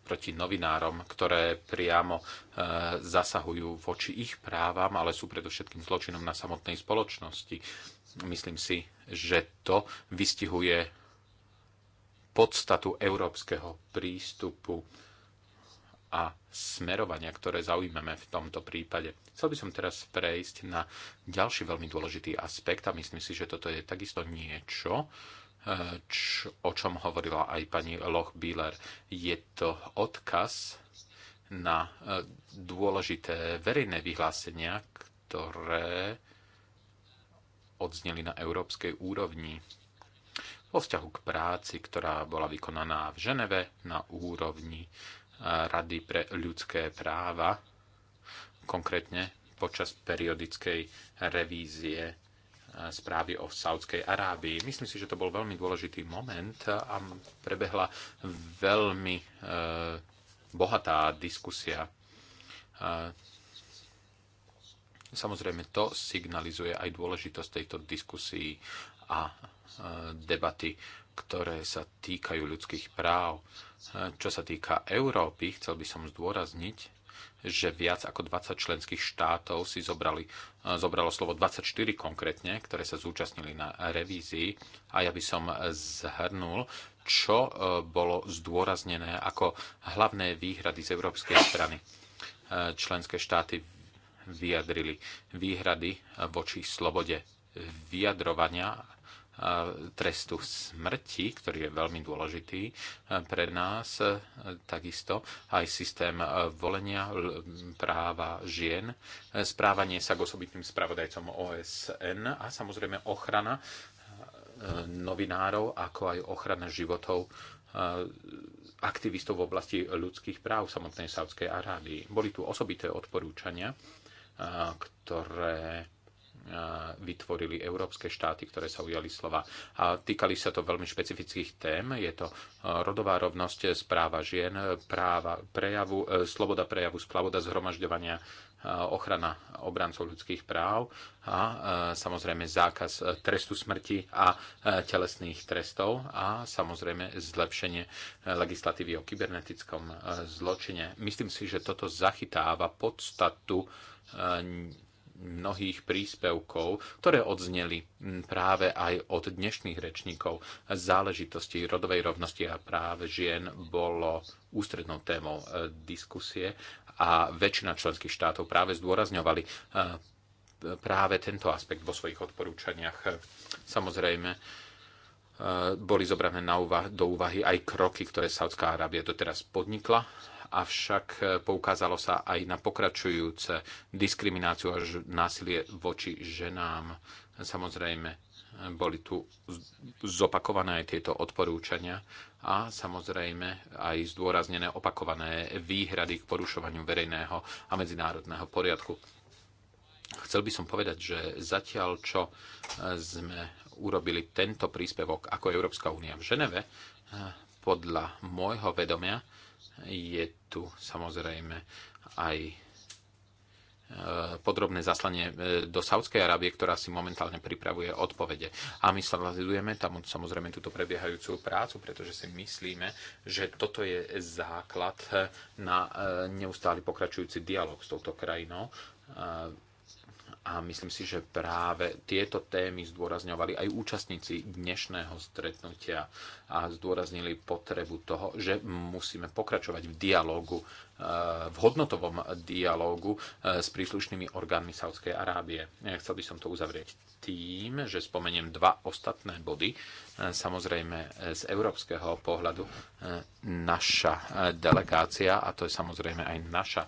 proti novinárom, ktoré priamo e, zasahujú voči ich právam, ale sú predovšetkým zločinom na samotnej spoločnosti. Myslím si, že to vystihuje podstatu európskeho prístupu a smerovania, ktoré zaujímame v tomto prípade. Chcel by som teraz prejsť na ďalší veľmi dôležitý aspekt a myslím si, že toto je takisto niečo, čo, o čom hovorila aj pani Loch Bieler. Je to odkaz na e, dôležité verejné vyhlásenia, ktoré odzneli na európskej úrovni vo vzťahu k práci, ktorá bola vykonaná v Ženeve na úrovni e, Rady pre ľudské práva, konkrétne počas periodickej revízie správy o Saudskej Arábii. Myslím si, že to bol veľmi dôležitý moment a prebehla veľmi e, bohatá diskusia. E, samozrejme, to signalizuje aj dôležitosť tejto diskusii a e, debaty, ktoré sa týkajú ľudských práv. Čo sa týka Európy, chcel by som zdôrazniť, že viac ako 20 členských štátov si zobrali, eh, zobralo slovo 24 konkrétne, ktoré sa zúčastnili na revízii a ja by som zhrnul, čo eh, bolo zdôraznené ako hlavné výhrady z európskej strany. Eh, členské štáty vyjadrili výhrady voči slobode vyjadrovania trestu smrti, ktorý je veľmi dôležitý e, pre nás, e, takisto aj systém e, volenia práva žien, správanie sa k osobitným spravodajcom OSN a samozrejme ochrana novinárov, ako aj ochrana životov aktivistov v oblasti ľudských práv v samotnej Sávskej Arábii. Boli tu osobité odporúčania, ktoré vytvorili európske štáty, ktoré sa ujali slova. A týkali sa to veľmi špecifických tém. Je to rodová rovnosť, správa žien, práva prejavu, e, sloboda prejavu, sloboda zhromažďovania, ochrana obrancov ľudských práv a samozrejme zákaz e, trestu smrti a e, telesných trestov a samozrejme zlepšenie legislatívy o kybernetickom zločine. Myslím si, že toto zachytáva podstatu mnohých príspevkov, ktoré odzneli práve aj od dnešných rečníkov. Záležitosti rodovej rovnosti a práve žien bolo ústrednou témou e, diskusie a väčšina členských štátov práve zdôrazňovali e, práve tento aspekt vo svojich odporúčaniach. Samozrejme, e, boli zobrané na úvah, do úvahy aj kroky, ktoré Saudská Arábia doteraz podnikla avšak e, poukázalo sa aj na pokračujúce diskrimináciu až násilie voči ženám. Samozrejme, boli tu zopakované aj tieto odporúčania a samozrejme aj zdôraznené opakované výhrady k porušovaniu verejného a medzinárodného poriadku. Chcel by som povedať, že zatiaľ, čo e, sme urobili tento príspevok ako Európska únia v Ženeve, e, podľa môjho vedomia, je tu samozrejme aj e, podrobné zaslanie e, do Saudskej Arábie, ktorá si momentálne pripravuje odpovede. A my sledujeme tam samozrejme túto prebiehajúcu prácu, pretože si myslíme, že toto je základ e, na neustály pokračujúci dialog s touto krajinou a myslím si, že práve tieto témy zdôrazňovali aj účastníci dnešného stretnutia a zdôraznili potrebu toho, že musíme pokračovať v dialogu v hodnotovom dialógu eh, s príslušnými orgánmi Saudskej Arábie. Chcel by som to uzavrieť tým, že spomeniem dva ostatné body. Eh, samozrejme z európskeho pohľadu eh, naša delegácia, a to je samozrejme aj naša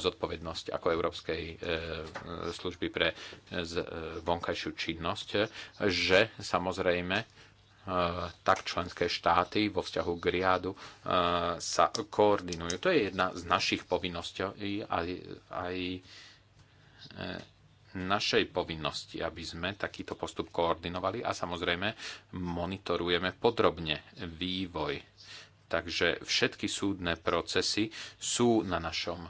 zodpovednosť ako Európskej služby pre vonkajšiu činnosť, že samozrejme Eh, tak členské štáty vo vzťahu k riadu eh, sa koordinujú. To je jedna z našich povinností aj, aj eh, našej povinnosti, aby sme takýto postup koordinovali a samozrejme monitorujeme podrobne vývoj. Takže všetky súdne procesy sú na našom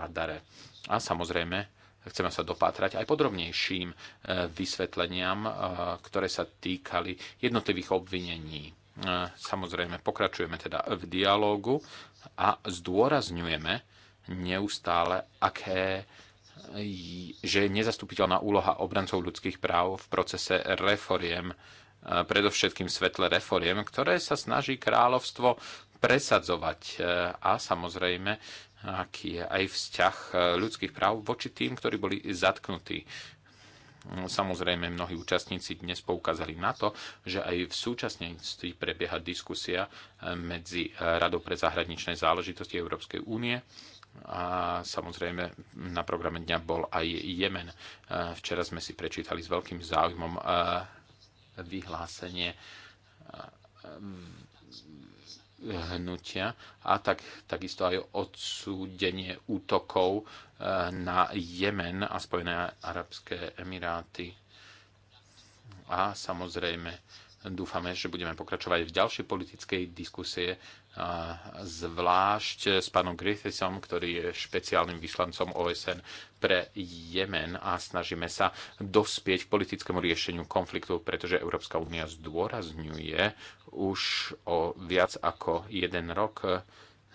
radare. A samozrejme Chceme sa dopátrať aj podrobnejším e, vysvetleniam, e, ktoré sa týkali jednotlivých obvinení. E, samozrejme, pokračujeme teda v dialógu a zdôrazňujeme neustále, aké že je nezastupiteľná úloha obrancov ľudských práv v procese reforiem, predovšetkým svetle reforiem, ktoré sa snaží kráľovstvo presadzovať a samozrejme aký je aj vzťah e, ľudských práv voči tým, ktorí boli zatknutí. Mm, samozrejme, mnohí účastníci dnes poukázali na to, že aj v súčasnosti prebieha diskusia e, medzi e, Radou pre zahraničné záležitosti Európskej únie a samozrejme na programe dňa bol aj Jemen. Včera sme si prečítali s veľkým záujmom vyhlásenie hnutia a tak, takisto aj odsúdenie útokov eh, na Jemen a Spojené arabské emiráty. A samozrejme dúfame, že budeme pokračovať v ďalšej politickej diskusie zvlášť s pánom Griffithom, ktorý je špeciálnym vyslancom OSN pre Jemen a snažíme sa dospieť k politickému riešeniu konfliktu, pretože Európska únia zdôrazňuje už o viac ako jeden rok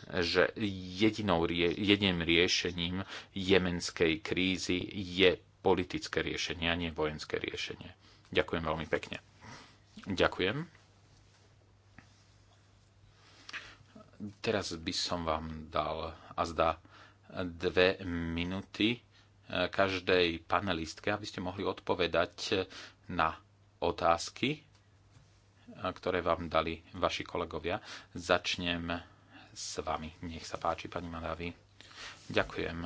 že jedinou, jediným riešením jemenskej krízy je politické riešenie a nie vojenské riešenie. Ďakujem veľmi pekne. Ďakujem. Teraz by som vám dal a zdá dve minúty e, každej panelistke, aby ste mohli odpovedať na otázky, e, ktoré vám dali vaši kolegovia. Začnem s vami. Nech sa páči, pani Madavi. Ďakujem.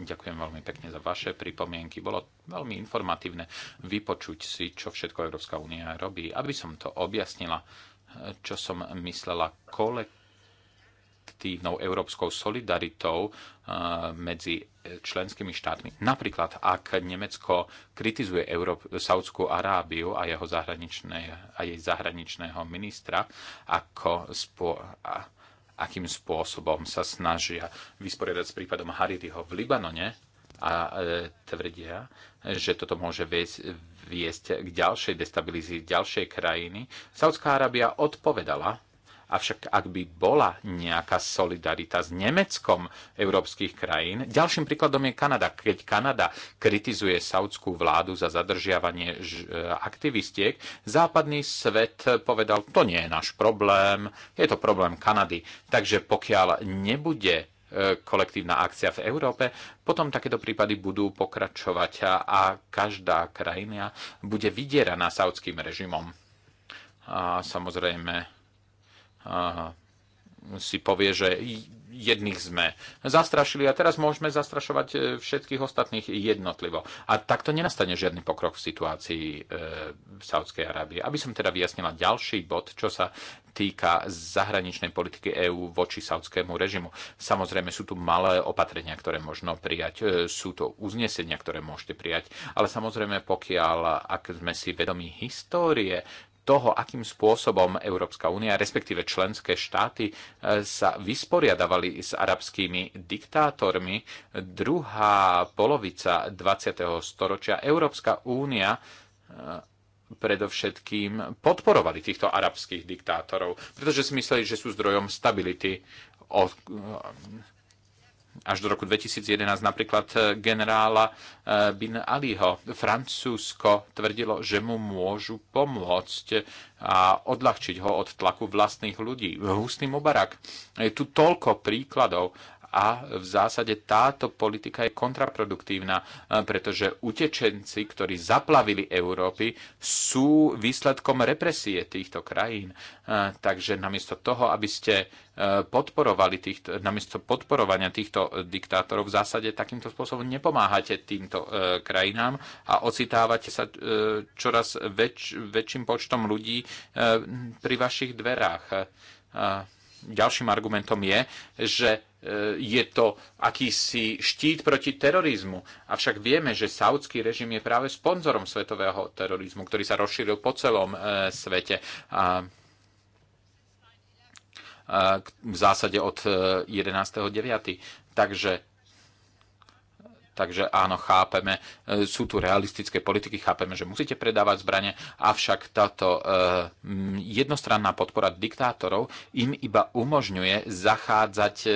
Ďakujem veľmi pekne za vaše pripomienky. Bolo veľmi informatívne vypočuť si, čo všetko Európska únia robí. Aby som to objasnila, e, čo som myslela kolek aktívnou európskou solidaritou eh, medzi členskými štátmi. Napríklad, ak Nemecko kritizuje Európ- Saudskú Arábiu a, jeho zahraničné, a jej zahraničného ministra, ako spo- a, akým spôsobom sa snažia vysporiadať s prípadom Haririho v Libanone a e, tvrdia, že toto môže viesť, viesť k ďalšej destabilizácii ďalšej krajiny. Saudská Arábia odpovedala Avšak ak by bola nejaká solidarita s Nemeckom európskych krajín, ďalším príkladom je Kanada. Keď Kanada kritizuje saudskú vládu za zadržiavanie eh, aktivistiek, západný svet povedal, to nie je náš problém, je to problém Kanady. Takže pokiaľ nebude eh, kolektívna akcia v Európe, potom takéto prípady budú pokračovať a každá krajina bude vydieraná saudským režimom. A samozrejme, si povie, že jedných sme zastrašili a teraz môžeme zastrašovať e, všetkých ostatných jednotlivo. A takto nenastane žiadny pokrok v situácii e, v Saudskej Arábie. Aby som teda vyjasnila ďalší bod, čo sa týka zahraničnej politiky EÚ voči saudskému režimu. Samozrejme sú tu malé opatrenia, ktoré možno prijať, e, sú to uznesenia, ktoré môžete prijať, ale samozrejme pokiaľ, ak sme si vedomi histórie toho, akým spôsobom Európska únia, respektíve členské štáty e, sa vysporiadavali s arabskými diktátormi. Druhá polovica 20. storočia Európska únia e, predovšetkým podporovali týchto arabských diktátorov, pretože si mysleli, že sú zdrojom stability, e, až do roku 2011 napríklad eh, generála eh, Bin Aliho. Francúzsko tvrdilo, že mu môžu pomôcť eh, a odľahčiť ho od tlaku vlastných ľudí. hustný Mubarak. Je tu toľko príkladov a v zásade táto politika je kontraproduktívna, e, pretože utečenci, ktorí zaplavili Európy, sú výsledkom represie týchto krajín. E, takže namiesto toho, aby ste e, podporovali týchto, namiesto podporovania týchto diktátorov v zásade takýmto spôsobom nepomáhate týmto krajinám a ocitávate sa čoraz väč, väčším počtom ľudí pri vašich dverách ďalším argumentom je, že e, je to akýsi štít proti terorizmu. Avšak vieme, že saudský režim je práve sponzorom svetového terorizmu, ktorý sa rozšíril po celom e, svete. A v zásade od 11.9. E, Takže Takže áno, chápeme, e, sú tu realistické politiky, chápeme, že musíte predávať zbranie, avšak táto e, jednostranná podpora diktátorov im iba umožňuje zachádzať e,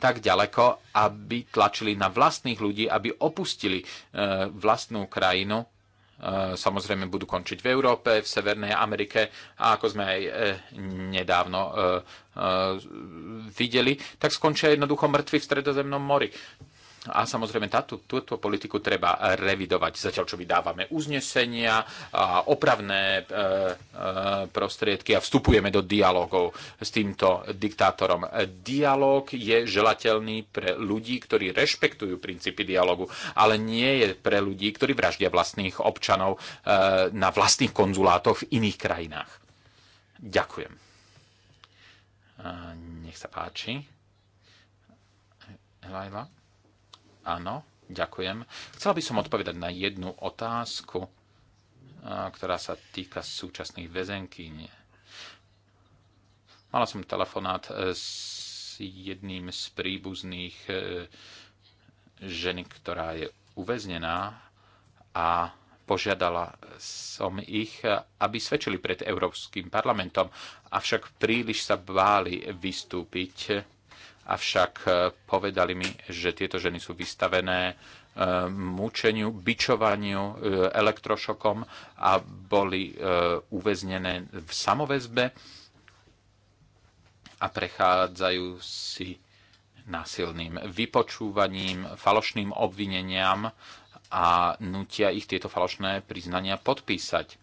tak ďaleko, aby tlačili na vlastných ľudí, aby opustili vlastnú krajinu. Samozrejme budú končiť v Európe, v Severnej Amerike a ako sme aj nedávno videli, tak skončia jednoducho mŕtvi v Stredozemnom mori a samozrejme, táto, túto politiku treba revidovať. Zatiaľ, čo vydávame uznesenia, a opravné e, e, prostriedky a vstupujeme do dialogov s týmto diktátorom. Dialóg je želateľný pre ľudí, ktorí rešpektujú princípy dialogu, ale nie je pre ľudí, ktorí vraždia vlastných občanov e, na vlastných konzulátoch v iných krajinách. Ďakujem. E, nech sa páči. Lajla? Áno, ďakujem. Chcela by som odpovedať na jednu otázku, ktorá sa týka súčasných väzenkyň. Mala som telefonát e, s jedným z príbuzných e, ženy, ktorá je uväznená a požiadala som ich, aby svedčili pred Európskym parlamentom, avšak príliš sa báli vystúpiť avšak e, povedali mi, že tieto ženy sú vystavené e, mučeniu, bičovaniu, e, elektrošokom a boli uväznené v samoväzbe a prechádzajú si násilným vypočúvaním, falošným obvineniam a nutia ich tieto falošné priznania podpísať.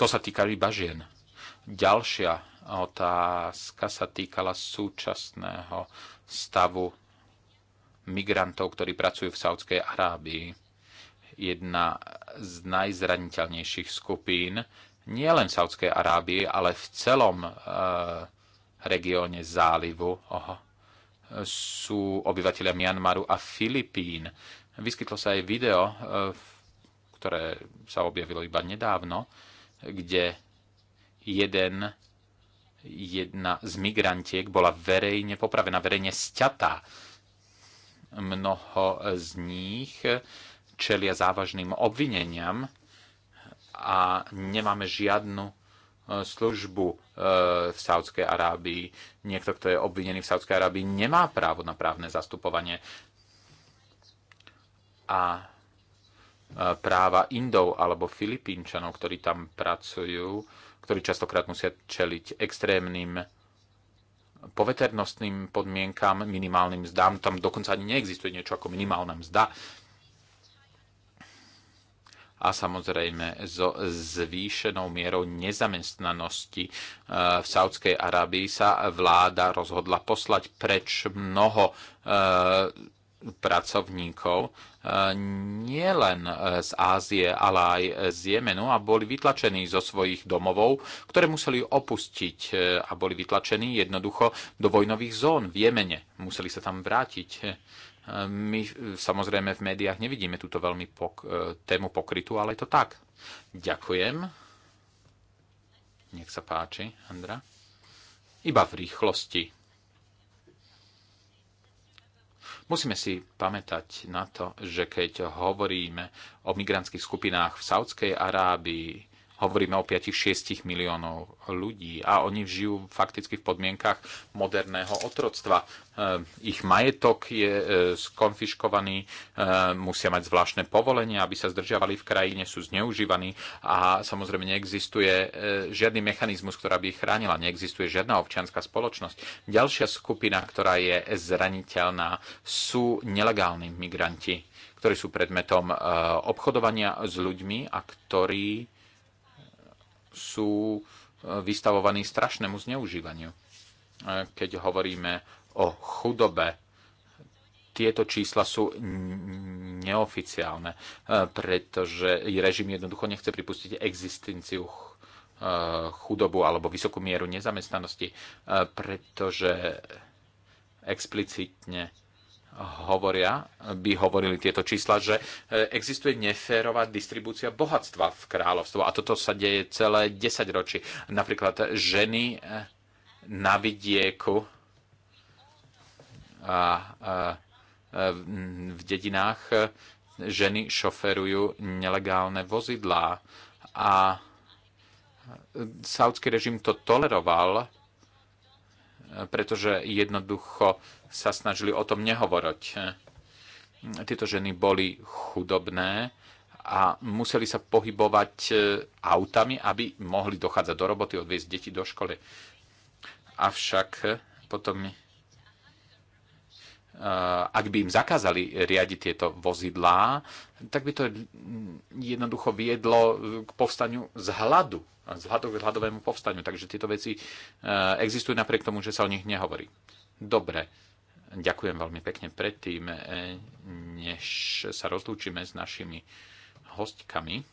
To sa týka iba žien. Ďalšia otázka sa týkala súčasného stavu migrantov, ktorí pracujú v Saudskej Arábii. Jedna z najzraniteľnejších skupín, nielen v Saudskej Arábii, ale v celom e, regióne zálivu, Oho. sú obyvateľia Mianmaru a Filipín. Vyskytlo sa aj video, e, ktoré sa objavilo iba nedávno, kde jeden Jedna z migrantiek bola verejne popravená, verejne sťatá. Mnoho z nich čelia závažným obvineniam a nemáme žiadnu e, službu e, v Saudskej Arábii. Niekto, kto je obvinený v Saudskej Arábii, nemá právo na právne zastupovanie. A e, práva Indov alebo Filipínčanov, ktorí tam pracujú, ktorí častokrát musia čeliť extrémnym poveternostným podmienkam, minimálnym mzdám. Tam dokonca ani neexistuje niečo ako minimálna mzda. A samozrejme so zvýšenou mierou nezamestnanosti eh, v Saudskej Arábii sa vláda rozhodla poslať preč mnoho eh, pracovníkov e, nielen e, z Ázie, ale aj z Jemenu a boli vytlačení zo svojich domovov, ktoré museli opustiť e, a boli vytlačení jednoducho do vojnových zón v Jemene. Museli sa tam vrátiť. My samozrejme v médiách nevidíme túto veľmi pok- tému pokrytú, ale je to tak. Ďakujem. Nech sa páči, Andra. Iba v rýchlosti Musíme si pamätať na to, že keď hovoríme o migrantských skupinách v Saudskej Arábii, hovoríme o 5-6 miliónov ľudí a oni žijú fakticky v podmienkach moderného otroctva. Eh, ich majetok je eh, skonfiškovaný, eh, musia mať zvláštne povolenie, aby sa zdržiavali v krajine, sú zneužívaní a samozrejme neexistuje žiadny mechanizmus, ktorá by ich chránila, neexistuje žiadna občianská spoločnosť. Ďalšia skupina, ktorá je zraniteľná, sú nelegálni migranti ktorí sú predmetom obchodovania s ľuďmi a ktorí sú e, vystavovaní strašnému zneužívaniu. E, keď hovoríme o chudobe, tieto čísla sú neoficiálne, e, pretože režim jednoducho nechce pripustiť existenciu chudobu alebo vysokú mieru nezamestnanosti, pretože explicitne hovoria, by hovorili tieto čísla, že e, existuje neférová distribúcia bohatstva v kráľovstvu. A toto sa deje celé 10 ročí. Napríklad ženy e, na vidieku a e, v dedinách ženy šoferujú nelegálne vozidlá. A saudský režim to toleroval pretože jednoducho sa snažili o tom nehovoriť. Tieto ženy boli chudobné a museli sa pohybovať e, autami, aby mohli dochádzať do roboty, odviezť deti do školy. Avšak potom ak by im zakázali riadiť tieto vozidlá, tak by to jednoducho viedlo k povstaniu z hladu, z hladu, k hladovému povstaniu. Takže tieto veci e, existujú napriek tomu, že sa o nich nehovorí. Dobre, ďakujem veľmi pekne predtým, e, než sa rozlúčime s našimi hostkami.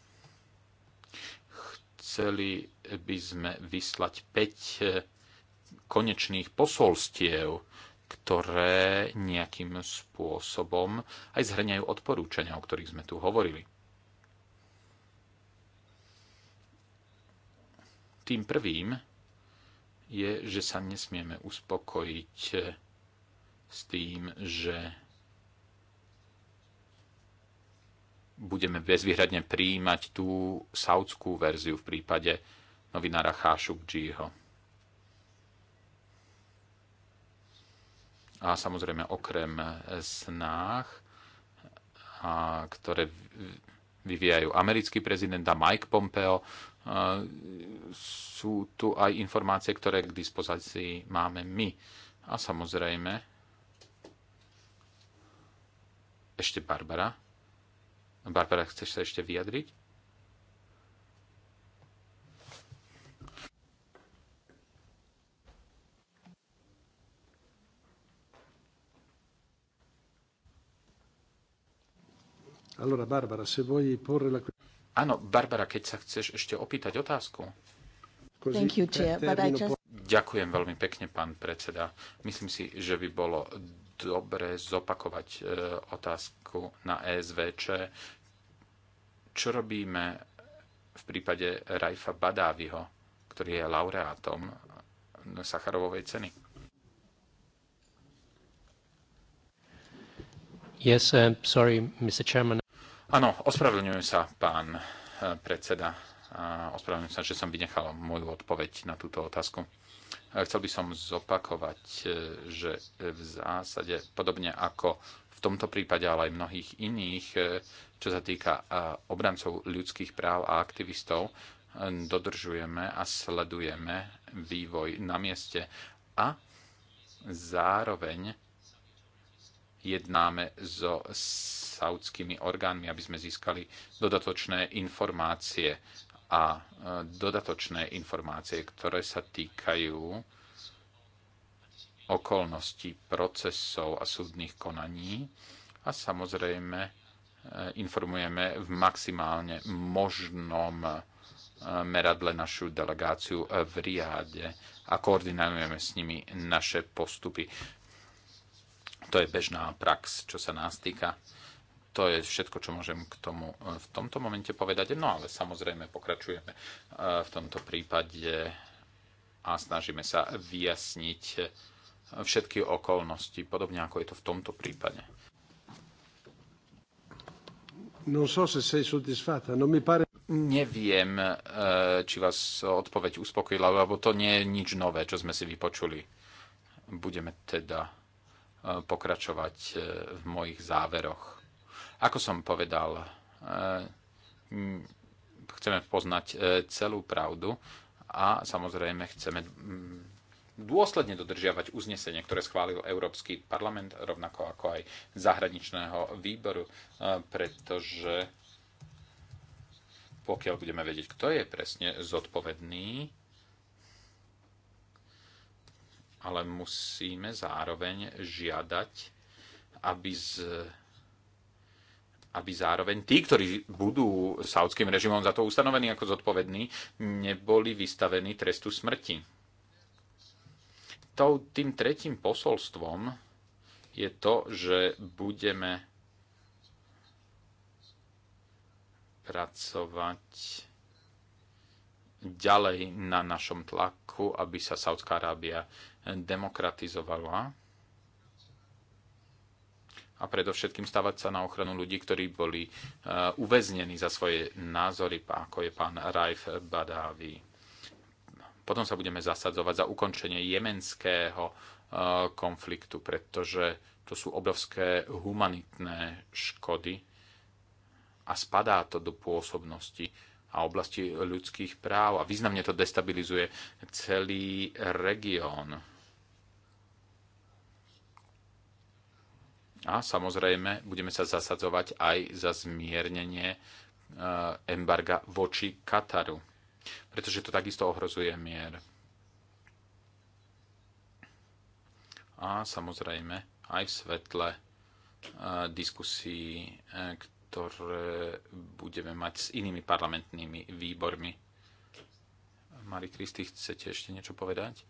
Chceli by sme vyslať 5 e, konečných posolstiev ktoré nejakým spôsobom aj zhrňajú odporúčania, o ktorých sme tu hovorili. Tým prvým je, že sa nesmieme uspokojiť s tým, že budeme bezvýhradne príjmať tú saudskú verziu v prípade novinára Khashoggiho a samozrejme okrem snách, a ktoré vyvíjajú americký prezident a Mike Pompeo, sú tu aj informácie, ktoré k dispozícii máme my. A samozrejme, ešte Barbara. Barbara, chceš sa ešte vyjadriť? Allora, Barbara, se vuoi porre la... Áno, Barbara, keď sa chceš ešte opýtať otázku. Thank you, chair, but I just... Ďakujem veľmi pekne, pán predseda. Myslím si, že by bolo dobre zopakovať e, otázku na ESVČ. Čo robíme v prípade Rajfa Badáviho, ktorý je laureátom Sacharovovej ceny? Yes, uh, sorry, Mr. Chairman. Áno, ospravedlňujem sa, pán eh, predseda. Ospravedlňujem sa, že som vynechal moju odpoveď na túto otázku. Eh, chcel by som zopakovať, eh, že v zásade, podobne ako v tomto prípade, ale aj mnohých iných, čo sa týka obrancov ľudských práv a aktivistov, dodržujeme a sledujeme vývoj na mieste a zároveň jednáme so saudskými orgánmi, aby sme získali dodatočné informácie a e, dodatočné informácie, ktoré sa týkajú okolností procesov a súdnych konaní a samozrejme e, informujeme v maximálne možnom e, meradle našu delegáciu v Riáde a koordinujeme s nimi naše postupy. To je bežná prax, čo sa nás týka. To je všetko, čo môžem k tomu e, v tomto momente povedať. No ale samozrejme pokračujeme e, v tomto prípade a snažíme sa vyjasniť e, všetky okolnosti, podobne ako je to v tomto prípade. Non so se sei soddisfatta, non mi pare... Neviem, či vás odpoveď uspokojila, lebo to nie je nič nové, čo sme si vypočuli. Budeme teda pokračovať e, v mojich záveroch. Ako som povedal, e, chceme poznať e, celú pravdu a samozrejme chceme dôsledne dodržiavať uznesenie, ktoré schválil Európsky parlament, rovnako ako aj zahraničného výboru, pretože pokiaľ budeme vedieť, kto je presne zodpovedný ale musíme zároveň žiadať, aby, z, aby zároveň tí, ktorí budú saudským režimom za to ustanovení ako zodpovední, neboli vystavení trestu smrti. Tým tretím posolstvom je to, že budeme pracovať ďalej na našom tlaku, aby sa Saudská Arábia demokratizovala a predovšetkým stavať sa na ochranu ľudí, ktorí boli e, uväznení za svoje názory, ako je pán Raif Badavi. Potom sa budeme zasadzovať za ukončenie jemenského e, konfliktu, pretože to sú obrovské humanitné škody a spadá to do pôsobnosti a oblasti ľudských práv a významne to destabilizuje celý región A samozrejme, budeme sa zasadzovať aj za zmiernenie e, embarga voči Kataru, pretože to takisto ohrozuje mier. A samozrejme, aj v svetle e, diskusí, e, ktoré budeme mať s inými parlamentnými výbormi. Mari Kristi, chcete ešte niečo povedať?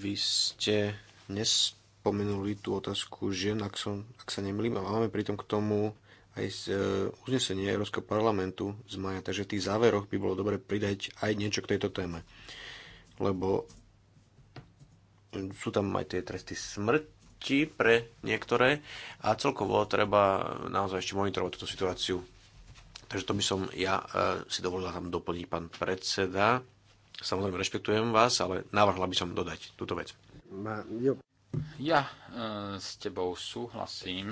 Vy ste nespovedali spomenuli tú otázku žien, ak, som, ak sa nemýlim, a máme pritom k tomu aj z e, uznesenie Európskeho parlamentu z maja, takže v tých záveroch by bolo dobre pridať aj niečo k tejto téme. Lebo sú tam aj tie tresty smrti pre niektoré a celkovo treba naozaj ešte monitorovať túto situáciu. Takže to by som ja e, si dovolila tam doplniť, pán predseda. Samozrejme, rešpektujem vás, ale navrhla by som dodať túto vec. Ma, jo, ja e, s tebou súhlasím,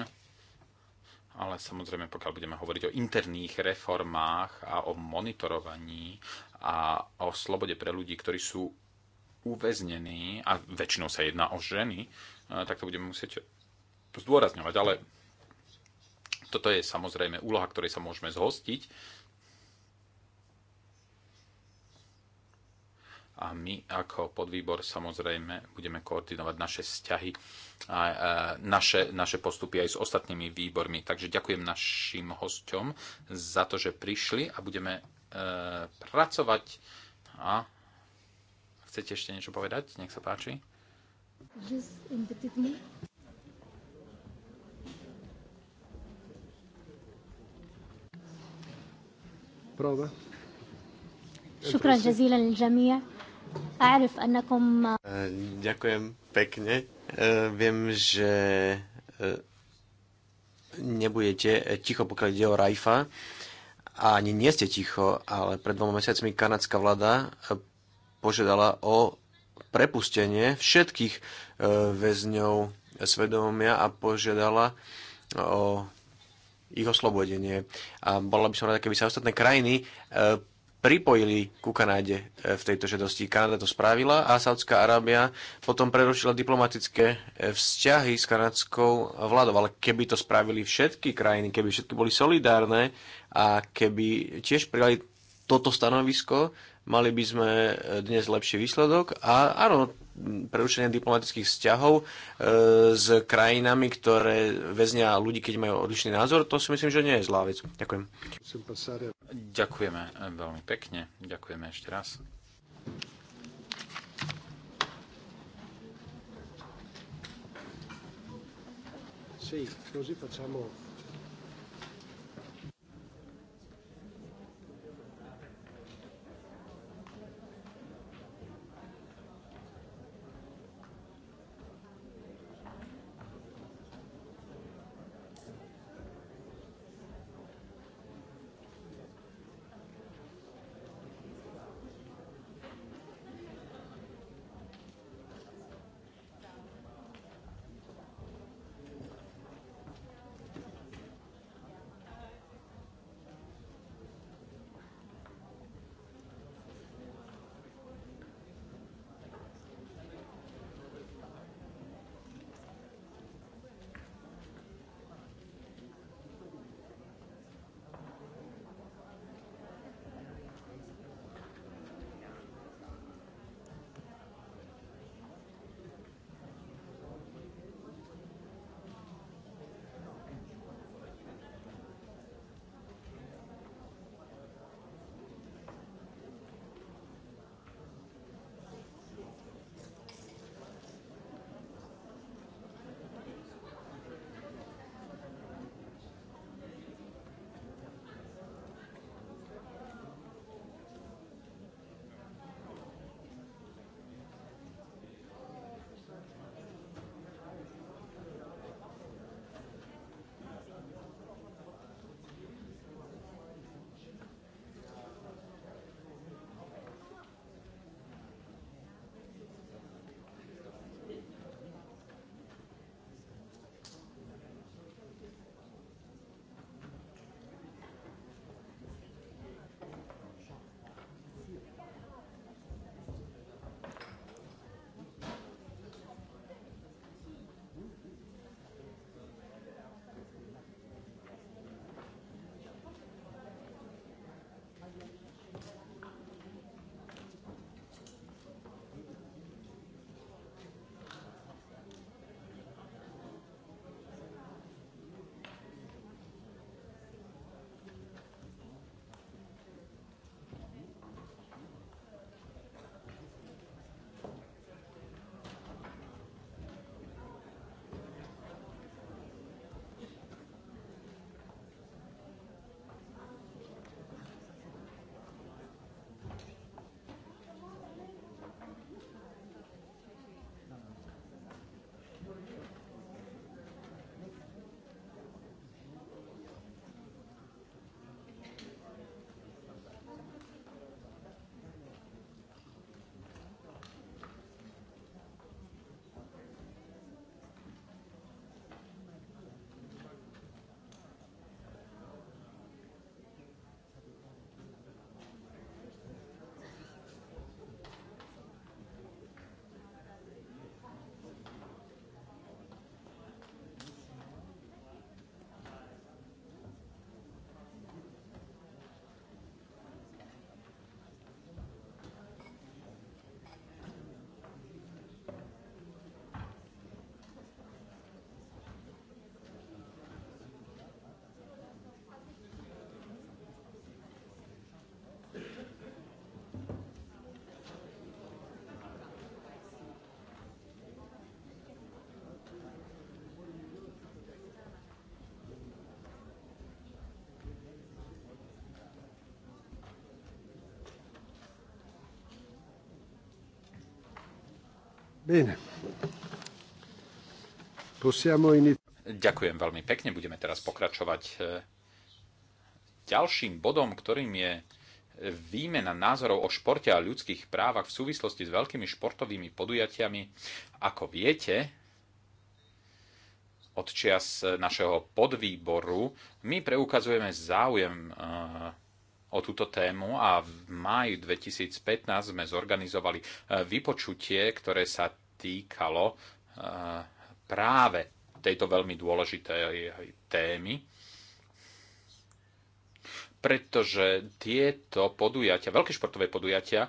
ale samozrejme, pokiaľ budeme hovoriť o interných reformách a o monitorovaní a o slobode pre ľudí, ktorí sú uväznení, a väčšinou sa jedná o ženy, e, tak to budeme musieť zdôrazňovať. Ale toto je samozrejme úloha, ktorej sa môžeme zhostiť a my ako podvýbor samozrejme budeme koordinovať naše vzťahy a e, naše, naše postupy aj s ostatnými výbormi. Takže ďakujem našim hosťom za to, že prišli a budeme e, pracovať. A chcete ešte niečo povedať? Nech sa páči. شكرا جزيلا للجميع أعرف أنكم Ďakujem pekne. Viem, že nebudete ticho, pokiaľ ide o Rajfa. A ani nie ste ticho, ale pred dvoma mesiacmi kanadská vláda požiadala o prepustenie všetkých väzňov svedomia a požiadala o ich oslobodenie. A bola by som rada, keby sa ostatné krajiny pripojili ku Kanáde e, v tejto žiadosti. Kanada to spravila a Saudská Arábia potom prerušila diplomatické e, vzťahy s kanadskou vládou. Ale keby to spravili všetky krajiny, keby všetky boli solidárne a keby tiež prijali toto stanovisko, mali by sme e, dnes lepší výsledok. A áno, prerušenia diplomatických vzťahov e, s krajinami, ktoré väznia ľudí, keď majú odlišný názor, to si myslím, že nie je zlá vec. Ďakujem. Ďakujeme veľmi pekne. Ďakujeme ešte raz. Sì, così facciamo Bene. Possiamo Ďakujem veľmi pekne. Budeme teraz pokračovať e, ďalším bodom, ktorým je e, výmena názorov o športe a ľudských právach v súvislosti s veľkými športovými podujatiami. Ako viete, odčias e, našeho podvýboru my preukazujeme záujem o túto tému a v máji 2015 sme zorganizovali e, vypočutie, ktoré sa týkalo e, práve tejto veľmi dôležitej témy pretože tieto podujatia, veľké športové podujatia, e,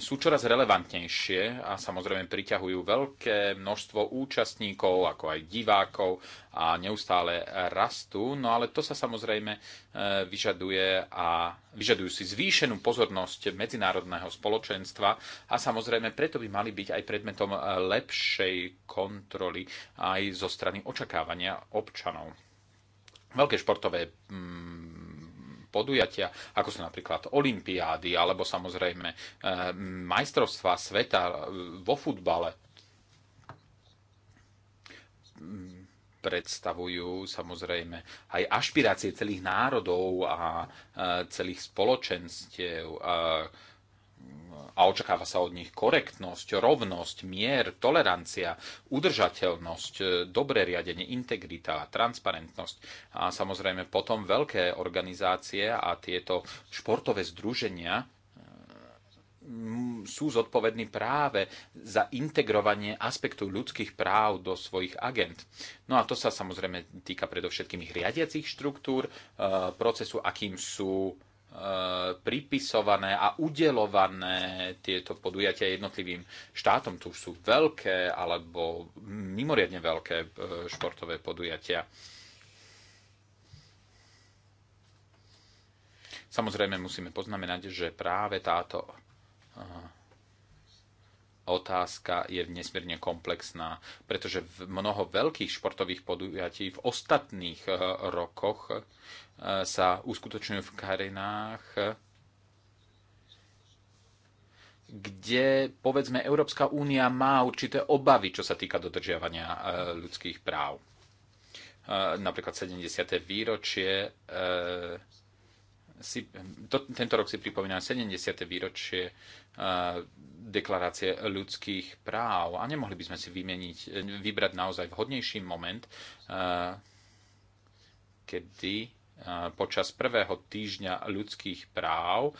sú čoraz relevantnejšie a samozrejme priťahujú veľké množstvo účastníkov, ako aj divákov a neustále rastú. No ale to sa samozrejme e, vyžaduje a vyžadujú si zvýšenú pozornosť medzinárodného spoločenstva a samozrejme preto by mali byť aj predmetom e, lepšej kontroly aj zo strany očakávania občanov. Veľké športové mm, podujatia, ako sú napríklad olympiády alebo samozrejme eh, majstrovstvá sveta eh, vo futbale, predstavujú samozrejme aj ašpirácie celých národov a eh, celých spoločenstiev. A a očakáva sa od nich korektnosť, rovnosť, mier, tolerancia, udržateľnosť, e, dobré riadenie, integrita, transparentnosť a samozrejme potom veľké organizácie a tieto športové združenia e, sú zodpovední práve za integrovanie aspektov ľudských práv do svojich agent. No a to sa samozrejme týka predovšetkým ich riadiacich štruktúr, e, procesu, akým sú E, pripisované a udelované tieto podujatia jednotlivým štátom. Tu sú veľké alebo mimoriadne veľké e, športové podujatia. Samozrejme musíme poznamenať, že práve táto e, otázka je nesmierne komplexná, pretože mnoho veľkých športových podujatí v ostatných rokoch sa uskutočňujú v Karinách, kde, povedzme, Európska únia má určité obavy, čo sa týka dodržiavania e, ľudských práv. E, napríklad 70. výročie e, si, to, tento rok si pripomína 70. výročie uh, deklarácie ľudských práv a nemohli by sme si vymeniť, vybrať naozaj vhodnejší moment, uh, kedy počas prvého týždňa ľudských práv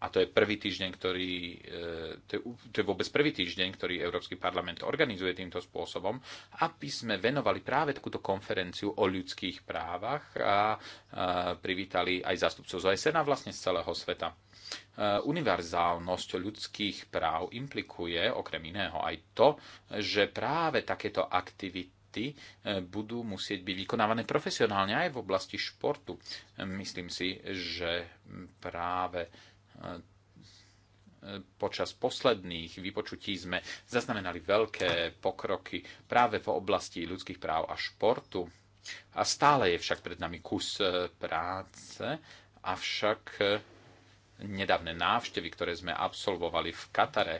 a to je prvý týždeň, ktorý, e, to je, to je vôbec prvý týždeň, ktorý Európsky parlament organizuje týmto spôsobom, aby sme venovali práve takúto konferenciu o ľudských právach a, a privítali aj zástupcov z OSN a vlastne z celého sveta. E, univerzálnosť ľudských práv implikuje okrem iného aj to, že práve takéto aktivity aktivity e, budú musieť byť vykonávané profesionálne aj v oblasti športu. Myslím si, že práve e, počas posledných vypočutí sme zaznamenali veľké pokroky práve v oblasti ľudských práv a športu. A stále je však pred nami kus e, práce, avšak nedávne návštevy, ktoré sme absolvovali v Katare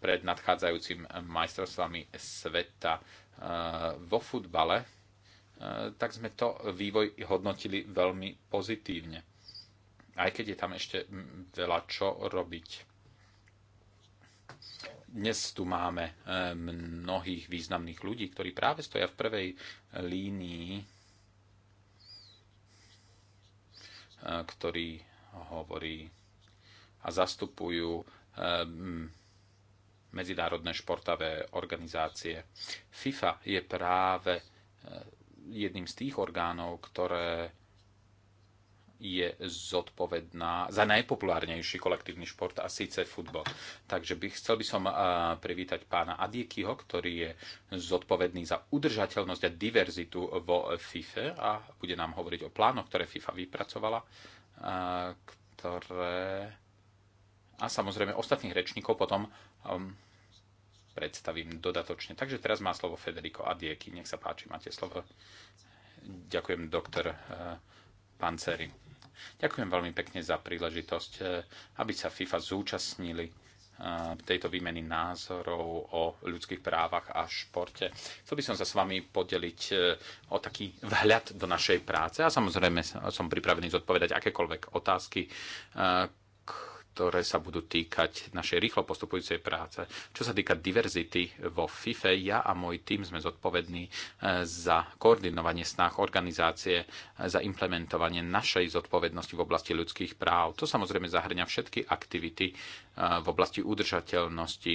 pred nadchádzajúcim majstrovstvami sveta Eh, vo futbale, eh, tak sme to vývoj hodnotili veľmi pozitívne. Aj keď je tam ešte veľa čo robiť. Dnes tu máme eh, mnohých významných ľudí, ktorí práve stoja v prvej línii, ktorí hovorí a zastupujú medzinárodné športové organizácie. FIFA je práve e, jedným z tých orgánov, ktoré je zodpovedná za najpopulárnejší kolektívny šport a síce futbol. Takže by, chcel by som e, privítať pána Adiekyho, ktorý je zodpovedný za udržateľnosť a diverzitu vo FIFA a bude nám hovoriť o plánoch, ktoré FIFA vypracovala, e, ktoré a samozrejme ostatných rečníkov potom Ehm, predstavím dodatočne. Takže teraz má slovo Federico Adieky. Nech sa páči, máte slovo. Ďakujem, doktor eh, Panceri. Ďakujem veľmi pekne za príležitosť, eh, aby sa FIFA zúčastnili eh, tejto výmeny názorov o ľudských právach a športe. Chcel by som sa s vami podeliť o taký vhľad do našej práce a samozrejme som pripravený zodpovedať akékoľvek otázky, ktoré sa budú týkať našej rýchlo postupujúcej práce. Čo sa týka diverzity vo FIFE, ja a môj tým sme zodpovední e, za koordinovanie snah, organizácie, e, za implementovanie našej zodpovednosti v oblasti ľudských práv. To samozrejme zahrňa všetky aktivity e, v oblasti udržateľnosti,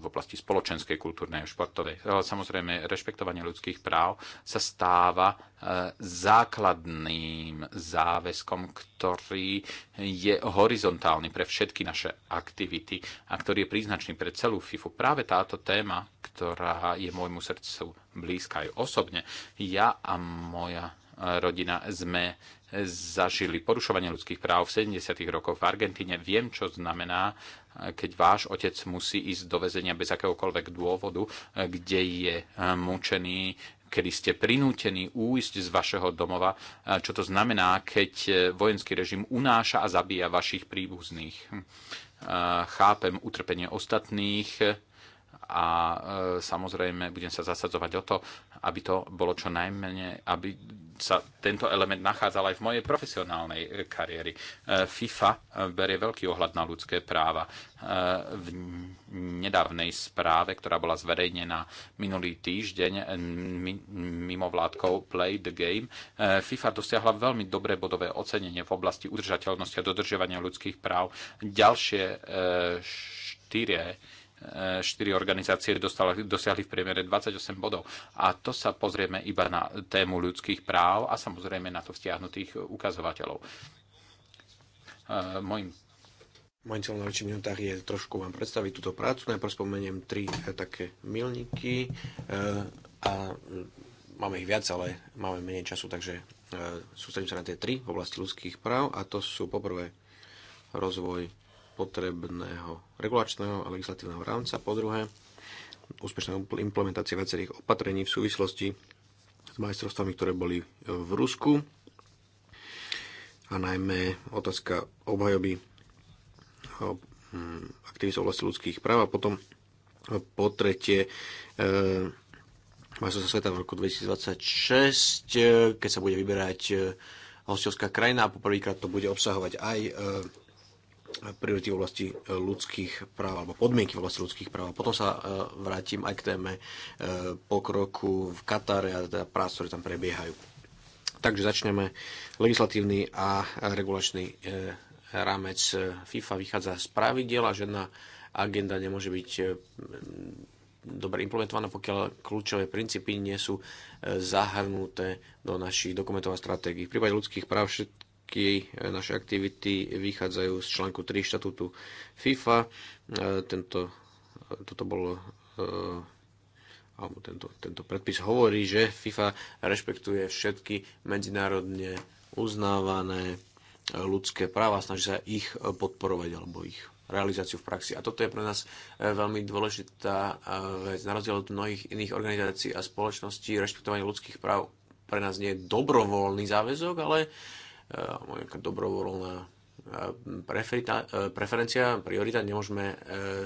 v oblasti spoločenskej, kultúrnej a športovej. Samozrejme, rešpektovanie ľudských práv sa stáva základným záväzkom, ktorý je horizontálny aktuálny pre všetky naše aktivity a ktorý je príznačný pre celú FIFU. Práve táto téma, ktorá je môjmu srdcu blízka aj osobne, ja a moja e, rodina sme zažili porušovanie ľudských práv v 70. rokoch v Argentíne. Viem, čo znamená, e, keď váš otec musí ísť do väzenia bez akéhokoľvek dôvodu, e, kde je mučený kedy ste prinútení újsť z vašeho domova, čo to znamená, keď e, vojenský režim unáša a zabíja vašich príbuzných. Chápem utrpenie ostatných, a e, samozrejme budem sa zasadzovať o to, aby to bolo čo najmenej, aby sa tento element nachádzal aj v mojej profesionálnej e, kariéri. E, FIFA berie veľký ohľad na ľudské práva. V nedávnej správe, ktorá bola zverejnená minulý týždeň mimo vládkou Play the Game, FIFA dosiahla veľmi dobré bodové ocenenie v oblasti udržateľnosti a dodržiavania ľudských práv. Ďalšie štyrie E, štyri organizácie dostali, dosiahli v priemere 28 bodov. A to sa pozrieme iba na tému ľudských práv a samozrejme na to vzťahnutých ukazovateľov. E, mojim Mojím cieľom na minútach je trošku vám predstaviť túto prácu. Najprv spomeniem tri e, také milníky a máme ich viac, ale máme menej času, takže sústredím sa na tie tri v oblasti ľudských práv a to sú poprvé rozvoj potrebného regulačného a legislatívneho rámca. Po druhé, úspešná implementácia viacerých opatrení v súvislosti s majstrovstvami, ktoré boli v Rusku a najmä otázka obhajoby hm, aktivistov oblasti ľudských práv a potom po tretie e, majstrovstvá sveta v roku 2026, e, keď sa bude vyberať e, hostovská krajina a poprvýkrát to bude obsahovať aj priority v oblasti e, ľudských práv alebo podmienky v oblasti ľudských práv. Potom sa e, vrátim aj k téme e, pokroku v Katare a teda prác, ktoré tam prebiehajú. Takže začneme. Legislatívny a regulačný rámec FIFA vychádza z pravidiel a žiadna agenda nemôže byť dobre implementovaná, pokiaľ kľúčové princípy nie sú zahrnuté do našich dokumentov a stratégií. V prípade ľudských práv všetky všetky e, naše aktivity vychádzajú z článku 3 štatútu FIFA. E, tento, e, toto bolo alebo tento, tento predpis hovorí, že FIFA rešpektuje všetky medzinárodne uznávané ľudské práva, snaží sa ich podporovať alebo ich realizáciu v praxi. A toto je pre nás veľmi dôležitá vec. Na rozdiel od mnohých iných organizácií a spoločností, rešpektovanie ľudských práv pre nás nie je dobrovoľný záväzok, ale dobrovoľná e, preferencia, priorita, nemôžeme e,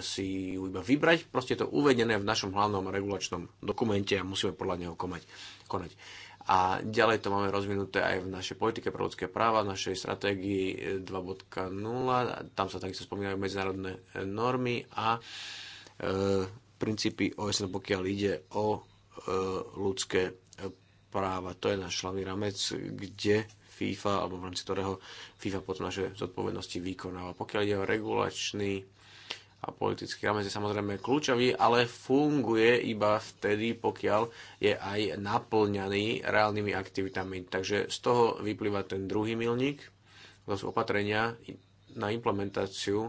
si ju iba vybrať, proste je to uvedené v našom hlavnom regulačnom dokumente a musíme podľa neho komať, konať. A ďalej to máme rozvinuté aj v našej politike pre ľudské práva, v našej stratégii 2.0, e, tam sa takisto spomínajú medzinárodné normy a e, princípy OSN, pokiaľ ide o e, ľudské práva. To je náš hlavný ramec, kde FIFA alebo v rámci ktorého FIFA potom naše zodpovednosti vykonáva. Pokiaľ ide o regulačný a politický rámec je samozrejme kľúčový, ale funguje iba vtedy, pokiaľ je aj naplňaný reálnymi aktivitami. Takže z toho vyplýva ten druhý milník, to sú opatrenia na implementáciu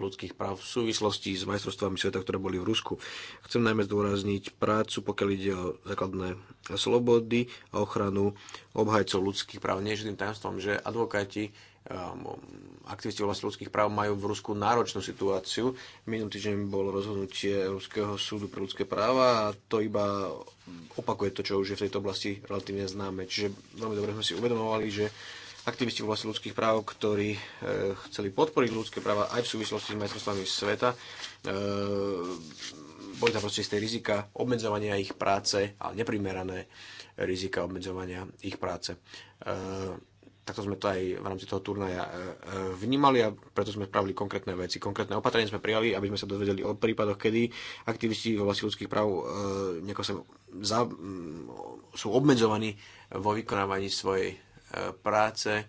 ľudských práv v súvislosti s majstrovstvami sveta, ktoré boli v Rusku. Chcem najmä zdôrazniť prácu, pokiaľ ide o základné slobody a ochranu obhajcov ľudských práv. Nie je tajomstvom, že advokáti ehm, aktivisti vlastne ľudských práv majú v Rusku náročnú situáciu. Minulý týždeň bolo rozhodnutie Európskeho súdu pre ľudské práva a to iba opakuje to, čo už je v tejto oblasti relatívne známe. Čiže veľmi dobre sme si uvedomovali, že aktivisti v oblasti ľudských práv, ktorí e, chceli podporiť ľudské práva aj v súvislosti s majstrovstvami sveta. E, boli tam proste z tej rizika obmedzovania ich práce, ale neprimerané rizika obmedzovania ich práce. E, takto sme to aj v rámci toho turnaja vnímali a preto sme spravili konkrétne veci. Konkrétne opatrenie sme prijali, aby sme sa dozvedeli o prípadoch, kedy aktivisti v oblasti ľudských práv sa za, sú obmedzovaní vo vykonávaní svojej práce.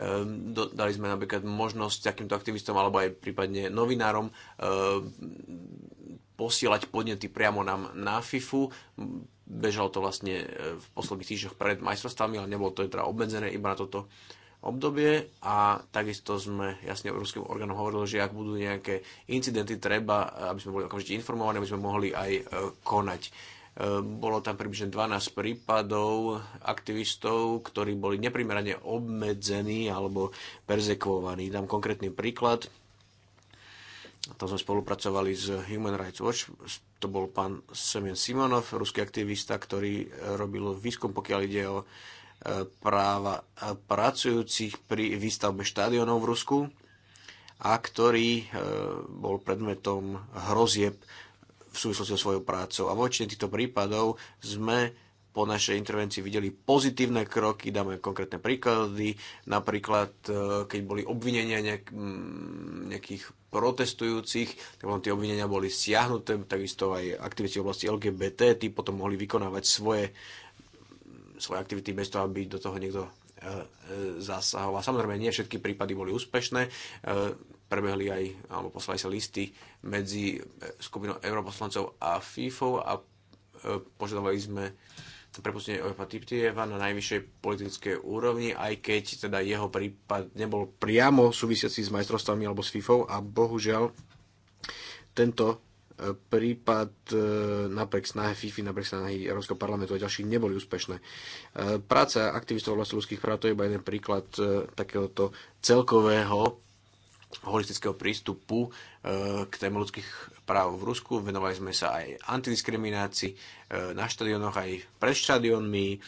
Ehm, dali sme napríklad možnosť takýmto aktivistom alebo aj prípadne novinárom ehm, posielať podnety priamo nám na FIFU. Bežalo to vlastne ehm, v posledných týždňoch pred majstrovstvami, ale nebolo to teda obmedzené iba na toto obdobie a takisto sme jasne európskym orgánom hovorili, že ak budú nejaké incidenty, treba, aby sme boli okamžite informovaní, aby sme mohli aj konať. Bolo tam približne 12 prípadov aktivistov, ktorí boli neprimerane obmedzení alebo perzekvovaní. Dám konkrétny príklad. Tam sme spolupracovali s Human Rights Watch. To bol pán Semen Simonov, ruský aktivista, ktorý robil výskum, pokiaľ ide o e, práva e, pracujúcich pri výstavbe štádionov v Rusku a ktorý e, bol predmetom hrozieb v súvislosti so svojou prácou. A voči týchto prípadov sme po našej intervencii videli pozitívne kroky, dáme konkrétne príklady, napríklad e, keď boli obvinenia nejak, nejakých protestujúcich, tak potom tie obvinenia boli stiahnuté, takisto aj aktivisti v oblasti LGBT, tí potom mohli vykonávať svoje, svoje aktivity bez toho, aby do toho niekto e, e, zasahoval. Samozrejme, nie všetky prípady boli úspešné prebehli aj, alebo poslali sa listy medzi eh, skupinou europoslancov a FIFO a eh, požadovali sme prepustenie Ojepa Tiptieva na najvyššej politickej úrovni, aj keď teda jeho prípad nebol priamo súvisiaci s majstrovstvami alebo s FIFO a bohužiaľ tento eh, prípad napriek snahe FIFI, napriek snahy Európskeho parlamentu a ďalších neboli úspešné. Práca aktivistov vlastných ľudských práv to je iba jeden príklad takéhoto celkového holistického prístupu e, k téme ľudských práv v Rusku. Venovali sme sa aj antidiskriminácii e, na štadionoch, aj pred štadionmi, e,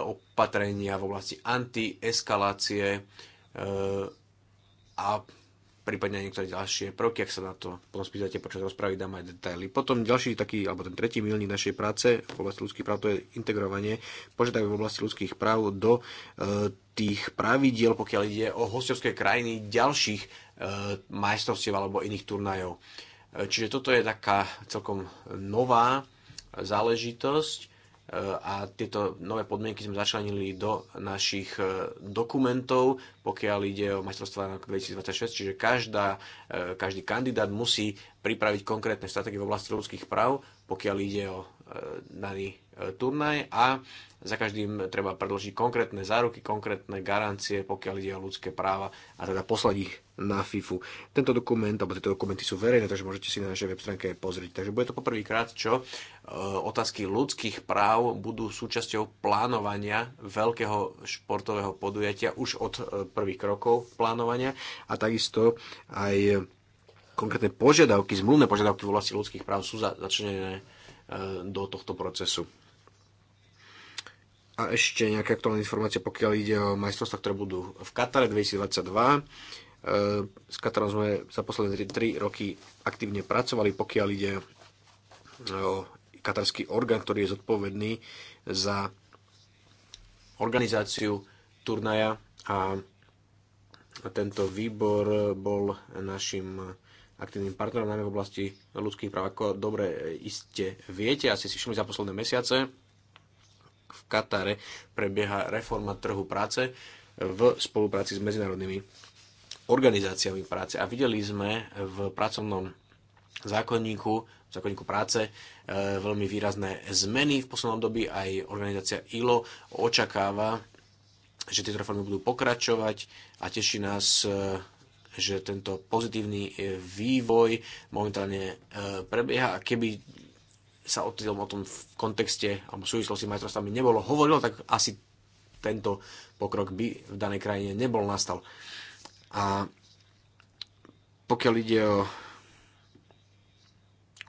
opatrenia v oblasti antieskalácie a prípadne aj niektoré ďalšie prvky, ak sa na to potom spýtate počas rozpravy dám aj detaily. Potom ďalší taký, alebo ten tretí milník našej práce v oblasti ľudských práv, to je integrovanie požiadavky v oblasti ľudských práv do e, tých pravidiel, pokiaľ ide o hostovské krajiny ďalších Eh, majstrovstiev alebo iných turnajov. Eh, čiže toto je taká celkom nová záležitosť eh, a tieto nové podmienky sme začlenili do našich dokumentov, pokiaľ ide o majstrovstvá na 2026, čiže každá, každý kandidát musí pripraviť konkrétne stratégie v oblasti ľudských práv, pokiaľ ide o daný turnaj a za každým treba predložiť konkrétne záruky, konkrétne garancie, pokiaľ ide o ľudské práva a teda poslať ich na FIFU. Tento dokument, alebo tieto dokumenty sú verejné, takže môžete si na našej web stránke pozrieť. Takže bude to poprvýkrát, čo e, otázky ľudských práv budú súčasťou plánovania veľkého športového podujatia už od e, prvých krokov plánovania a takisto aj konkrétne požiadavky, zmluvné požiadavky v oblasti ľudských práv sú začlenené e, do tohto procesu. A ešte nejaká aktuálna informácia, pokiaľ ide o majstrovstvá, ktoré budú v Katare 2022 E, s ktorou sme za posledné 3 roky aktívne pracovali, pokiaľ ide o katarský orgán, ktorý je zodpovedný za organizáciu turnaja a tento výbor bol našim aktívnym partnerom najmä v oblasti ľudských práv. Ako dobre iste viete, asi si všimli za posledné mesiace, v Katare prebieha reforma trhu práce v spolupráci s medzinárodnými organizáciami práce. A videli sme v pracovnom zákonníku, v zákonníku práce, e, veľmi výrazné zmeny v poslednom dobi. Aj organizácia ILO očakáva, že tieto reformy budú pokračovať a teší nás, e, že tento pozitívny e, vývoj momentálne e, prebieha a keby sa o tom, o tom v kontexte alebo v súvislosti s majstrovstvami nebolo hovorilo, tak asi tento pokrok by v danej krajine nebol nastal. A pokiaľ ide o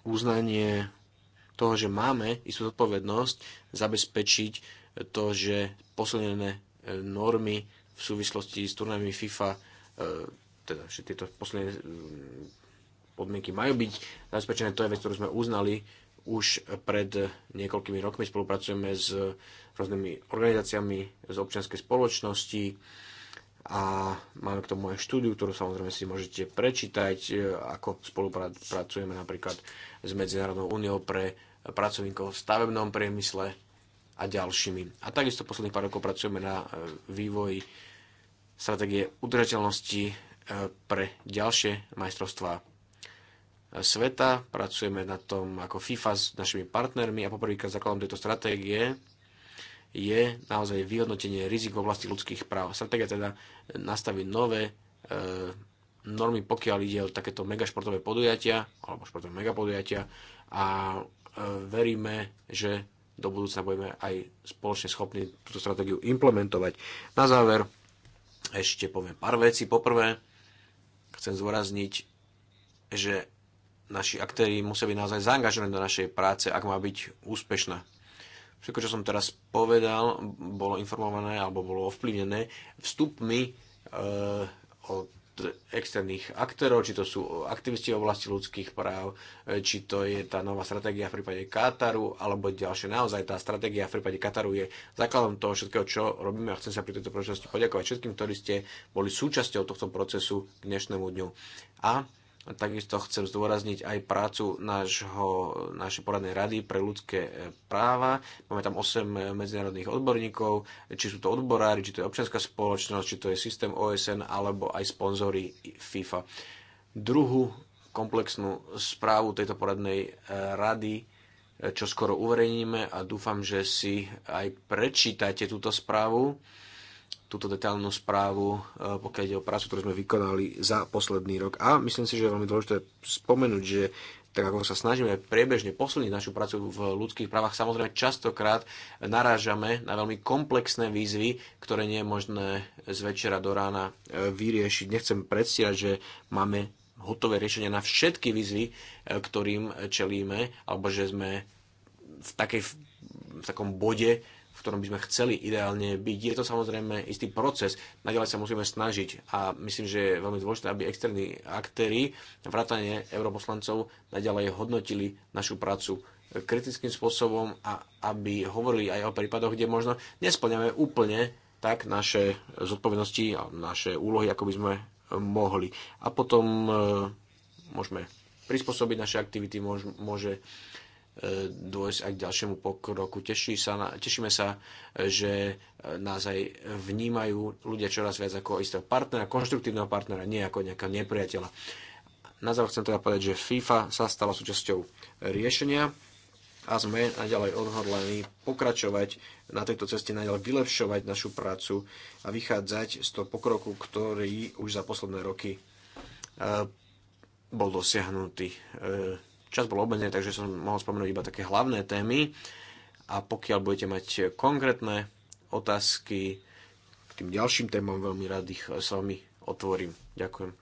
uznanie toho, že máme istú zodpovednosť zabezpečiť to, že posledné e, normy v súvislosti s turnajmi FIFA, e, teda že tieto posledné e, podmienky majú byť zabezpečené, to je vec, ktorú sme uznali už pred niekoľkými rokmi. Spolupracujeme s rôznymi organizáciami z občianskej spoločnosti, a máme k tomu aj štúdiu, ktorú samozrejme si môžete prečítať, e, ako spolupracujeme napríklad s Medzinárodnou úniou pre pracovníkov v stavebnom priemysle a ďalšími. A takisto posledných pár rokov pracujeme na e, vývoji stratégie udržateľnosti e, pre ďalšie majstrovstvá sveta. Pracujeme na tom ako FIFA s našimi partnermi a poprvýkrát základom tejto stratégie je naozaj vyhodnotenie rizik v oblasti ľudských práv. Stratégia teda nastaví nové e, normy, pokiaľ ide o takéto megašportové podujatia alebo športové megapodujatia a e, veríme, že do budúcna budeme aj spoločne schopní túto stratégiu implementovať. Na záver ešte poviem pár vecí. Poprvé chcem zdôrazniť, že naši aktéri musia byť naozaj zaangažovaní do našej práce, ak má byť úspešná. Všetko, čo som teraz povedal, bolo informované alebo bolo ovplyvnené vstupmi e, od externých aktérov, či to sú aktivisti v oblasti ľudských práv, e, či to je tá nová stratégia v prípade Kataru, alebo ďalšie. Naozaj tá stratégia v prípade Kataru je základom toho všetkého, čo robíme a chcem sa pri tejto príležitosti poďakovať všetkým, ktorí ste boli súčasťou tohto procesu k dnešnému dňu. A Takisto chcem zdôrazniť aj prácu nášho, našej poradnej rady pre ľudské e, práva. Máme tam 8 e, medzinárodných odborníkov, či sú to odborári, či to je občianská spoločnosť, či to je systém OSN, alebo aj sponzory FIFA. Druhú komplexnú správu tejto poradnej e, rady čo skoro uverejníme a dúfam, že si aj prečítate túto správu túto detailnú správu, e, pokiaľ ide o prácu, ktorú sme vykonali za posledný rok. A myslím si, že je veľmi dôležité spomenúť, že tak ako sa snažíme priebežne posilniť našu prácu v ľudských právach, samozrejme častokrát narážame na veľmi komplexné výzvy, ktoré nie je možné z večera do rána e, vyriešiť. Nechcem predstierať, že máme hotové riešenia na všetky výzvy, e, ktorým čelíme, alebo že sme v, takej, v takom bode, ktorom by sme chceli ideálne byť. Je to samozrejme istý proces, naďalej sa musíme snažiť a myslím, že je veľmi dôležité, aby externí aktéry, vrátane europoslancov, naďalej hodnotili našu prácu kritickým spôsobom a aby hovorili aj o prípadoch, kde možno nesplňame úplne tak naše zodpovednosti a naše úlohy, ako by sme mohli. A potom e, môžeme prispôsobiť naše aktivity, môže, môže E, dôjsť aj k ďalšiemu pokroku. Teší sa na, tešíme sa, e, že e, nás aj vnímajú ľudia čoraz viac ako istého partnera, konštruktívneho partnera, nie ako nejakého nepriateľa. Na záver chcem teda povedať, že FIFA sa stala súčasťou riešenia a sme naďalej odhodlení pokračovať na tejto ceste, naďalej vylepšovať našu prácu a vychádzať z toho pokroku, ktorý už za posledné roky bol dosiahnutý čas bol obmedzený, takže som mohol spomenúť iba také hlavné témy. A pokiaľ budete mať konkrétne otázky k tým ďalším témam, veľmi rád ich s vami otvorím. Ďakujem.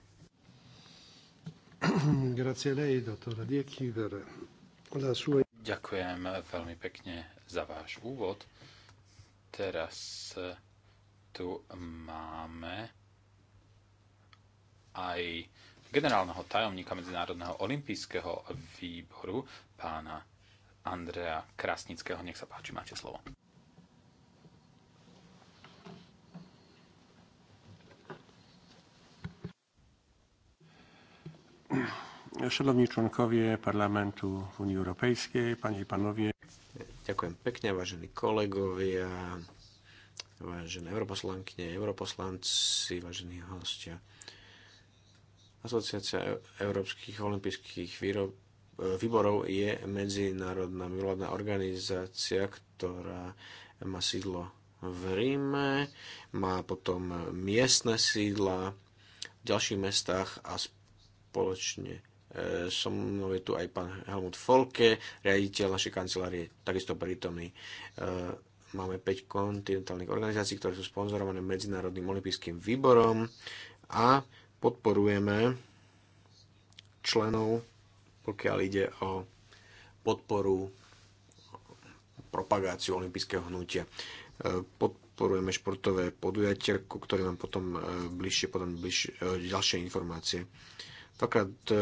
Ďakujem veľmi pekne za váš úvod. Teraz eh, tu máme aj generálneho tajomníka Medzinárodného olimpijského výboru, pána Andreja Krasnického. Nech sa páči, máte slovo. Šedovní členkovie Parlamentu Unii Európejskej, pani i panovie. Ďakujem pekne, vážení kolegovia, vážené europoslankyne, europoslanci, vážení hostia. Asociácia e- európskych olympijských výrob, e, výborov je medzinárodná mimovládna organizácia, ktorá má sídlo v Ríme, má potom miestne sídla v ďalších mestách a spoločne e, so mnou je tu aj pán Helmut Folke, riaditeľ našej kancelárie, takisto prítomný. Máme 5 kontinentálnych organizácií, ktoré sú sponzorované Medzinárodným olympijským výborom a podporujeme členov, pokiaľ ide o podporu propagáciu olympijského hnutia. Podporujeme športové podujatia, ku ktorým vám potom e, bližšie potom bližšie, e, ďalšie informácie. Dvakrát e,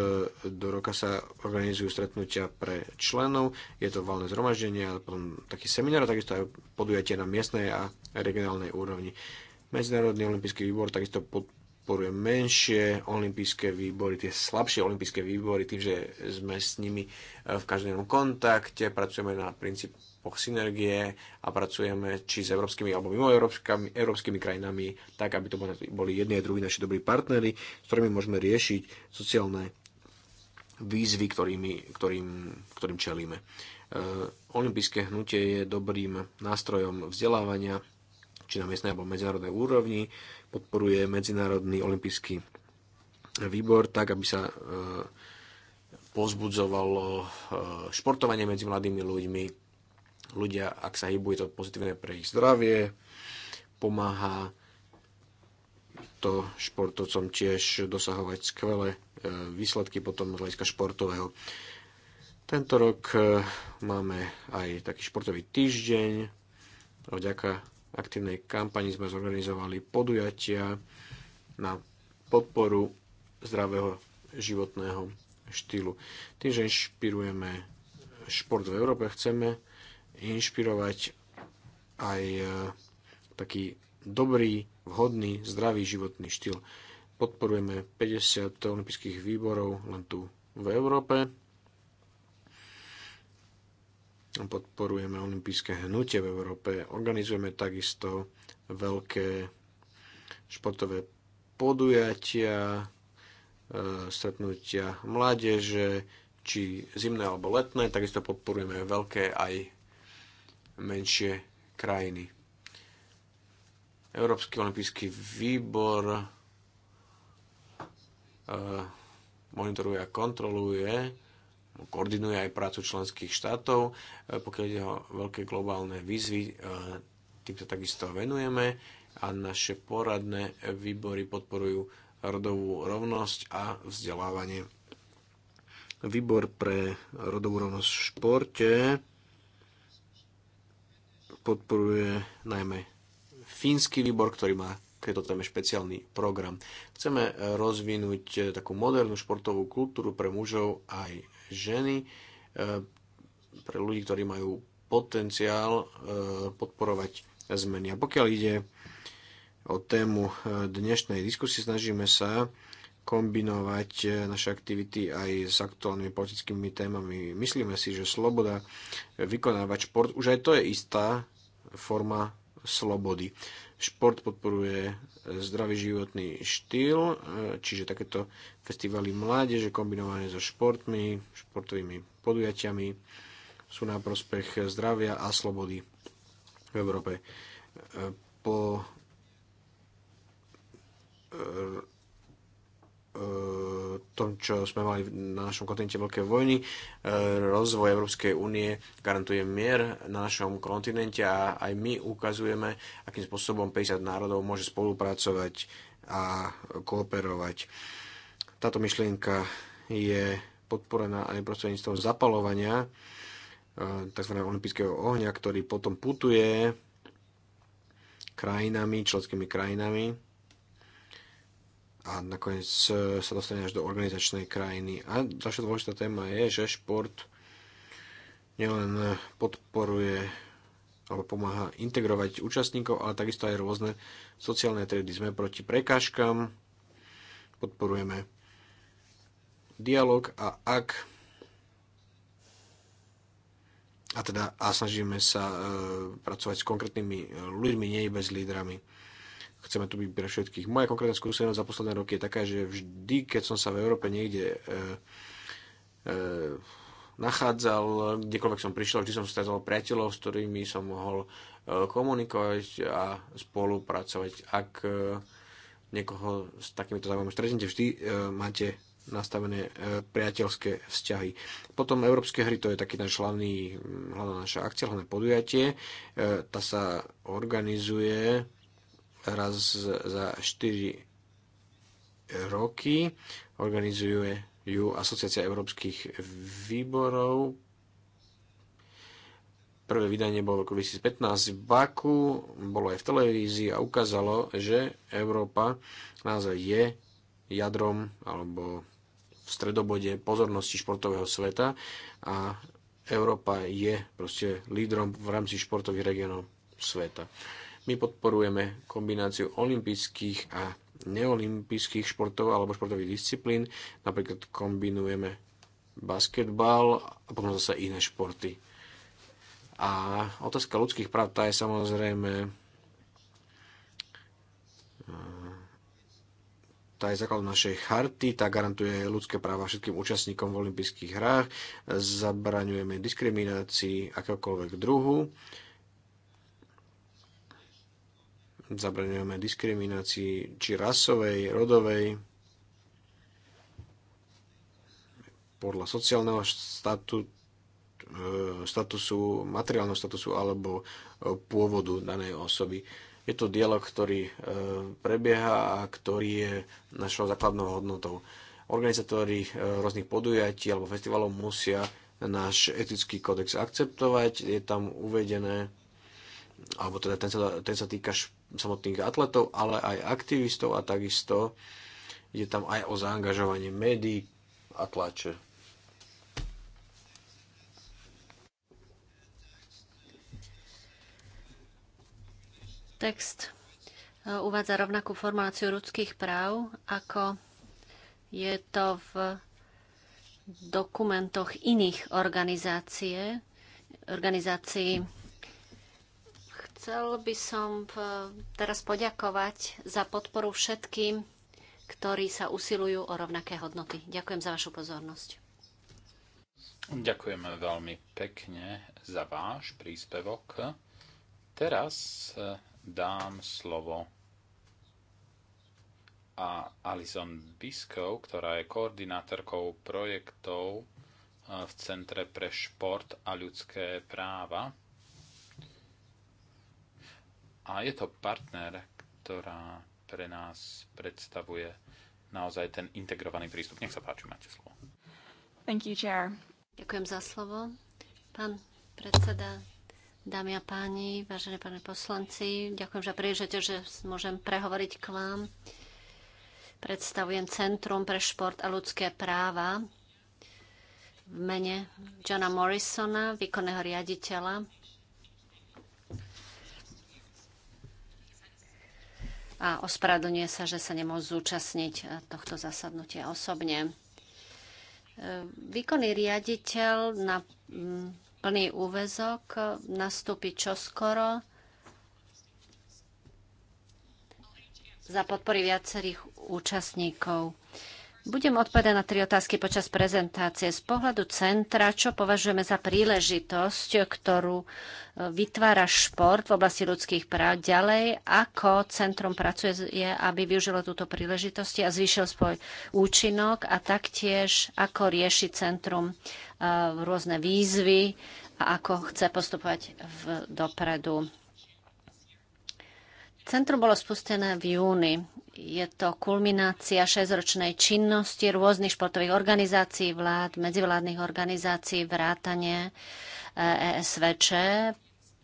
do roka sa organizujú stretnutia pre členov, je to valné zhromaždenie a potom taký seminár, takisto aj podujatie na miestnej a regionálnej úrovni. Medzinárodný olympijský výbor takisto podporuje menšie olympijské výbory, tie slabšie olympijské výbory, tým, že sme s nimi eh, v každom kontakte, pracujeme na princípoch synergie a pracujeme či s európskymi alebo mimo európskymi, európskymi krajinami, tak aby to boli jedni a druhí naši dobrí partnery, s ktorými môžeme riešiť sociálne výzvy, ktorými, ktorým, ktorým čelíme. Eh, olympijské hnutie je dobrým nástrojom vzdelávania, či na miestnej alebo medzinárodnej úrovni, podporuje Medzinárodný olimpijský výbor tak, aby sa e, pozbudzovalo e, športovanie medzi mladými ľuďmi. Ľudia, ak sa hýbuje, to pozitívne pre ich zdravie, pomáha to športovcom tiež dosahovať skvelé e, výsledky potom z hľadiska športového. Tento rok máme aj taký športový týždeň, vďaka aktívnej kampani sme zorganizovali podujatia na podporu zdravého životného štýlu. Tým, že inšpirujeme šport v Európe, chceme inšpirovať aj e, taký dobrý, vhodný, zdravý životný štýl. Podporujeme 50 olympijských výborov len tu v Európe podporujeme olympijské hnutie v Európe, organizujeme takisto veľké športové podujatia, e, stretnutia mládeže, či zimné alebo letné, takisto podporujeme veľké aj menšie krajiny. Európsky olimpijský výbor e, monitoruje a kontroluje koordinuje aj prácu členských štátov. E, pokiaľ ide o veľké globálne výzvy, e, tým sa takisto venujeme a naše poradné výbory podporujú rodovú rovnosť a vzdelávanie. Výbor pre rodovú rovnosť v športe podporuje najmä fínsky výbor, ktorý má k tejto téme špeciálny program. Chceme rozvinúť takú modernú športovú kultúru pre mužov aj ženy, e, pre ľudí, ktorí majú potenciál e, podporovať zmeny. A pokiaľ ide o tému e, dnešnej diskusie, snažíme sa kombinovať naše aktivity aj s aktuálnymi politickými témami. Myslíme si, že sloboda vykonávať šport, už aj to je istá forma slobody. Šport podporuje zdravý životný štýl, e, čiže takéto festivaly mládeže kombinované so športmi, športovými podujatiami sú na prospech zdravia a slobody v Európe. E, po e, Eh, tom, čo sme mali na našom kontinente veľké vojny. Eh, rozvoj Európskej únie garantuje mier na našom kontinente a aj my ukazujeme, akým spôsobom 50 národov môže spolupracovať a kooperovať. Táto myšlienka je podporená aj prostredníctvom zapalovania eh, tzv. olympijského ohňa, ktorý potom putuje krajinami, členskými krajinami a nakoniec e, sa dostane až do organizačnej krajiny. A ďalšia dôležitá téma je, že šport nielen podporuje alebo pomáha integrovať účastníkov, ale takisto aj rôzne sociálne triedy. Sme proti prekážkam, podporujeme dialog a ak a teda a snažíme sa e, pracovať s konkrétnymi ľuďmi, nie iba s lídrami chceme tu byť pre všetkých. Moja konkrétna skúsenosť za posledné roky je taká, že vždy, keď som sa v Európe niekde e, e, nachádzal, kdekoľvek som prišiel, vždy som stretol priateľov, s ktorými som mohol e, komunikovať a spolupracovať. Ak e, niekoho s takýmito záujmami stretnete, vždy e, máte nastavené e, priateľské vzťahy. Potom Európske hry, to je taký náš hlavný, hlavná naša akcia, hlavné podujatie. E, tá sa organizuje raz za 4 roky. Organizuje ju Asociácia európskych výborov. Prvé vydanie bolo v roku 2015 v Baku, bolo aj v televízii a ukázalo, že Európa naozaj je jadrom alebo v stredobode pozornosti športového sveta a Európa je proste lídrom v rámci športových regionov sveta. My podporujeme kombináciu olympijských a neolympijských športov alebo športových disciplín. Napríklad kombinujeme basketbal a potom zase iné športy. A otázka ľudských práv tá je samozrejme eh, tá je základ našej charty, tá garantuje ľudské práva všetkým účastníkom v olympijských hrách, zabraňujeme diskriminácii akéhokoľvek druhu zabraňujeme diskriminácii či rasovej, rodovej, podľa sociálneho statu, e, statusu, materiálneho statusu alebo e, pôvodu danej osoby. Je to dialog, ktorý e, prebieha a ktorý je našou základnou hodnotou. Organizátori rôznych podujatí alebo festivalov musia náš etický kódex akceptovať. Je tam uvedené, alebo teda ten sa, ten sa týka špe samotných atletov, ale aj aktivistov a takisto je tam aj o zaangažovanie médií a tlače. Text e, uvádza rovnakú formuláciu ľudských práv, ako je to v dokumentoch iných organizácie, organizácií Chcel by som eh, teraz poďakovať za podporu všetkým, ktorí sa usilujú o rovnaké hodnoty. Ďakujem za vašu pozornosť. Ďakujeme veľmi pekne za váš príspevok. Teraz eh, dám slovo a Alison Biskov, ktorá je koordinátorkou projektov eh, v Centre pre šport a ľudské práva a je to partner, ktorá pre nás predstavuje naozaj ten integrovaný prístup. Nech sa páči, máte slovo. Thank you, Chair. Ďakujem za slovo. Pán predseda, dámy a páni, vážení páni poslanci, ďakujem, že priježete, že môžem prehovoriť k vám. Predstavujem Centrum pre šport a ľudské práva v mene Johna Morrisona, výkonného riaditeľa a ospravedlňuje sa, že sa nemôžu zúčastniť eh, tohto zasadnutia osobne. Eh, výkonný riaditeľ na mm, plný úvezok eh, nastúpi čoskoro za podpory viacerých účastníkov. Budem odpovedať na tri otázky počas prezentácie. Z pohľadu centra, čo považujeme za príležitosť, ktorú e, vytvára šport v oblasti ľudských práv ďalej, ako centrum pracuje, je, aby využilo túto príležitosť a zvýšil svoj účinok a taktiež, ako rieši centrum e, rôzne výzvy a ako chce postupovať v dopredu. Centrum bolo spustené v júni. Je to kulminácia šesťročnej činnosti rôznych športových organizácií, vlád, medzivládnych organizácií, vrátane ESVČ, e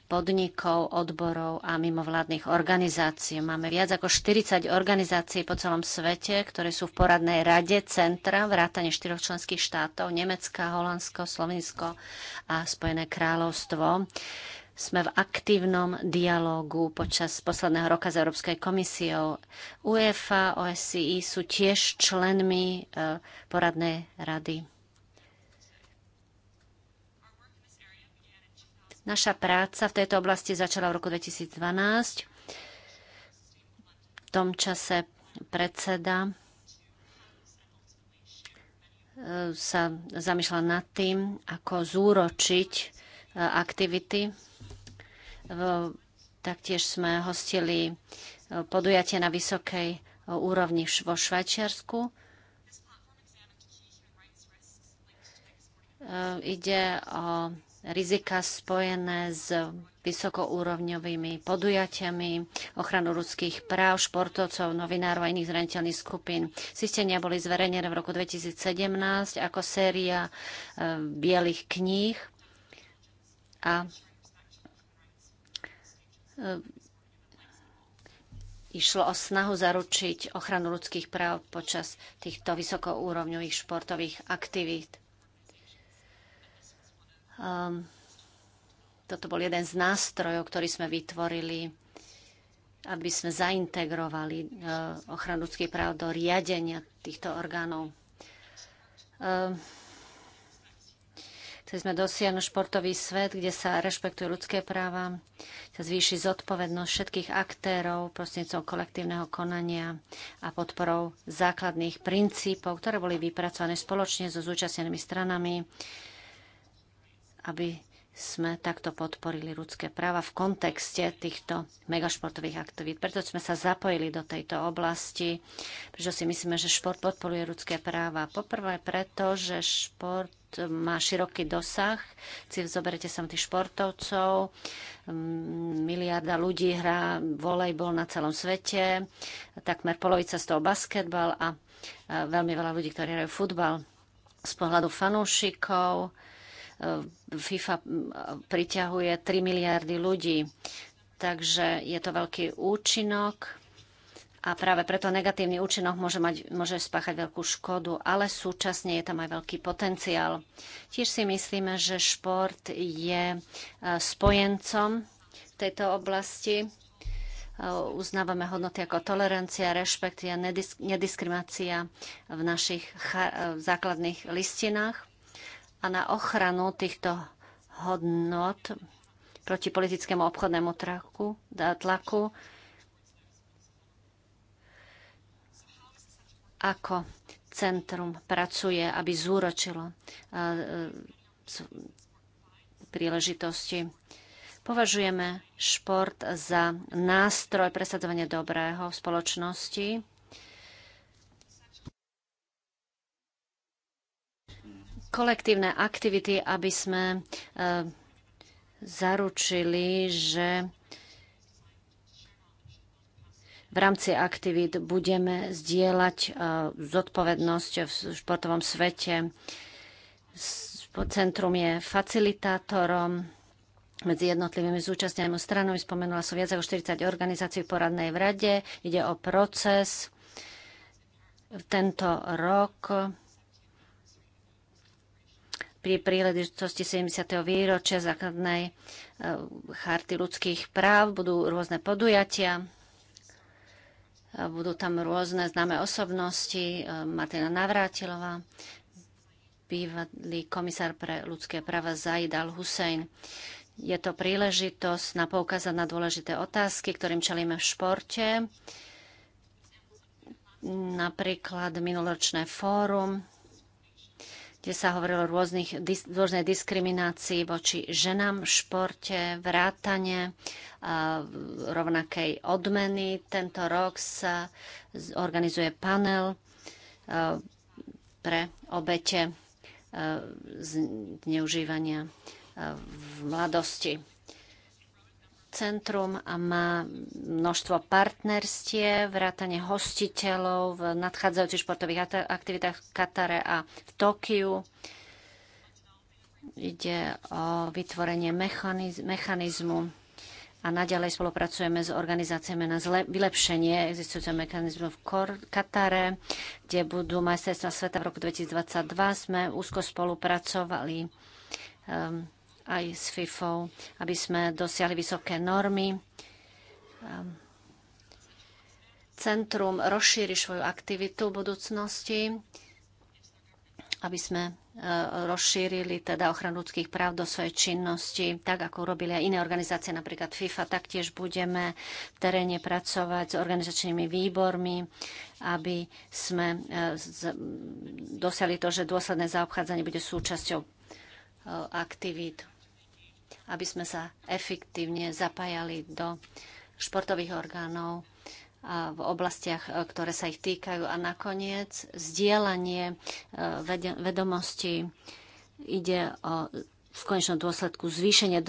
podnikov, odborov a mimovládnych organizácií. Máme viac ako 40 organizácií po celom svete, ktoré sú v poradnej rade centra, vrátane štyroch členských štátov, Nemecka, Holandsko, Slovinsko a Spojené kráľovstvo sme v aktívnom dialógu počas posledného roka s Európskej komisiou. UEFA, OSCI e sú tiež členmi e, poradnej rady. Naša práca v tejto oblasti začala v roku 2012. V tom čase predseda e, sa zamýšľa nad tým, ako zúročiť aktivity Ehm, taktiež sme hostili ehm, podujatie na vysokej ehm, úrovni vo Švajčiarsku. Ide o rizika spojené s vysokoúrovňovými podujatiami, ochranu ľudských práv, športovcov, novinárov a iných zraniteľných skupín. Sistenia boli zverejnené v roku 2017 ako séria bielých kníh a Ehm, išlo o snahu zaručiť ochranu ľudských práv počas týchto vysokoúrovňových športových aktivít. Um, toto bol jeden z nástrojov, ktorý sme vytvorili, aby sme zaintegrovali uh, ochranu ľudských práv do riadenia týchto orgánov. Um, Chceli sme dosiahnuť športový svet, kde sa rešpektujú ľudské práva, sa zvýši zodpovednosť všetkých aktérov prostredníctvom kolektívneho konania a podporou základných princípov, ktoré boli vypracované spoločne so zúčastnenými stranami, aby sme takto podporili ľudské práva v kontexte týchto megašportových aktivít. Preto sme sa zapojili do tejto oblasti, pretože si myslíme, že šport podporuje ľudské práva. Poprvé preto, že šport má široký dosah. Si zoberete sa tých športovcov, mm, miliarda ľudí hrá volejbol na celom svete, takmer polovica z toho basketbal a veľmi veľa ľudí, ktorí hrajú futbal. Z pohľadu fanúšikov e, FIFA priťahuje 3 miliardy ľudí. Takže je to veľký účinok a práve preto negatívny účinok môže, mať, môže spáchať veľkú škodu, ale súčasne je tam aj veľký potenciál. Tiež si myslíme, že šport je e, spojencom tejto oblasti. E, uznávame hodnoty ako tolerancia, rešpekt a nediskriminácia v našich e, základných listinách. A na ochranu týchto hodnot proti politickému obchodnému tlaku, tlaku ako centrum pracuje, aby zúročilo e, e, príležitosti. Považujeme šport za nástroj presadzovania dobrého v spoločnosti. Kolektívne aktivity, aby sme e, zaručili, že v rámci aktivít budeme zdieľať e, zodpovednosť v športovom svete. Centrum je facilitátorom medzi jednotlivými zúčastnenými stranami. Spomenula som viac ako 40 organizácií v poradnej v rade. Ide o proces. Tento rok pri príležitosti 70. výročia základnej e, charty ľudských práv budú rôzne podujatia. Budú tam rôzne známe osobnosti, e, Martina Navrátilová, bývalý komisár pre ľudské práva Zaid al-Hussein. Je to príležitosť na poukázať na dôležité otázky, ktorým čelíme v športe. Napríklad minuloročné fórum kde sa hovorilo o rôznych, rôznej diskriminácii voči ženám v športe, vrátane rovnakej odmeny. Tento rok sa organizuje panel pre obete zneužívania v mladosti centrum a má množstvo partnerstie, vrátane hostiteľov v nadchádzajúcich športových aktivitách v Katare a v Tokiu. Ide o vytvorenie mechanizmu a naďalej spolupracujeme s organizáciami na vylepšenie existujúceho mechanizmu v Kor- Katare, kde budú majstrovstvá sveta v roku 2022. Sme úzko spolupracovali um, aj s FIFO, aby sme dosiahli vysoké normy. Ehm, centrum rozšíri svoju aktivitu v budúcnosti, aby sme e, rozšírili teda ochranu ľudských práv do svojej činnosti, tak ako urobili aj iné organizácie, napríklad FIFA. Taktiež budeme v teréne pracovať s organizačnými výbormi, aby sme e, dosiahli to, že dôsledné zaobchádzanie bude súčasťou e, aktivít aby sme sa efektívne zapájali do športových orgánov v oblastiach, e, ktoré sa ich týkajú. A nakoniec zdieľanie e, vedomostí ide o v konečnom dôsledku zvýšenie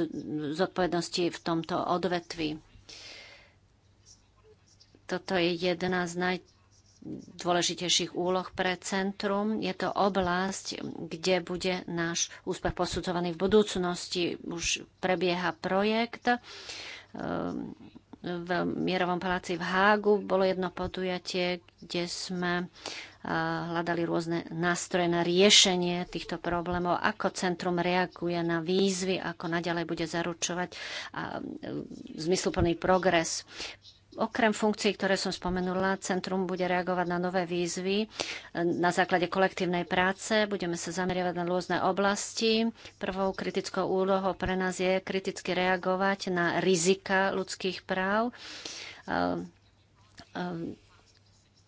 zodpovednosti v tomto odvetvi. Toto je jedna z naj dôležitejších úloh pre centrum. Je to oblasť, kde bude náš úspech posudzovaný v budúcnosti. Už prebieha projekt eh, v Mierovom paláci v Hágu. Bolo jedno podujatie, kde sme eh, hľadali rôzne nástroje na riešenie týchto problémov, ako centrum reaguje na výzvy, ako naďalej bude zaručovať eh, zmysluplný progres Okrem funkcií, ktoré som spomenula, centrum bude reagovať na nové výzvy na základe kolektívnej práce. Budeme sa zameriavať na rôzne oblasti. Prvou kritickou úlohou pre nás je kriticky reagovať na rizika ľudských práv.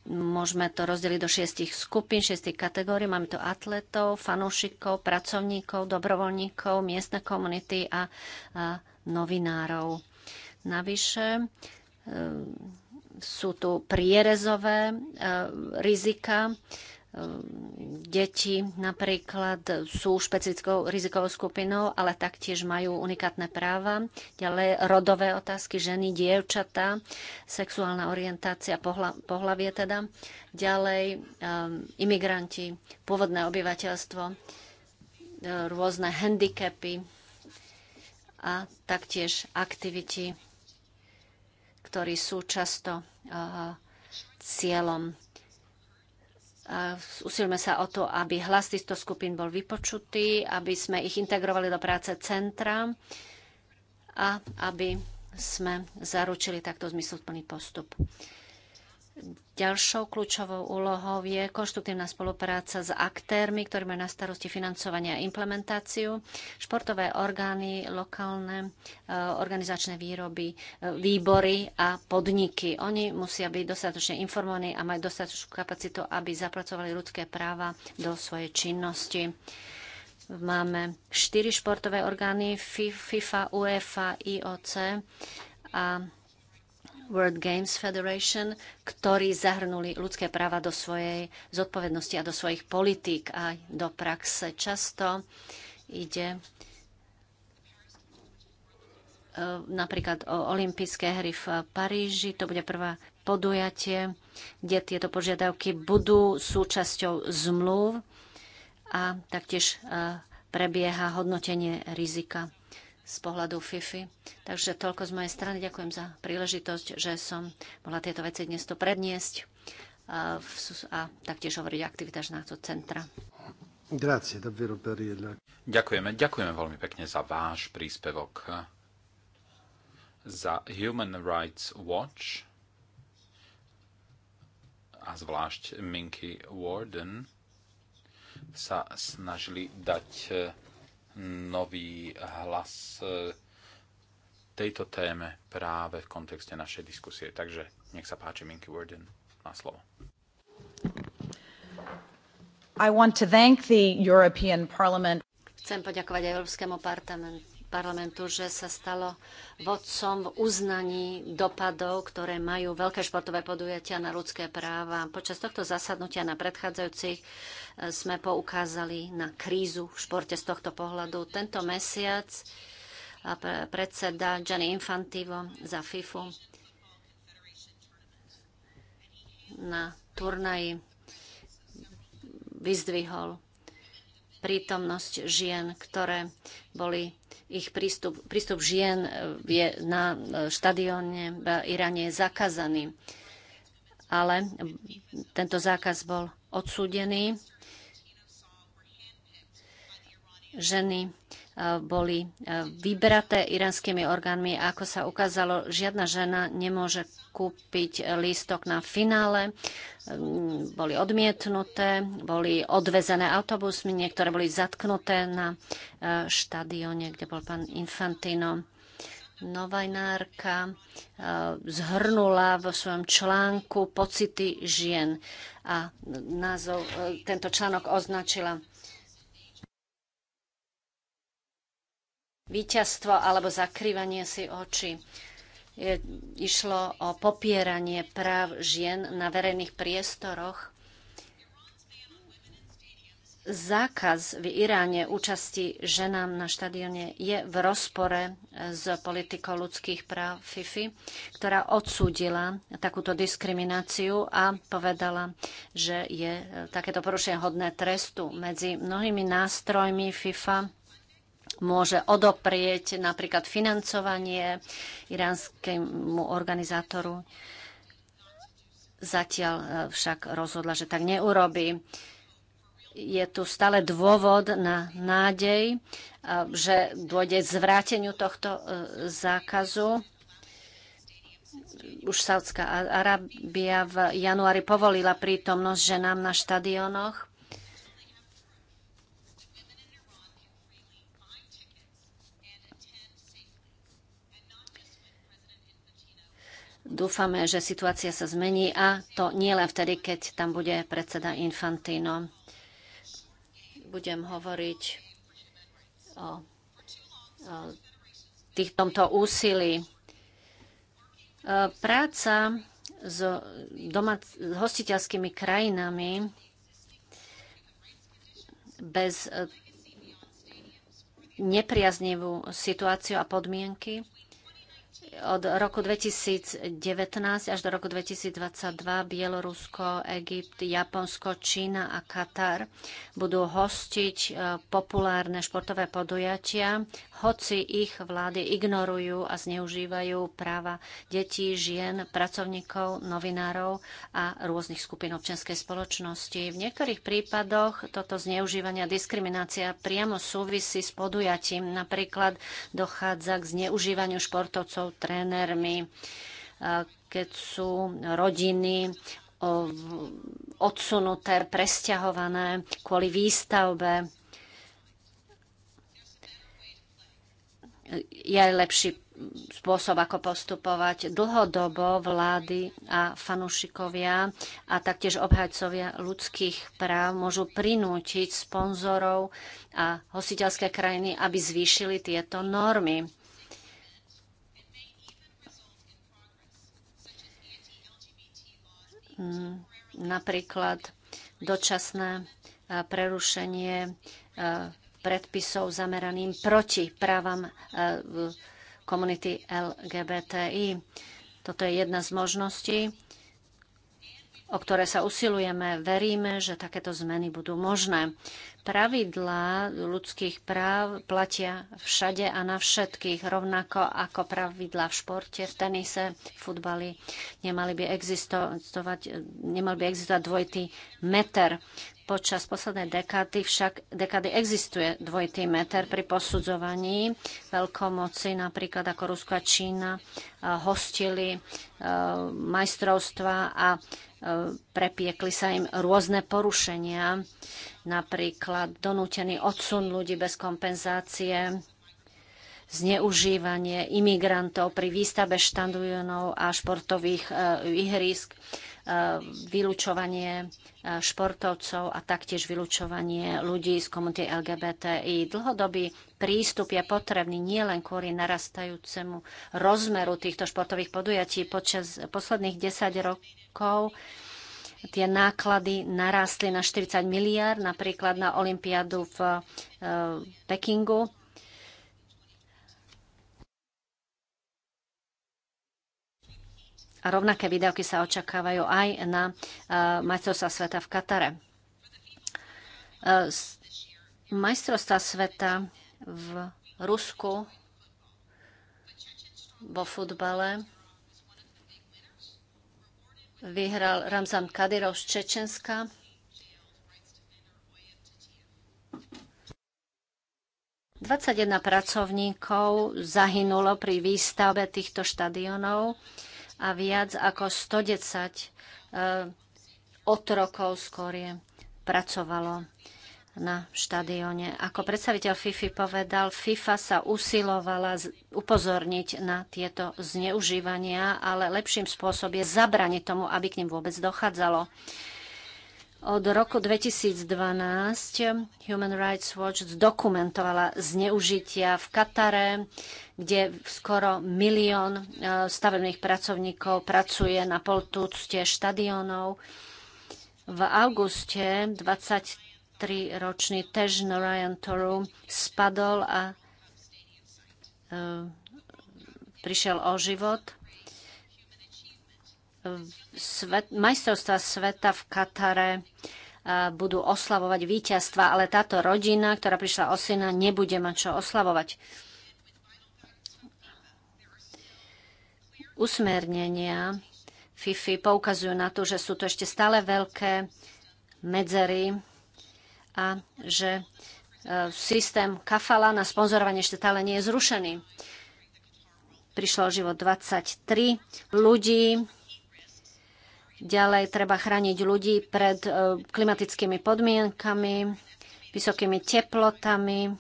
Môžeme to rozdeliť do šiestich skupín, šiestich kategórií. Máme tu atletov, fanúšikov, pracovníkov, dobrovoľníkov, miestne komunity a, a novinárov. Navyše, Ehm, sú tu prierezové ehm, rizika. Ehm, deti napríklad sú špecifickou rizikovou skupinou, ale taktiež majú unikátne práva. Ďalej rodové otázky ženy, dievčatá, sexuálna orientácia, pohla, pohlavie teda. Ďalej um, imigranti, pôvodné obyvateľstvo, rôzne handicapy a taktiež aktivity ktorí sú často eh, cieľom. Eh, Usilme sa o to, aby hlas týchto skupín bol vypočutý, aby sme ich integrovali do práce centra a aby sme zaručili takto zmysluplný postup. Ďalšou kľúčovou úlohou je konštruktívna spolupráca s aktérmi, ktorí majú na starosti financovanie a implementáciu, športové orgány, lokálne e, organizačné výroby, e, výbory a podniky. Oni musia byť dostatočne informovaní a majú dostatočnú kapacitu, aby zapracovali ľudské práva do svojej činnosti. Máme štyri športové orgány FIFA, UEFA, IOC a World Games Federation, ktorí zahrnuli ľudské práva do svojej zodpovednosti a do svojich politík a do praxe. Často ide e, napríklad o olympijské hry v Paríži. To bude prvá podujatie, kde tieto požiadavky budú súčasťou zmluv a taktiež e, prebieha hodnotenie rizika z pohľadu FIFI. Takže toľko z mojej strany. Ďakujem za príležitosť, že som mohla tieto veci dnes to predniesť a, v, a taktiež hovoriť o aktivitách nášho centra. Ďakujeme, ďakujeme veľmi pekne za váš príspevok. Za Human Rights Watch a zvlášť Minky Warden sa snažili dať nový hlas e, tejto téme práve v kontexte našej diskusie. Takže nech sa páči, Minky Worden, má slovo. I want to thank the European Parliament. Chcem poďakovať Európskemu parlamentu parlamentu, že sa stalo vodcom v uznaní dopadov, ktoré majú veľké športové podujatia na ľudské práva. Počas tohto zasadnutia na predchádzajúcich e, sme poukázali na krízu v športe z tohto pohľadu. Tento mesiac predseda Gianni Infantivo za FIFU na turnaji vyzdvihol prítomnosť žien, ktoré boli ich prístup, prístup žien eh, je na eh, štadióne v Iráne je zakázaný. Ale tento zákaz bol odsúdený. Ženy boli e, vybraté iránskymi orgánmi. A ako sa ukázalo, žiadna žena nemôže kúpiť lístok na finále. Mm, boli odmietnuté, boli odvezené autobusmi, niektoré boli zatknuté na e, štadióne, kde bol pán Infantino novajnárka e, zhrnula vo svojom článku pocity žien a názov, tento článok označila víťazstvo alebo zakrývanie si očí. Je, išlo o popieranie práv žien na verejných priestoroch. Zákaz v Iráne účasti ženám na štadióne je v rozpore s politikou ľudských práv FIFI, ktorá odsúdila takúto diskrimináciu a povedala, že je takéto porušenie hodné trestu. Medzi mnohými nástrojmi FIFA môže odoprieť napríklad financovanie iránskému organizátoru. Zatiaľ e, však rozhodla, že tak neurobi. Je tu stále dôvod na nádej, e, že dôjde k zvráteniu tohto e, zákazu už Saudská Arábia v januári povolila prítomnosť ženám na štadionoch. Dúfame, že situácia sa zmení a to nie len vtedy, keď tam bude predseda Infantino. Budem hovoriť o, o tomto úsilí. E, práca s, doma, s hostiteľskými krajinami bez e, nepriaznivú situáciu a podmienky od roku 2019 až do roku 2022 Bielorusko, Egypt, Japonsko, Čína a Katar budú hostiť e, populárne športové podujatia, hoci ich vlády ignorujú a zneužívajú práva detí, žien, pracovníkov, novinárov a rôznych skupín občianskej spoločnosti. V niektorých prípadoch toto zneužívania diskriminácia priamo súvisí s podujatím. Napríklad dochádza k zneužívaniu športovcov trénermi, keď sú rodiny odsunuté, presťahované kvôli výstavbe. Je lepší spôsob, ako postupovať dlhodobo vlády a fanúšikovia a taktiež obhajcovia ľudských práv môžu prinútiť sponzorov a hostiteľské krajiny, aby zvýšili tieto normy. Mm, napríklad dočasné prerušenie predpisov zameraným proti právam komunity LGBTI. Toto je jedna z možností o ktoré sa usilujeme, veríme, že takéto zmeny budú možné. Pravidlá ľudských práv platia všade a na všetkých, rovnako ako pravidlá v športe, v tenise, v futbali. Nemali by existovať, nemal by existovať dvojitý meter. Počas poslednej dekády však dekády existuje dvojitý meter pri posudzovaní veľkomoci, napríklad ako Rusko a Čína eh, hostili eh, majstrovstva a prepiekli sa im rôzne porušenia, napríklad donútený odsun ľudí bez kompenzácie, zneužívanie imigrantov pri výstave štandujunov a športových eh, ihrisk. Eh, vylúčovanie eh, športovcov a taktiež vylúčovanie ľudí z komunity LGBTI. Dlhodobý prístup je potrebný nielen kvôli narastajúcemu rozmeru týchto športových podujatí. Počas posledných 10 rokov tie náklady narastli na 40 miliard, napríklad na Olympiádu v eh, Pekingu A rovnaké výdavky sa očakávajú aj na e, majstrovstva sveta v Katare. E, majstrovstva sveta v Rusku vo futbale vyhral Ramzan Kadyrov z Čečenska. Dvadsaťjedna pracovníkov zahynulo pri výstavbe týchto štadionov a viac ako 110 e, otrokov skorie pracovalo na štadióne. Ako predstaviteľ FIFI povedal, FIFA sa usilovala upozorniť na tieto zneužívania, ale lepším spôsobom je zabraniť tomu, aby k nim vôbec dochádzalo. Od roku 2012 Human Rights Watch zdokumentovala zneužitia v Katare, kde skoro milión e, stavebných pracovníkov pracuje na poltúcte štadionov. V auguste 23-ročný Tej Narayan Toru spadol a e, prišiel o život svet, majstrovstva sveta v Katare budú oslavovať víťazstva, ale táto rodina, ktorá prišla o syna, nebude mať čo oslavovať. Usmernenia FIFI poukazujú na to, že sú to ešte stále veľké medzery a že e, systém kafala na sponzorovanie ešte stále nie je zrušený. Prišlo o život 23 ľudí, Ďalej treba chrániť ľudí pred e, klimatickými podmienkami, vysokými teplotami.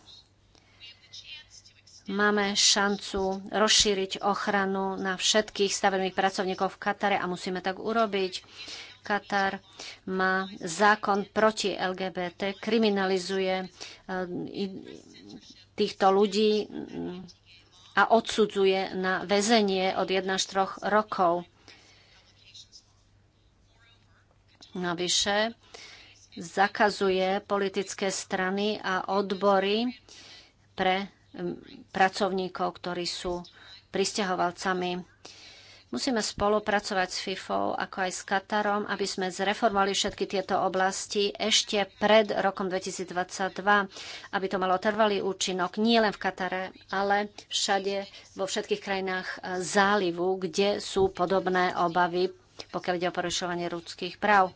Máme šancu rozšíriť ochranu na všetkých stavebných pracovníkov v Katare a musíme tak urobiť. Katar má zákon proti LGBT, kriminalizuje e, týchto ľudí a odsudzuje na väzenie od 1 až 3 rokov. Navyše zakazuje politické strany a odbory pre pracovníkov, ktorí sú pristahovalcami. Musíme spolupracovať s FIFO ako aj s Katarom, aby sme zreformovali všetky tieto oblasti ešte pred rokom 2022, aby to malo trvalý účinok nie len v Katare, ale všade vo všetkých krajinách e, zálivu, kde sú podobné obavy pokiaľ ide o porušovanie ľudských práv.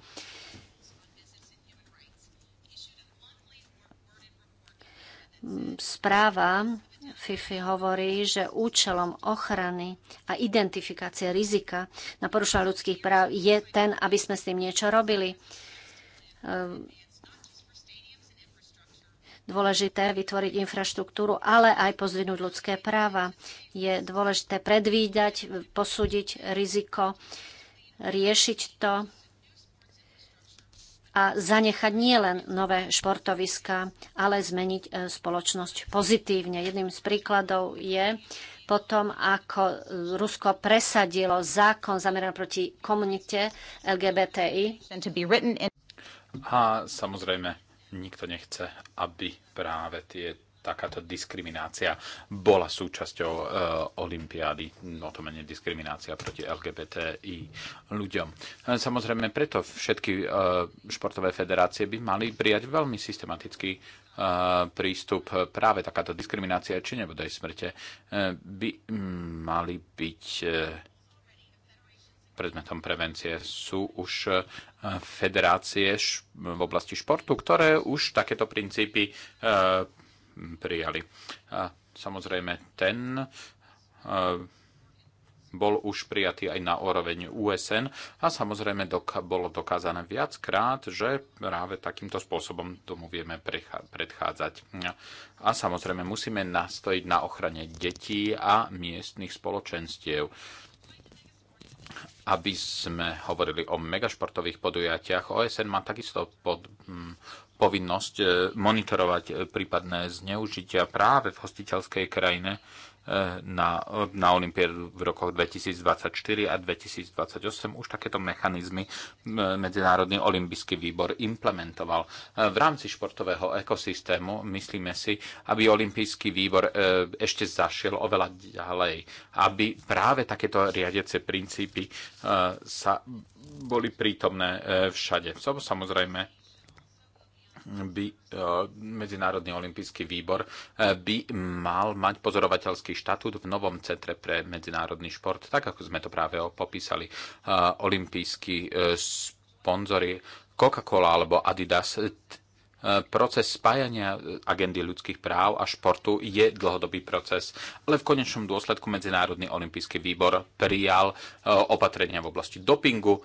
Správa FIFI hovorí, že účelom ochrany a identifikácie rizika na porušovanie ľudských práv je ten, aby sme s tým niečo robili dôležité vytvoriť infraštruktúru, ale aj pozvinúť ľudské práva. Je dôležité predvídať, posúdiť riziko riešiť to a zanechať nielen nové športoviska, ale zmeniť e, spoločnosť pozitívne. Jedným z príkladov je potom, ako Rusko presadilo zákon zameraný proti komunite LGBTI. A samozrejme, nikto nechce, aby práve tie takáto diskriminácia bola súčasťou e, Olympiády, no to menej diskriminácia proti LGBTI ľuďom. E, samozrejme, preto všetky e, športové federácie by mali prijať veľmi systematický e, prístup. Práve takáto diskriminácia či nebodaj smrte e, by mali byť e, predmetom prevencie sú už e, federácie v oblasti športu, ktoré už takéto princípy e, prijali. A samozrejme, ten e, bol už prijatý aj na úroveň USN a samozrejme dok- bolo dokázané viackrát, že práve takýmto spôsobom tomu vieme predchádzať. A samozrejme musíme nastojiť na ochrane detí a miestnych spoločenstiev aby sme hovorili o megašportových podujatiach, OSN má takisto pod, povinnosť e, monitorovať e, prípadné zneužitia práve v hostiteľskej krajine e, na, na Olympiádu v rokoch 2024 a 2028 už takéto mechanizmy Medzinárodný olympijský výbor implementoval. V rámci športového ekosystému myslíme si, aby Olympijský výbor ešte zašiel oveľa ďalej, aby práve takéto riadiace princípy sa boli prítomné všade. Samozrejme, by e, Medzinárodný olimpijský výbor e, by mal mať pozorovateľský štatút v novom centre pre medzinárodný šport, tak ako sme to práve popísali. E, olimpijskí sponzory Coca-Cola alebo Adidas proces spájania agendy ľudských práv a športu je dlhodobý proces, ale v konečnom dôsledku Medzinárodný olimpijský výbor prijal opatrenia v oblasti dopingu,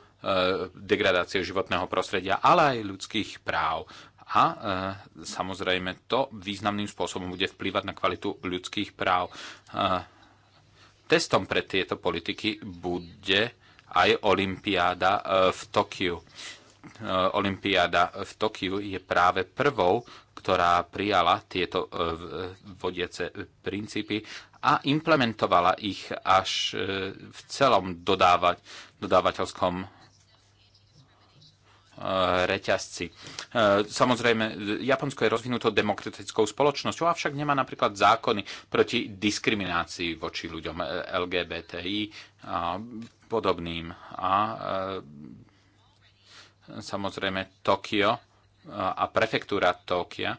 degradácie životného prostredia, ale aj ľudských práv a e, samozrejme to významným spôsobom bude vplývať na kvalitu ľudských práv. E, testom pre tieto politiky bude aj Olympiáda e, v Tokiu. E, Olympiáda v Tokiu je práve prvou, ktorá prijala tieto e, vodiace princípy a implementovala ich až e, v celom dodávať, dodávateľskom Eh, reťazci. Eh, samozrejme, Japonsko je rozvinutou demokratickou spoločnosťou, avšak nemá napríklad zákony proti diskriminácii voči ľuďom eh, LGBTI a podobným. A samozrejme Tokio a prefektúra Tokia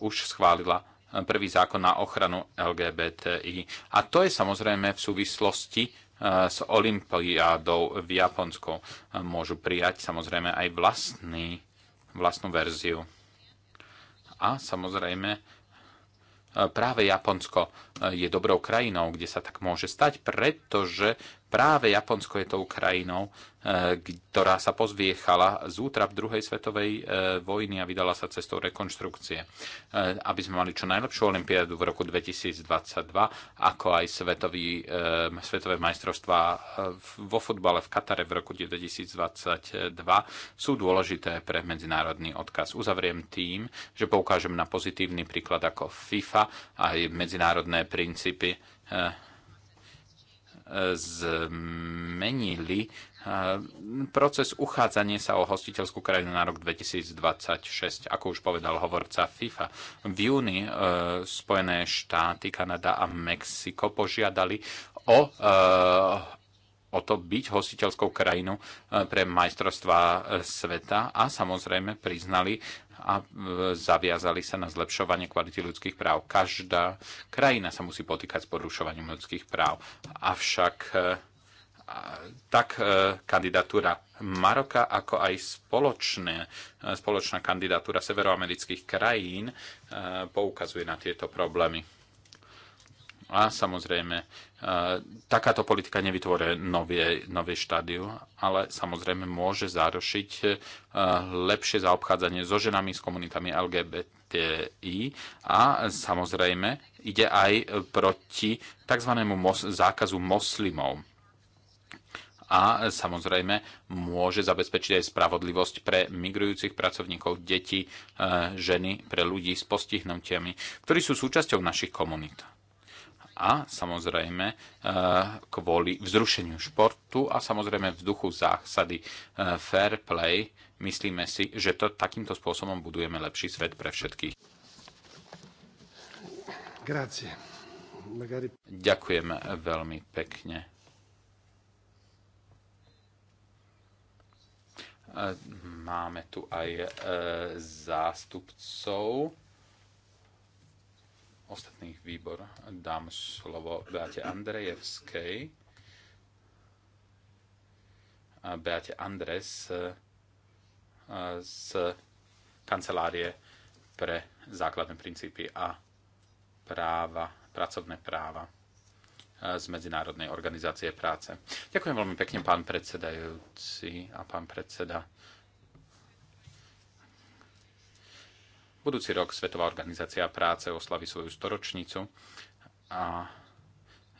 už schválila prvý zákon na ochranu LGBTI. A to je samozrejme v súvislosti s Olympiádou v Japonsku. Môžu prijať samozrejme aj vlastný, vlastnú verziu. A samozrejme práve Japonsko je dobrou krajinou, kde sa tak môže stať, pretože Práve Japonsko je tou krajinou, e, ktorá sa pozviechala z útrap druhej svetovej e, vojny a vydala sa cestou rekonštrukcie. E, aby sme mali čo najlepšiu olimpiádu v roku 2022, ako aj svetový, svetové majstrovstvá vo futbale v Katare v roku 2022, sú dôležité pre medzinárodný odkaz. Uzavriem tým, že poukážem na pozitívny príklad ako FIFA a aj medzinárodné princípy zmenili proces uchádzania sa o hostiteľskú krajinu na rok 2026, ako už povedal hovorca FIFA. V júni e, Spojené štáty, Kanada a Mexiko požiadali o e, o to byť hostiteľskou krajinu e, pre majstrovstvá e, sveta a samozrejme priznali a e, zaviazali sa na zlepšovanie kvality ľudských práv. Každá krajina sa musí potýkať s porušovaním ľudských práv. Avšak tak kandidatúra Maroka, ako aj spoločné, spoločná kandidatúra severoamerických krajín poukazuje na tieto problémy. A samozrejme, e, takáto politika nevytvorí nové, nové štádiu, ale samozrejme môže zarušiť e, lepšie zaobchádzanie so ženami, s komunitami LGBTI a samozrejme ide aj proti tzv. Mos- zákazu moslimov a samozrejme môže zabezpečiť aj spravodlivosť pre migrujúcich pracovníkov, deti, e, ženy, pre ľudí s postihnutiami, ktorí sú súčasťou našich komunít a samozrejme e, kvôli vzrušeniu športu a samozrejme v duchu zásady e, fair play myslíme si, že to takýmto spôsobom budujeme lepší svet pre všetkých. Grazie. Magari... Ďakujem veľmi pekne. E, máme tu aj zástupcov ostatných výbor dám slovo Beate Andrejevskej. Beate Andres e, z kancelárie pre základné princípy a práva, pracovné práva e, z Medzinárodnej organizácie práce. Ďakujem veľmi pekne, pán predsedajúci a pán predseda Budúci rok Svetová organizácia práce oslaví svoju storočnicu a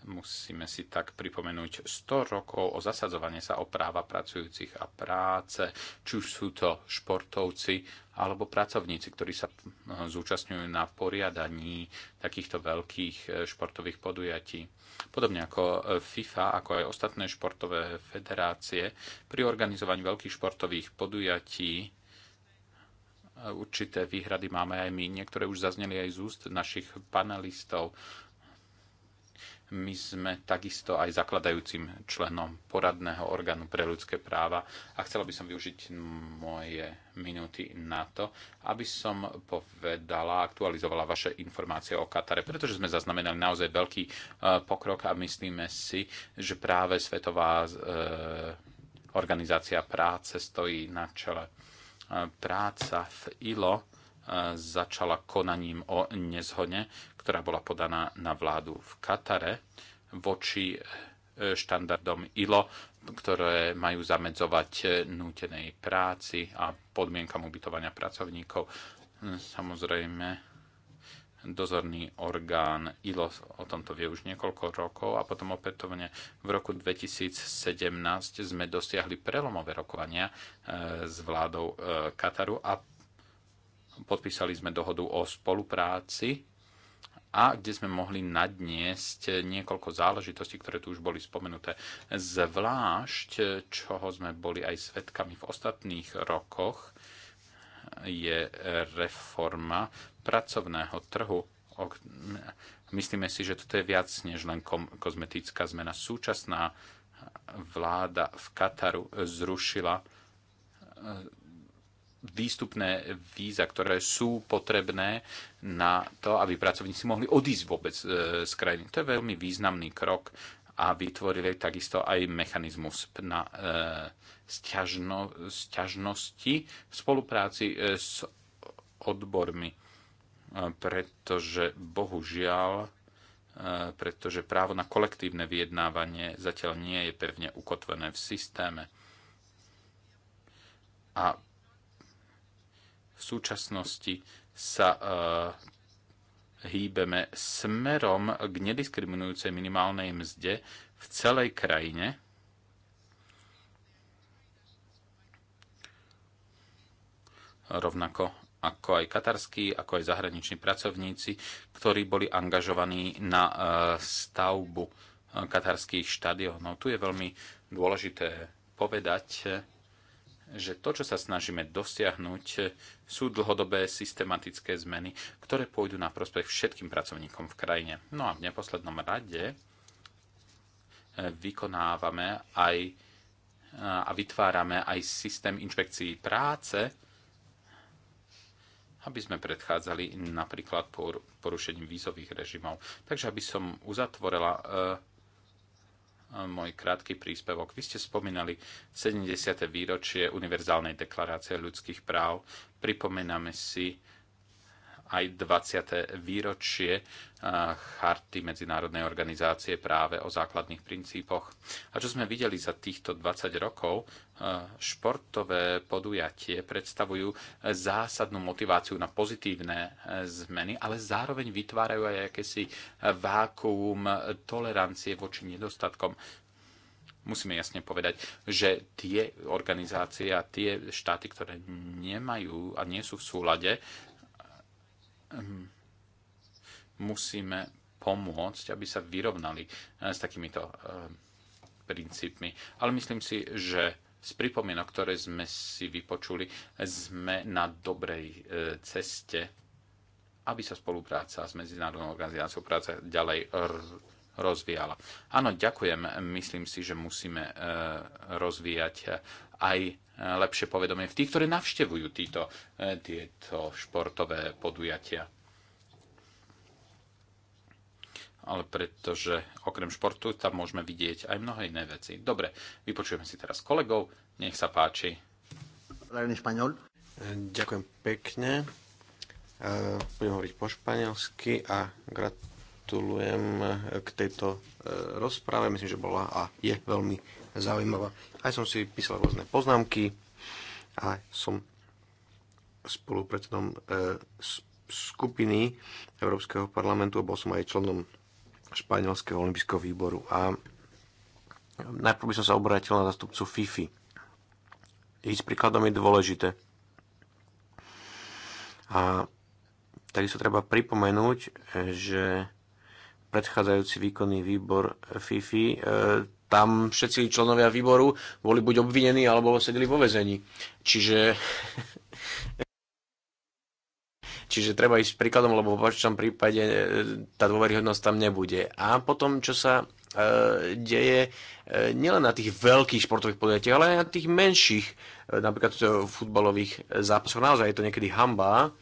musíme si tak pripomenúť 100 rokov o zasadzovanie sa o práva pracujúcich a práce, či už sú to športovci alebo pracovníci, ktorí sa eh, zúčastňujú na poriadaní takýchto veľkých eh, športových podujatí. Podobne ako eh, FIFA, ako aj ostatné športové federácie, pri organizovaní veľkých športových podujatí Určité výhrady máme aj my, niektoré už zazneli aj z úst našich panelistov. My sme takisto aj zakladajúcim členom poradného orgánu pre ľudské práva a chcela by som využiť moje minúty na to, aby som povedala, aktualizovala vaše informácie o Katare, pretože sme zaznamenali naozaj veľký e, pokrok a myslíme si, že práve Svetová e, organizácia práce stojí na čele práca v ILO e, začala konaním o nezhone, ktorá bola podaná na vládu v Katare voči e, štandardom ILO, ktoré majú zamedzovať e, nútenej práci a podmienkam ubytovania pracovníkov. Samozrejme, dozorný orgán ILO o tomto vie už niekoľko rokov a potom opätovne v roku 2017 sme dosiahli prelomové rokovania e, s vládou e, Kataru a podpísali sme dohodu o spolupráci a kde sme mohli nadniesť niekoľko záležitostí, ktoré tu už boli spomenuté. Zvlášť, e, čoho sme boli aj svetkami v ostatných rokoch, je reforma pracovného trhu. Myslíme si, že toto je viac než len kozmetická zmena. Súčasná vláda v Kataru zrušila e, výstupné víza, ktoré sú potrebné na to, aby pracovníci mohli odísť vôbec e, z krajiny. To je veľmi významný krok a vytvorili takisto aj mechanizmus na e, sťažnosti v spolupráci e, s odbormi, e, pretože bohužiaľ e, pretože právo na kolektívne vyjednávanie zatiaľ nie je pevne ukotvené v systéme. A v súčasnosti sa hýbeme smerom k nediskriminujúcej minimálnej mzde v celej krajine, rovnako ako aj katarskí, ako aj zahraniční pracovníci, ktorí boli angažovaní na e, stavbu e, katarských štadionov. Tu je veľmi dôležité povedať, e, že to, čo sa snažíme dosiahnuť, sú dlhodobé systematické zmeny, ktoré pôjdu na prospech všetkým pracovníkom v krajine. No a v neposlednom rade vykonávame aj a vytvárame aj systém inšpekcií práce, aby sme predchádzali napríklad porušením vízových režimov. Takže aby som uzatvorila e, e, môj krátky príspevok. Vy ste spomínali 70. výročie Univerzálnej deklarácie ľudských práv. Pripomíname si aj 20. výročie Charty Medzinárodnej organizácie práve o základných princípoch. A čo sme videli za týchto 20 rokov, športové podujatie predstavujú zásadnú motiváciu na pozitívne e, zmeny, ale zároveň vytvárajú aj akési vákuum tolerancie voči nedostatkom musíme jasne povedať, že tie organizácie a tie štáty, ktoré nemajú a nie sú v súlade Mhm. musíme pomôcť, aby sa vyrovnali eh, s takýmito eh, princípmi. Ale myslím si, že z pripomienok, ktoré sme si vypočuli, sme na dobrej eh, ceste, aby sa spolupráca s Medzinárodnou organizáciou práce ďalej rozvíjala. Áno, ďakujem. Myslím si, že musíme e, rozvíjať e, aj e, lepšie povedomie v tých, ktorí navštevujú títo, tieto športové podujatia. Ale pretože okrem športu tam môžeme vidieť aj mnohé iné veci. Dobre, vypočujeme si teraz kolegov. Nech sa páči. Ďakujem pekne. Budem hovoriť po španielsky a grat- gratulujem eh, k tejto eh, rozprave. Myslím, že bola a je veľmi zaujímavá. Aj som si písal rôzne poznámky a som spolupredsedom eh, skupiny Európskeho parlamentu a bol som aj členom Španielského olympijského výboru. A najprv by som sa obrátil na zastupcu FIFI. Ísť príkladom je dôležité. A takisto treba pripomenúť, že predchádzajúci výkonný výbor FIFI, e, tam všetci členovia výboru boli buď obvinení, alebo sedeli vo vezení. Čiže... Čiže treba ísť príkladom, lebo v opačnom prípade e, tá dôveryhodnosť tam nebude. A potom, čo sa e, deje nielen na tých veľkých športových podujatiach, ale aj na tých menších, napríklad futbalových zápasoch. Naozaj je to niekedy hamba,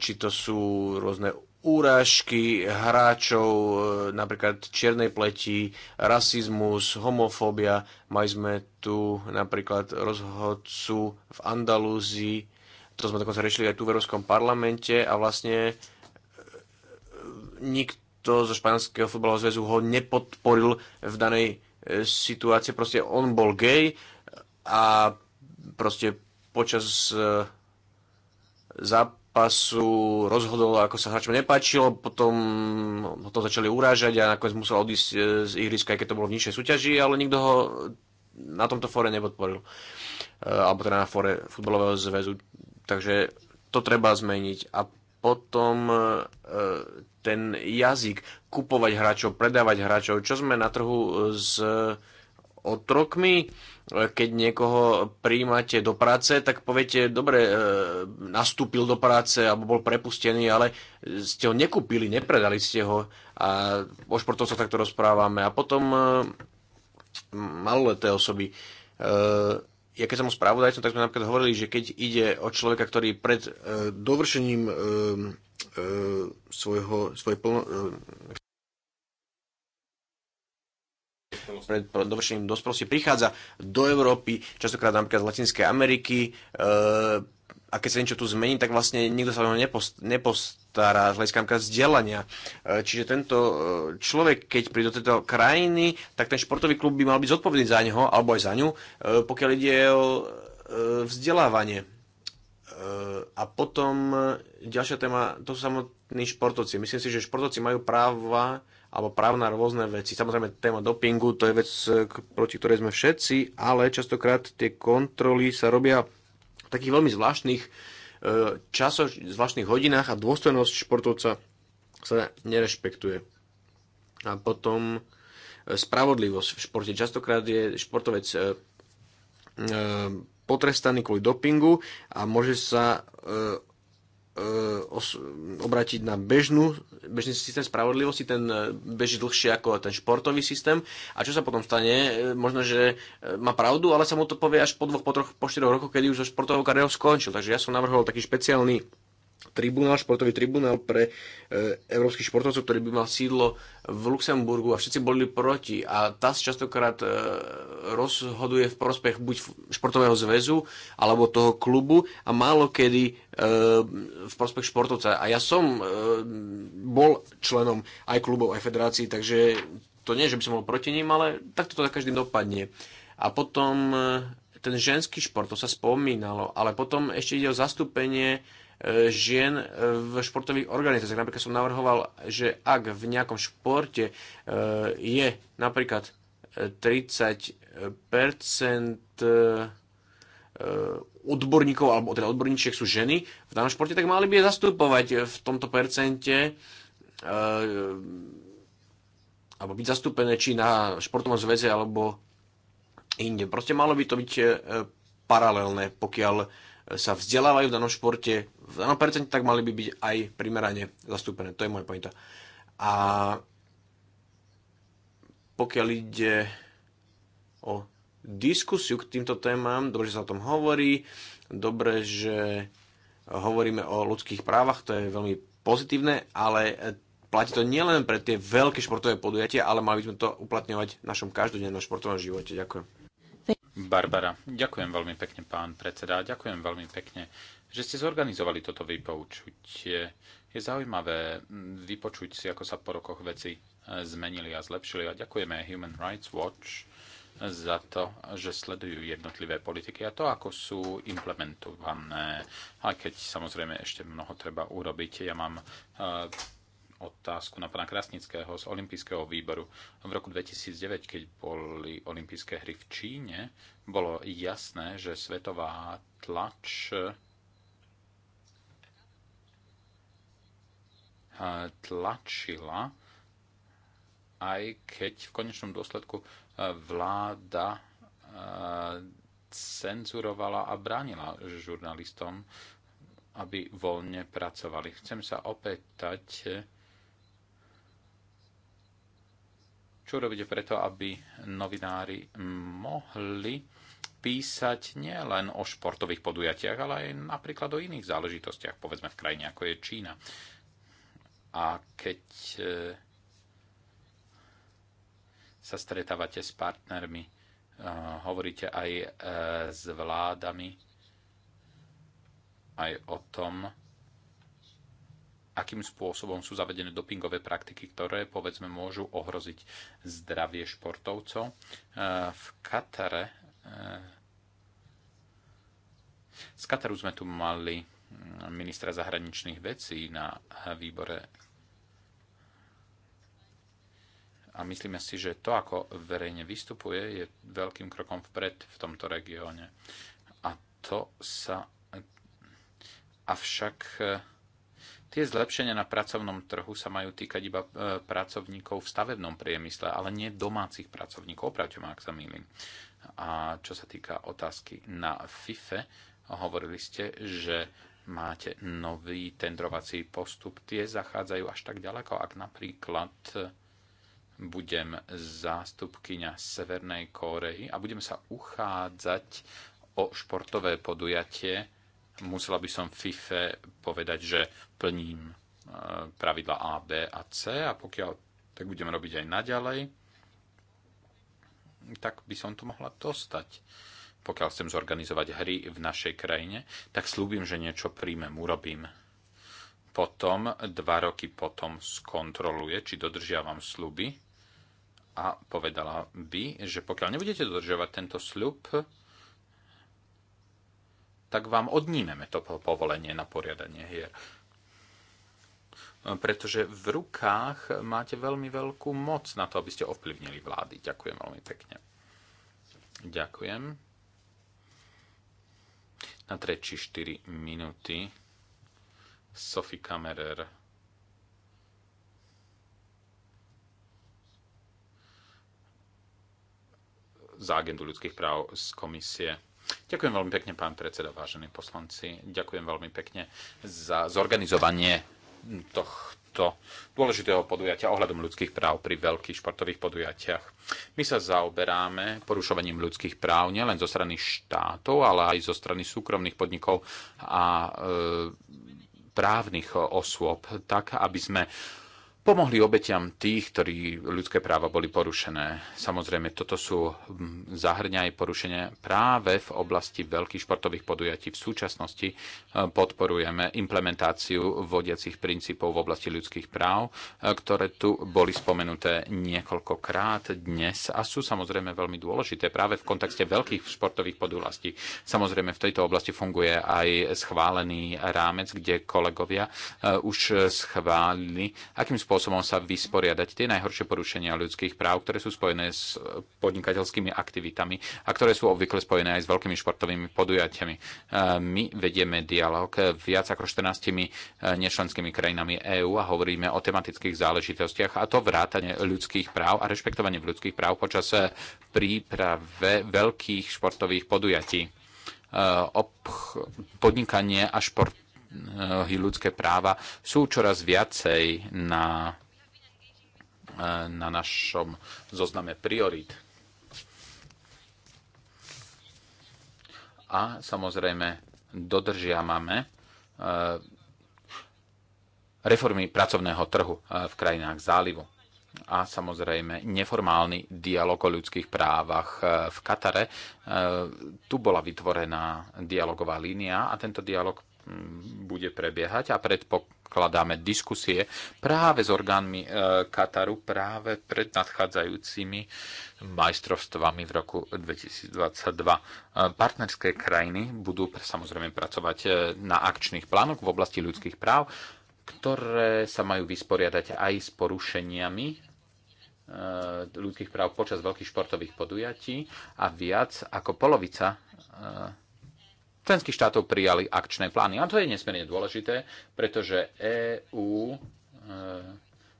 či to sú rôzne úrážky hráčov, e, napríklad čiernej pleti, rasizmus, homofóbia. Mali sme tu napríklad rozhodcu v Andalúzii, to sme dokonca riešili aj tu v Európskom parlamente a vlastne e, nikto zo Španielského futbalového zväzu ho nepodporil v danej e, situácii. Proste on bol gay a proste počas zápasu zápasu rozhodol, ako sa hráčom nepáčilo, potom ho to začali urážať a nakoniec musel odísť e, z ihriska, aj keď to bolo v nižšej súťaži, ale nikto ho na tomto fóre nepodporil. E, alebo teda na fóre futbalového zväzu. Takže to treba zmeniť. A potom e, ten jazyk, kupovať hráčov, predávať hráčov, čo sme na trhu s otrokmi, keď niekoho príjmate do práce, tak poviete, dobre, e, nastúpil do práce alebo bol prepustený, ale ste ho nekúpili, nepredali ste ho a o športov sa takto rozprávame. A potom e, maloleté osoby. E, ja keď som spravodajcom, tak sme napríklad hovorili, že keď ide o človeka, ktorý pred dovršením svojho, svojej plno, pred dovršením dosprosti prichádza do Európy, častokrát napríklad z Latinskej Ameriky, eh, a keď sa niečo tu zmení, tak vlastne nikto sa o nepost, nepostará, z hľadiska vzdelania. Eh, čiže tento eh, človek, keď príde do tejto krajiny, tak ten športový klub by mal byť zodpovedný za neho, alebo aj za ňu, pokiaľ ide o vzdelávanie. A potom ďalšia téma, to sú samotní športovci. Myslím si, že športovci majú práva alebo právna rôzne veci. Samozrejme, téma dopingu, to je vec, eh, proti ktorej sme všetci, ale častokrát tie kontroly sa robia v takých veľmi zvláštnych eh, časoch, zvláštnych hodinách a dôstojnosť športovca sa nerešpektuje. A potom eh, spravodlivosť v športe. Častokrát je športovec potrestaný kvôli dopingu a môže sa Eh, os, obratiť na bežnú, bežný systém spravodlivosti, ten eh, beží dlhšie ako ten športový systém. A čo sa potom stane? Eh, možno, že má pravdu, ale sa mu to povie až po dvoch, po troch, po štyroch rokoch, kedy už zo športového kariéru skončil. Takže ja som navrhol taký špeciálny tribunál, športový tribunál pre e, európskych športovcov, ktorý by mal sídlo v Luxemburgu a všetci boli proti. A tá sa častokrát e, rozhoduje v prospech buď športového zväzu alebo toho klubu a málo kedy e, v prospech športovca. A ja som e, bol členom aj klubov, aj federácií, takže to nie, že by som bol proti ním, ale takto to za každým dopadne. A potom e, ten ženský šport, to sa spomínalo, ale potom ešte ide o zastúpenie žien v športových organizáciách. Napríklad som navrhoval, že ak v nejakom športe e, je napríklad 30 e, e, odborníkov, alebo teda odborníčiek sú ženy v danom športe, tak mali by je zastupovať v tomto percente alebo byť zastúpené či na športovom zväze, alebo inde. Proste malo by to byť paralelné, pokiaľ sa vzdelávajú v danom športe, v danom percente, tak mali by byť aj primerane zastúpené. To je moja pointa. A pokiaľ ide o diskusiu k týmto témam, dobre, že sa o tom hovorí, dobre, že hovoríme o ľudských právach, to je veľmi pozitívne, ale platí to nielen pre tie veľké športové podujatia, ale mali by sme to uplatňovať v našom každodennom športovom živote. Ďakujem. Barbara, ďakujem veľmi pekne, pán predseda, ďakujem veľmi pekne, že ste zorganizovali toto vypočutie. Je zaujímavé vypočuť si, ako sa po rokoch veci e, zmenili a zlepšili. A ďakujeme Human Rights Watch e, za to, že sledujú jednotlivé politiky a to, ako sú implementované. aj keď samozrejme ešte mnoho treba urobiť, ja mám e, otázku na pána Krasnického z Olympijského výboru. V roku 2009, keď boli olympijské hry v Číne, bolo jasné, že svetová tlač eh, tlačila, aj keď v konečnom dôsledku eh, vláda eh, cenzurovala a bránila žurnalistom, aby voľne pracovali. Chcem sa opätať, Čo robíte preto, aby novinári mohli písať nielen o športových podujatiach, ale aj napríklad o iných záležitostiach, povedzme v krajine ako je Čína. A keď eh, sa stretávate s partnermi, eh, hovoríte aj eh, s vládami, aj o tom, akým spôsobom sú zavedené dopingové praktiky, ktoré povedzme môžu ohroziť zdravie športovcov. Eh, v Katare eh, z Kataru sme tu mali mm, ministra zahraničných vecí na výbore a myslíme si, že to, ako verejne vystupuje, je veľkým krokom vpred v tomto regióne. A to sa eh, avšak Tie zlepšenia na pracovnom trhu sa majú týkať iba e, pracovníkov v stavebnom priemysle, ale nie domácich pracovníkov, opravte ma, ak sa mýlim. A čo sa týka otázky na FIFE, hovorili ste, že máte nový tendrovací postup. Tie zachádzajú až tak ďaleko, ak napríklad budem zástupkyňa Severnej Kórei a budem sa uchádzať o športové podujatie musela by som FIFE povedať, že plním e, pravidla A, B a C a pokiaľ tak budem robiť aj naďalej, tak by som to mohla dostať. Pokiaľ chcem zorganizovať hry v našej krajine, tak slúbim, že niečo príjmem, urobím. Potom, dva roky potom skontroluje, či dodržiavam sluby a povedala by, že pokiaľ nebudete dodržiavať tento sľub, tak vám odnímeme to povolenie na poriadanie hier. Pretože v rukách máte veľmi veľkú moc na to, aby ste ovplyvnili vlády. Ďakujem veľmi pekne. Ďakujem. Na 3 4 minúty Sophie Kamerer. za agendu ľudských práv z komisie. Ďakujem veľmi pekne, pán predseda, vážení poslanci. Ďakujem veľmi pekne za zorganizovanie tohto dôležitého podujatia ohľadom ľudských práv pri veľkých športových podujatiach. My sa zaoberáme porušovaním ľudských práv nielen zo strany štátov, ale aj zo strany súkromných podnikov a e, právnych osôb, tak aby sme pomohli obetiam tých, ktorí ľudské práva boli porušené. Samozrejme, toto sú zahrňa aj porušenia práve v oblasti veľkých športových podujatí. V súčasnosti e, podporujeme implementáciu vodiacich princípov v oblasti ľudských práv, e, ktoré tu boli spomenuté niekoľkokrát dnes a sú samozrejme veľmi dôležité práve v kontexte veľkých športových podujatí. Samozrejme, v tejto oblasti funguje aj schválený rámec, kde kolegovia e, už schválili, akým spôsobom spôsobom sa vysporiadať tie najhoršie porušenia ľudských práv, ktoré sú spojené s podnikateľskými aktivitami a ktoré sú obvykle spojené aj s veľkými športovými podujatiami. My vedieme dialog viac ako 14 e, nečlenskými krajinami EÚ a hovoríme o tematických záležitostiach a to vrátanie ľudských práv a rešpektovanie ľudských práv počas e, príprave veľkých športových podujatí e, podnikanie a šport Eh, ľudské práva sú čoraz viacej na, eh, na našom zozname priorit. A samozrejme dodržiavame eh, reformy pracovného trhu v krajinách zálivu a samozrejme neformálny dialog o ľudských právach v Katare. Tu bola vytvorená dialogová línia a tento dialog Mm, bude prebiehať a predpokladáme diskusie práve s orgánmi e, Kataru práve pred nadchádzajúcimi majstrovstvami v roku 2022. E, partnerské krajiny budú samozrejme pracovať e, na akčných plánoch v oblasti ľudských práv, ktoré sa majú vysporiadať aj s porušeniami ľudských práv počas veľkých športových podujatí a viac ako polovica členských štátov prijali akčné plány. A to je nesmierne dôležité, pretože EÚ e,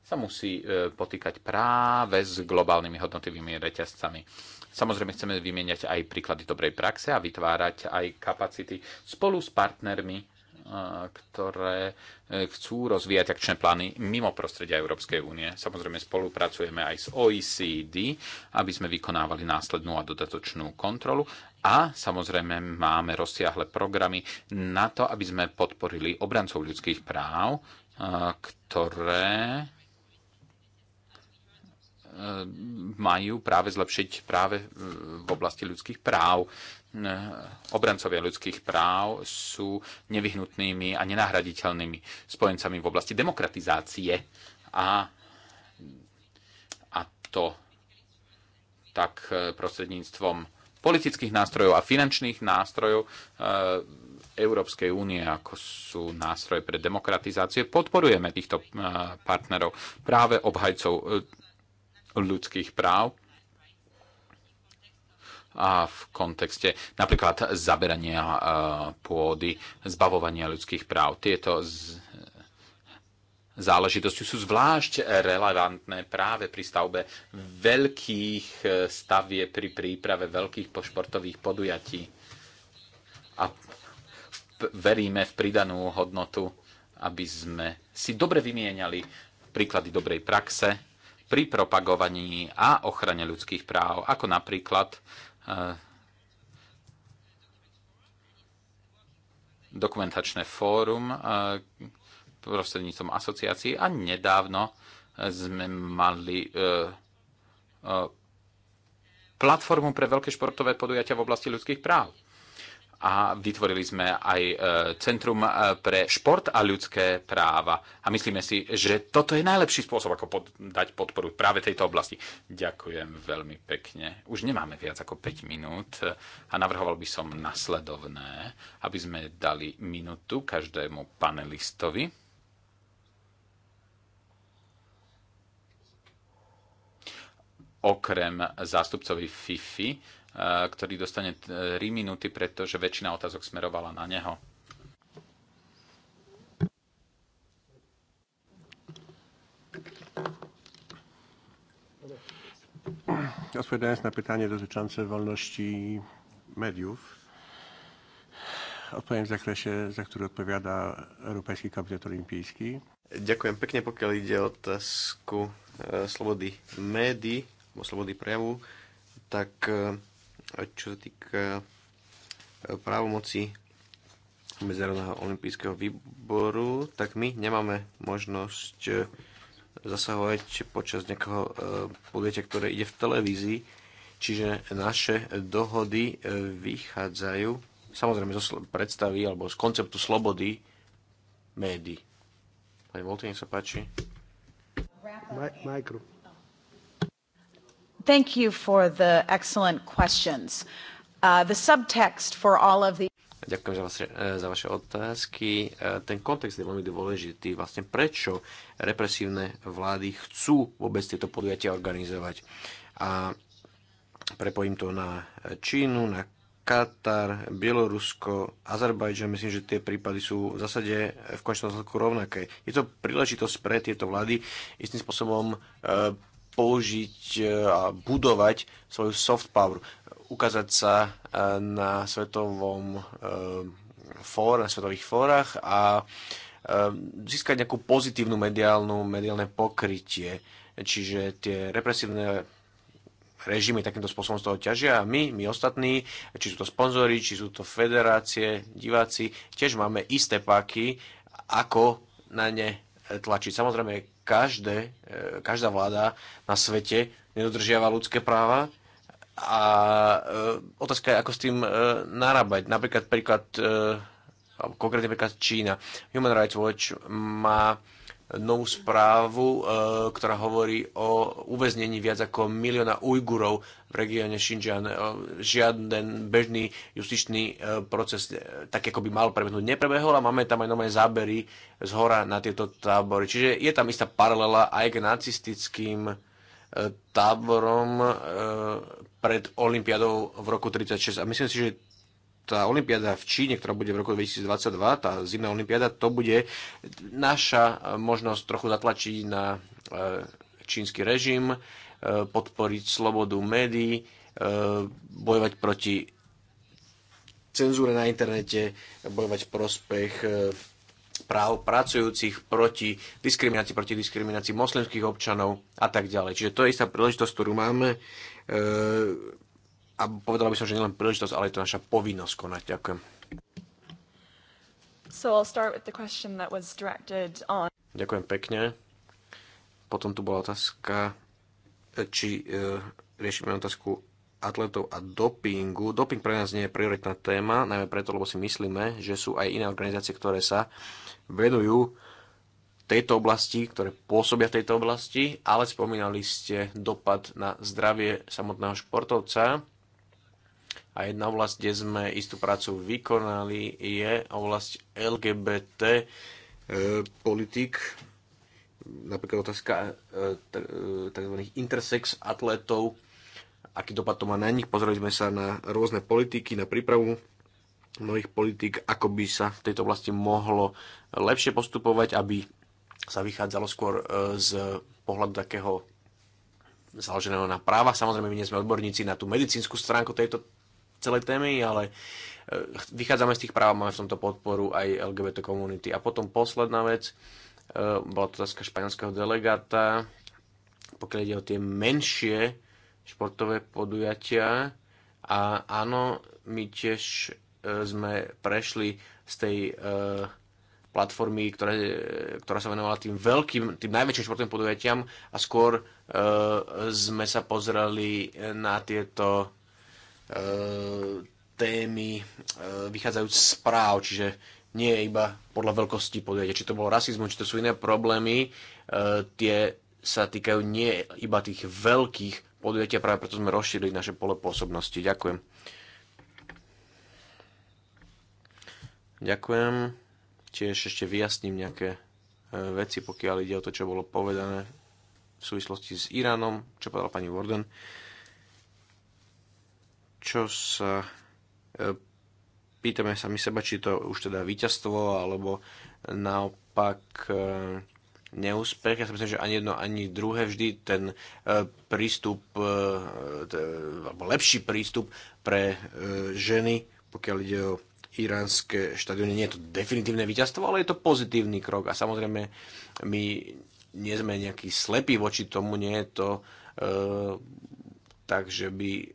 sa musí e, potýkať práve s globálnymi hodnotovými reťazcami. Samozrejme chceme vymieňať aj príklady dobrej praxe a vytvárať aj kapacity spolu s partnermi ktoré e, chcú rozvíjať akčné plány mimo prostredia Európskej únie. Samozrejme spolupracujeme aj s OECD, aby sme vykonávali následnú a dodatočnú kontrolu a samozrejme máme rozsiahle programy na to, aby sme podporili obrancov ľudských práv, e, ktoré e, majú práve zlepšiť práve v oblasti ľudských práv. Eh, obrancovia ľudských práv sú nevyhnutnými a nenahraditeľnými spojencami v oblasti demokratizácie a, a to tak eh, prostredníctvom politických nástrojov a finančných nástrojov eh, Európskej únie, ako sú nástroje pre demokratizáciu. Podporujeme týchto partnerov, práve obhajcov ľudských práv a v kontexte napríklad zaberania e, pôdy, zbavovania ľudských práv. Tieto z, záležitosti sú zvlášť relevantné práve pri stavbe veľkých e, stavie, pri príprave veľkých pošportových podujatí. A veríme v pridanú hodnotu, aby sme si dobre vymieniali príklady dobrej praxe pri propagovaní a ochrane ľudských práv, ako napríklad dokumentačné fórum prostredníctvom asociácií a nedávno sme mali e, e, platformu pre veľké športové podujatia v oblasti ľudských práv a vytvorili sme aj e, Centrum e, pre šport a ľudské práva. A myslíme si, že toto je najlepší spôsob, ako pod, dať podporu práve tejto oblasti. Ďakujem veľmi pekne. Už nemáme viac ako 5 minút a navrhoval by som nasledovné, aby sme dali minútu každému panelistovi. Okrem zástupcovi FIFI, Eh, ktorý dostane 3 eh, minúty, pretože väčšina otázok smerovala na neho. Odpovedajúc na pytanie dotyczące wolności mediów, odpowiem w zakresie, za który odpowiada Europejski Komitet Olimpijski. Ďakujem pekne, pokiaľ ide o otázku e, slobody médií, o slobody prejavu, tak e, čo sa týka e, právomoci Medzinárodného olympijského výboru, tak my nemáme možnosť e, zasahovať počas nejakého e, podujatia, ktoré ide v televízii, čiže naše dohody vychádzajú samozrejme zo predstavy alebo z konceptu slobody médií. Pani Volty, nech sa páči. Maj, Majkru. Thank you for the excellent questions. Uh, the subtext for all of the... Ďakujem za, vaše, eh, za vaše otázky. Eh, ten kontext je veľmi dôležitý. Vlastne prečo represívne vlády chcú vôbec tieto podujatia organizovať? A prepojím to na Čínu, na Katar, Bielorusko, Azerbajdžan, myslím, že tie prípady sú v zásade eh, v končnom dôsledku rovnaké. Je to príležitosť pre tieto vlády istým spôsobom použiť e, a budovať svoju soft power, ukázať sa e, na svetovom e, fóre, na svetových fórach a získať nejakú pozitívnu mediálnu, mediálne pokrytie. Čiže tie represívne režimy takýmto spôsobom z toho ťažia a my, my ostatní, či sú to sponzory, či sú to federácie, diváci, tiež máme isté páky, ako na ne tlačiť. Samozrejme, každé, e, každá vláda na svete nedodržiava ľudské práva a e, otázka je, ako s tým e, narábať. Napríklad príklad, konkrétne príklad Čína. Human Rights Watch má novú správu, e, ktorá hovorí o uväznení viac ako milióna Ujgurov v regióne Xinjiang. E, žiaden bežný justičný e, proces, tak ako by mal prebehnúť, neprebehol a máme tam aj nové zábery z hora na tieto tábory. Čiže je tam istá paralela aj k nacistickým táborom pred Olympiadou v roku 36. A myslím si, že tá olimpiáda v Číne, ktorá bude v roku 2022, tá zimná olympiáda, to bude naša možnosť trochu zatlačiť na e, čínsky režim, e, podporiť slobodu médií, e, bojovať proti cenzúre na internete, bojovať prospech práv pracujúcich proti diskriminácii, proti diskriminácii moslimských občanov a tak ďalej. Čiže to je istá príležitosť, ktorú máme a povedala by som, že nielen príležitosť, ale je to naša povinnosť konať. Ďakujem. So I'll start with the question that was directed on... Ďakujem pekne. Potom tu bola otázka, či uh, riešime otázku atletov a dopingu. Doping pre nás nie je prioritná téma, najmä preto, lebo si myslíme, že sú aj iné organizácie, ktoré sa venujú tejto oblasti, ktoré pôsobia v tejto oblasti, ale spomínali ste dopad na zdravie samotného športovca a jedna oblasť, kde sme istú prácu vykonali, je oblasť LGBT e, politik, napríklad otázka e, tzv. E, intersex atletov, aký dopad to má na nich. Pozreli sme sa na rôzne politiky, na prípravu mnohých politik, ako by sa v tejto oblasti mohlo lepšie postupovať, aby sa vychádzalo skôr z pohľadu takého založeného na práva. Samozrejme, my nie sme odborníci na tú medicínsku stránku tejto celej témy, ale eh, vychádzame z tých práv, máme v tomto podporu aj LGBT komunity. A potom posledná vec, eh, bola to otázka španielského delegáta, pokiaľ ide o tie menšie športové podujatia. A áno, my tiež eh, sme prešli z tej platformy, ktoré, ktorá sa venovala tým veľkým, tým najväčším športovým podujatiam a skôr e, sme sa pozreli na tieto E, témy e, vychádzajú z správ, čiže nie je iba podľa veľkosti podujete. Či to bolo rasizmus, či to sú iné problémy, e, tie sa týkajú nie iba tých veľkých podujatia, práve preto sme rozšírili naše pole pôsobnosti. Ďakujem. Ďakujem. Tiež ešte vyjasním nejaké veci, pokiaľ ide o to, čo bolo povedané v súvislosti s Iránom, čo povedala pani Warden čo sa e, pýtame sa mi seba, či to už teda víťazstvo, alebo naopak e, neúspech. Ja si myslím, že ani jedno, ani druhé vždy ten e, prístup, alebo lepší prístup pre ženy, pokiaľ ide o iránske štadióny. Nie je to definitívne víťazstvo, ale je to pozitívny krok. A samozrejme, my nie sme nejaký slepí voči tomu, nie je to tak, že by e,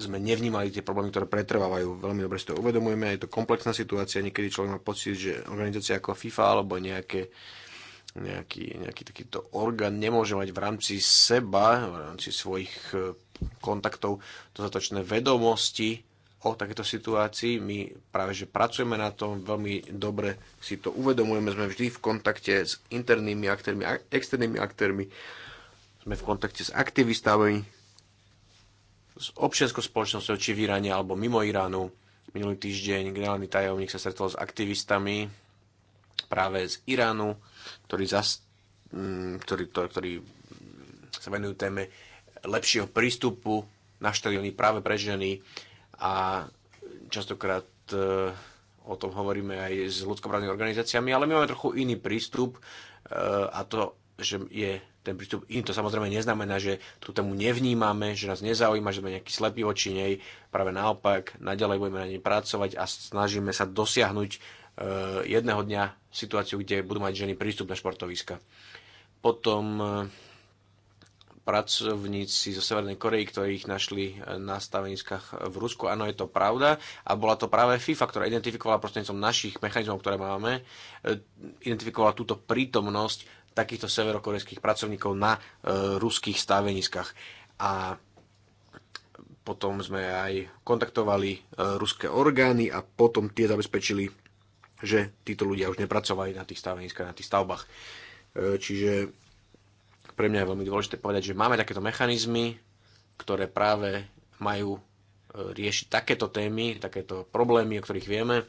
sme nevnímali tie problémy, ktoré pretrvávajú. Veľmi dobre si to uvedomujeme, je to komplexná situácia, niekedy človek má pocit, že organizácia ako FIFA alebo nejaké, nejaký, nejaký takýto orgán nemôže mať v rámci seba, v rámci svojich e, kontaktov dostatočné vedomosti o takéto situácii. My práve, že pracujeme na tom, veľmi dobre si to uvedomujeme, sme vždy v kontakte s internými aktérmi, externými aktérmi, sme v kontakte s aktivistami, s občianskou spoločnosťou, či v Iráne alebo mimo Iránu. Minulý týždeň generálny tajomník sa stretol s aktivistami práve z Iránu, ktorí, zas, mm, ktorí, to, ktorí sa venujú téme lepšieho prístupu na štadióny práve pre ženy a častokrát eh, o tom hovoríme aj s ľudskoprávnymi organizáciami, ale my máme trochu iný prístup eh, a to že je ten prístup iný. To samozrejme neznamená, že tú tému nevnímame, že nás nezaujíma, že sme nejaký slepí voči nej. Práve naopak, naďalej budeme na nej pracovať a snažíme sa dosiahnuť uh, jedného dňa situáciu, kde budú mať ženy prístup na športoviska. Potom e, pracovníci zo Severnej Korei, ktorých našli e, na staveniskách v Rusku. Áno, je to pravda. A bola to práve FIFA, ktorá identifikovala prostredníctvom našich mechanizmov, ktoré máme, identifikovala túto prítomnosť takýchto severokorejských pracovníkov na e, ruských stáveniskách. A potom sme aj kontaktovali e, ruské orgány a potom tie zabezpečili, že títo ľudia už nepracovali na tých stáveniskách, na tých stavbách. E, čiže pre mňa je veľmi dôležité povedať, že máme takéto mechanizmy, ktoré práve majú e, riešiť takéto témy, takéto problémy, o ktorých vieme.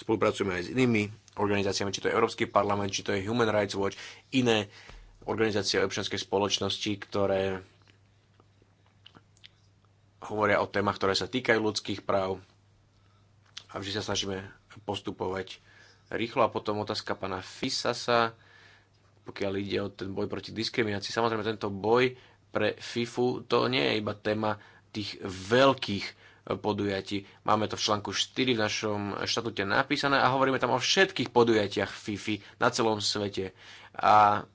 Spolupracujeme aj s inými organizáciami, či to je Európsky parlament, či to je Human Rights Watch, iné organizácie občianskej spoločnosti, ktoré hovoria o témach, ktoré sa týkajú ľudských práv a vždy sa snažíme postupovať rýchlo. A potom otázka pána Fisasa, pokiaľ ide o ten boj proti diskriminácii. Samozrejme, tento boj pre FIFU to nie je iba téma tých veľkých podujatí. Máme to v článku 4 v našom štatute napísané a hovoríme tam o všetkých podujatiach FIFI na celom svete. A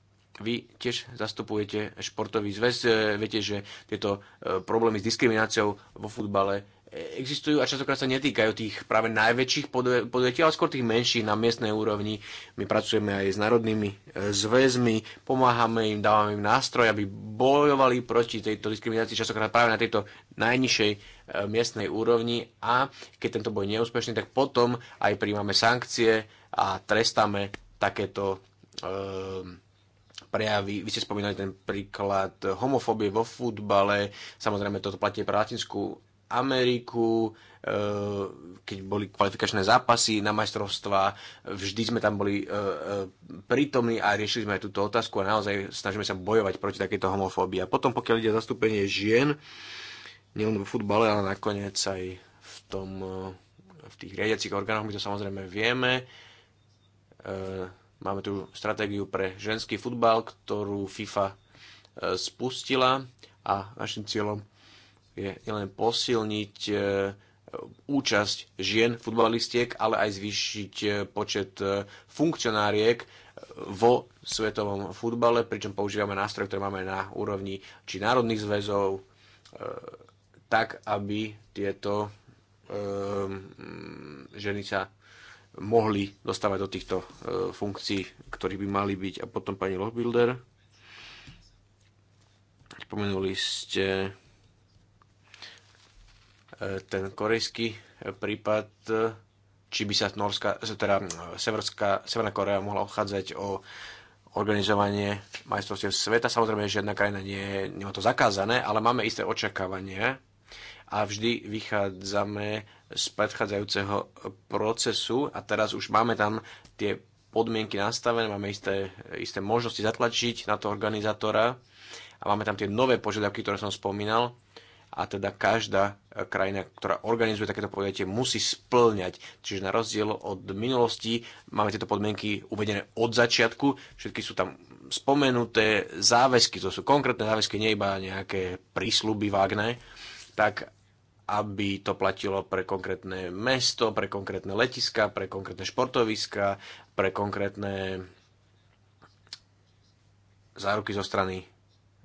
vy tiež zastupujete športový zväz, e, viete, že tieto e, problémy s diskrimináciou vo futbale e, existujú a častokrát sa netýkajú tých práve najväčších podujatí, ale skôr tých menších na miestnej úrovni. My pracujeme aj s národnými zväzmi, pomáhame im, dávame im nástroj, aby bojovali proti tejto diskriminácii častokrát práve na tejto najnižšej Eh, miestnej úrovni a keď tento boj nie je úspešný, tak potom aj príjmame sankcie a trestame takéto eh, prejavy. Vy ste spomínali ten príklad homofóbie vo futbale, samozrejme toto platí pre Latinskú Ameriku, eh, keď boli kvalifikačné zápasy na majstrovstva, vždy sme tam boli prítomní a riešili sme aj túto otázku a naozaj snažíme sa bojovať proti takéto homofóbii. A potom, pokiaľ ide zastúpenie žien, nielen vo futbale, ale nakoniec aj v, tom, eh, v tých riadiacich orgánoch, my to samozrejme vieme. Eh, máme tu stratégiu pre ženský futbal, ktorú FIFA eh, spustila a našim cieľom je nielen posilniť účasť žien futbalistiek, ale aj zvýšiť počet funkcionáriek vo svetovom futbale, pričom používame nástroje, ktoré máme na úrovni či národných zväzov, tak aby tieto ehm, ženy sa mohli dostávať do týchto eh, funkcií, ktorí by mali byť. A potom pani Lochbilder, spomenuli ste eh, ten korejský prípad, či by sa Norska, teda eh, Severská, Severná Korea mohla obchádzať o organizovanie majstrovstiev sveta. Samozrejme, že jedna krajina nie, nemá to zakázané, ale máme isté očakávanie, a vždy vychádzame z predchádzajúceho procesu a teraz už máme tam tie podmienky nastavené, máme isté, isté možnosti zatlačiť na to organizátora a máme tam tie nové požiadavky, ktoré som spomínal a teda každá krajina, ktorá organizuje takéto podujatie, musí splňať. Čiže na rozdiel od minulosti máme tieto podmienky uvedené od začiatku, všetky sú tam spomenuté záväzky, to sú konkrétne záväzky, nie iba nejaké prísľuby vágne, tak aby to platilo pre konkrétne mesto, pre konkrétne letiska, pre konkrétne športoviska, pre konkrétne záruky zo strany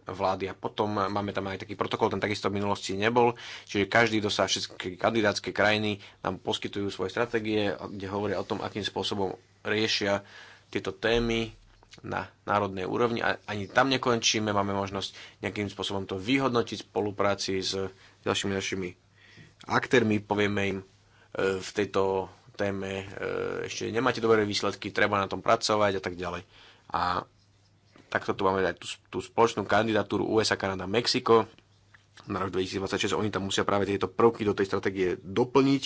vlády. A potom máme tam aj taký protokol, ten takisto v minulosti nebol, čiže každý sa všetky kandidátske krajiny nám poskytujú svoje stratégie, kde hovoria o tom, akým spôsobom riešia tieto témy na národnej úrovni a ani tam nekončíme, máme možnosť nejakým spôsobom to vyhodnotiť v spolupráci s ďalšími našimi aktérmi, povieme im e, v tejto téme e, ešte nemáte dobré výsledky, treba na tom pracovať a tak ďalej. A takto tu máme aj tú, tú spoločnú kandidatúru USA, Kanada, Mexiko na rok 2026. Oni tam musia práve tieto prvky do tej stratégie doplniť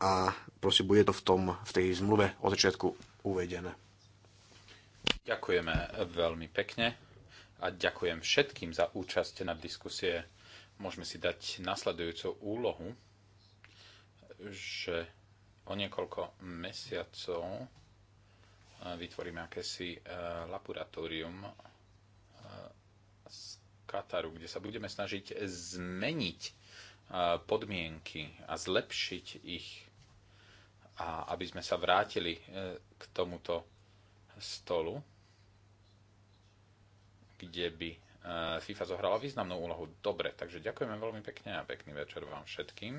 a prosím bude to v, tom, v tej zmluve od začiatku uvedené. Ďakujeme veľmi pekne a ďakujem všetkým za účasť na diskusie môžeme si dať nasledujúcu úlohu, že o niekoľko mesiacov eh, vytvoríme akési eh, laboratórium eh, z Kataru, kde sa budeme snažiť zmeniť podmienky a zlepšiť ich, a aby sme sa vrátili k tomuto stolu, kde by E, FIFA zohrala významnú úlohu. Dobre, takže ďakujeme veľmi pekne a pekný večer vám všetkým.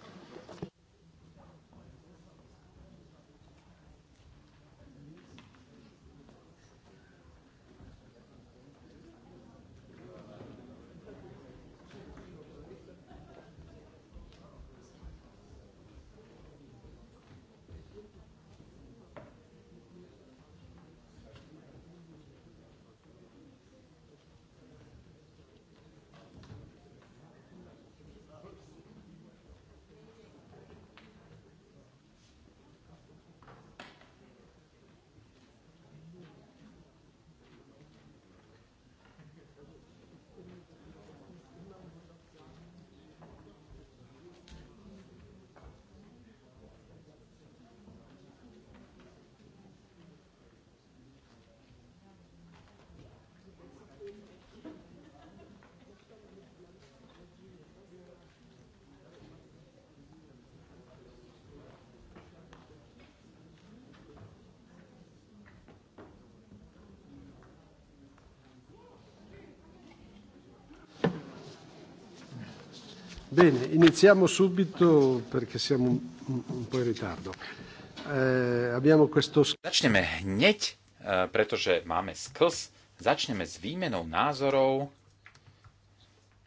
Bene, iniziamo subito perché siamo un, un po' in ritardo. Eh, abbiamo questo... Začneme hneď, eh, pretože máme sklz. Začneme s výmenou názorov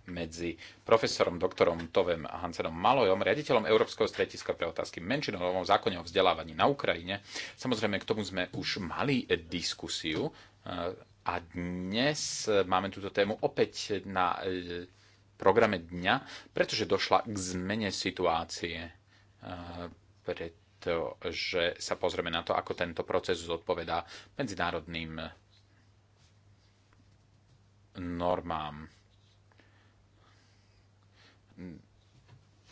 medzi profesorom doktorom Tovem Hansenom Malojom, riaditeľom Európskeho stretiska pre otázky menšin zákone o vzdelávaní na Ukrajine. Samozrejme, k tomu sme už mali diskusiu eh, a dnes eh, máme túto tému opäť na programe dňa, pretože došla k zmene situácie, e, pretože sa pozrieme na to, ako tento proces zodpovedá medzinárodným normám.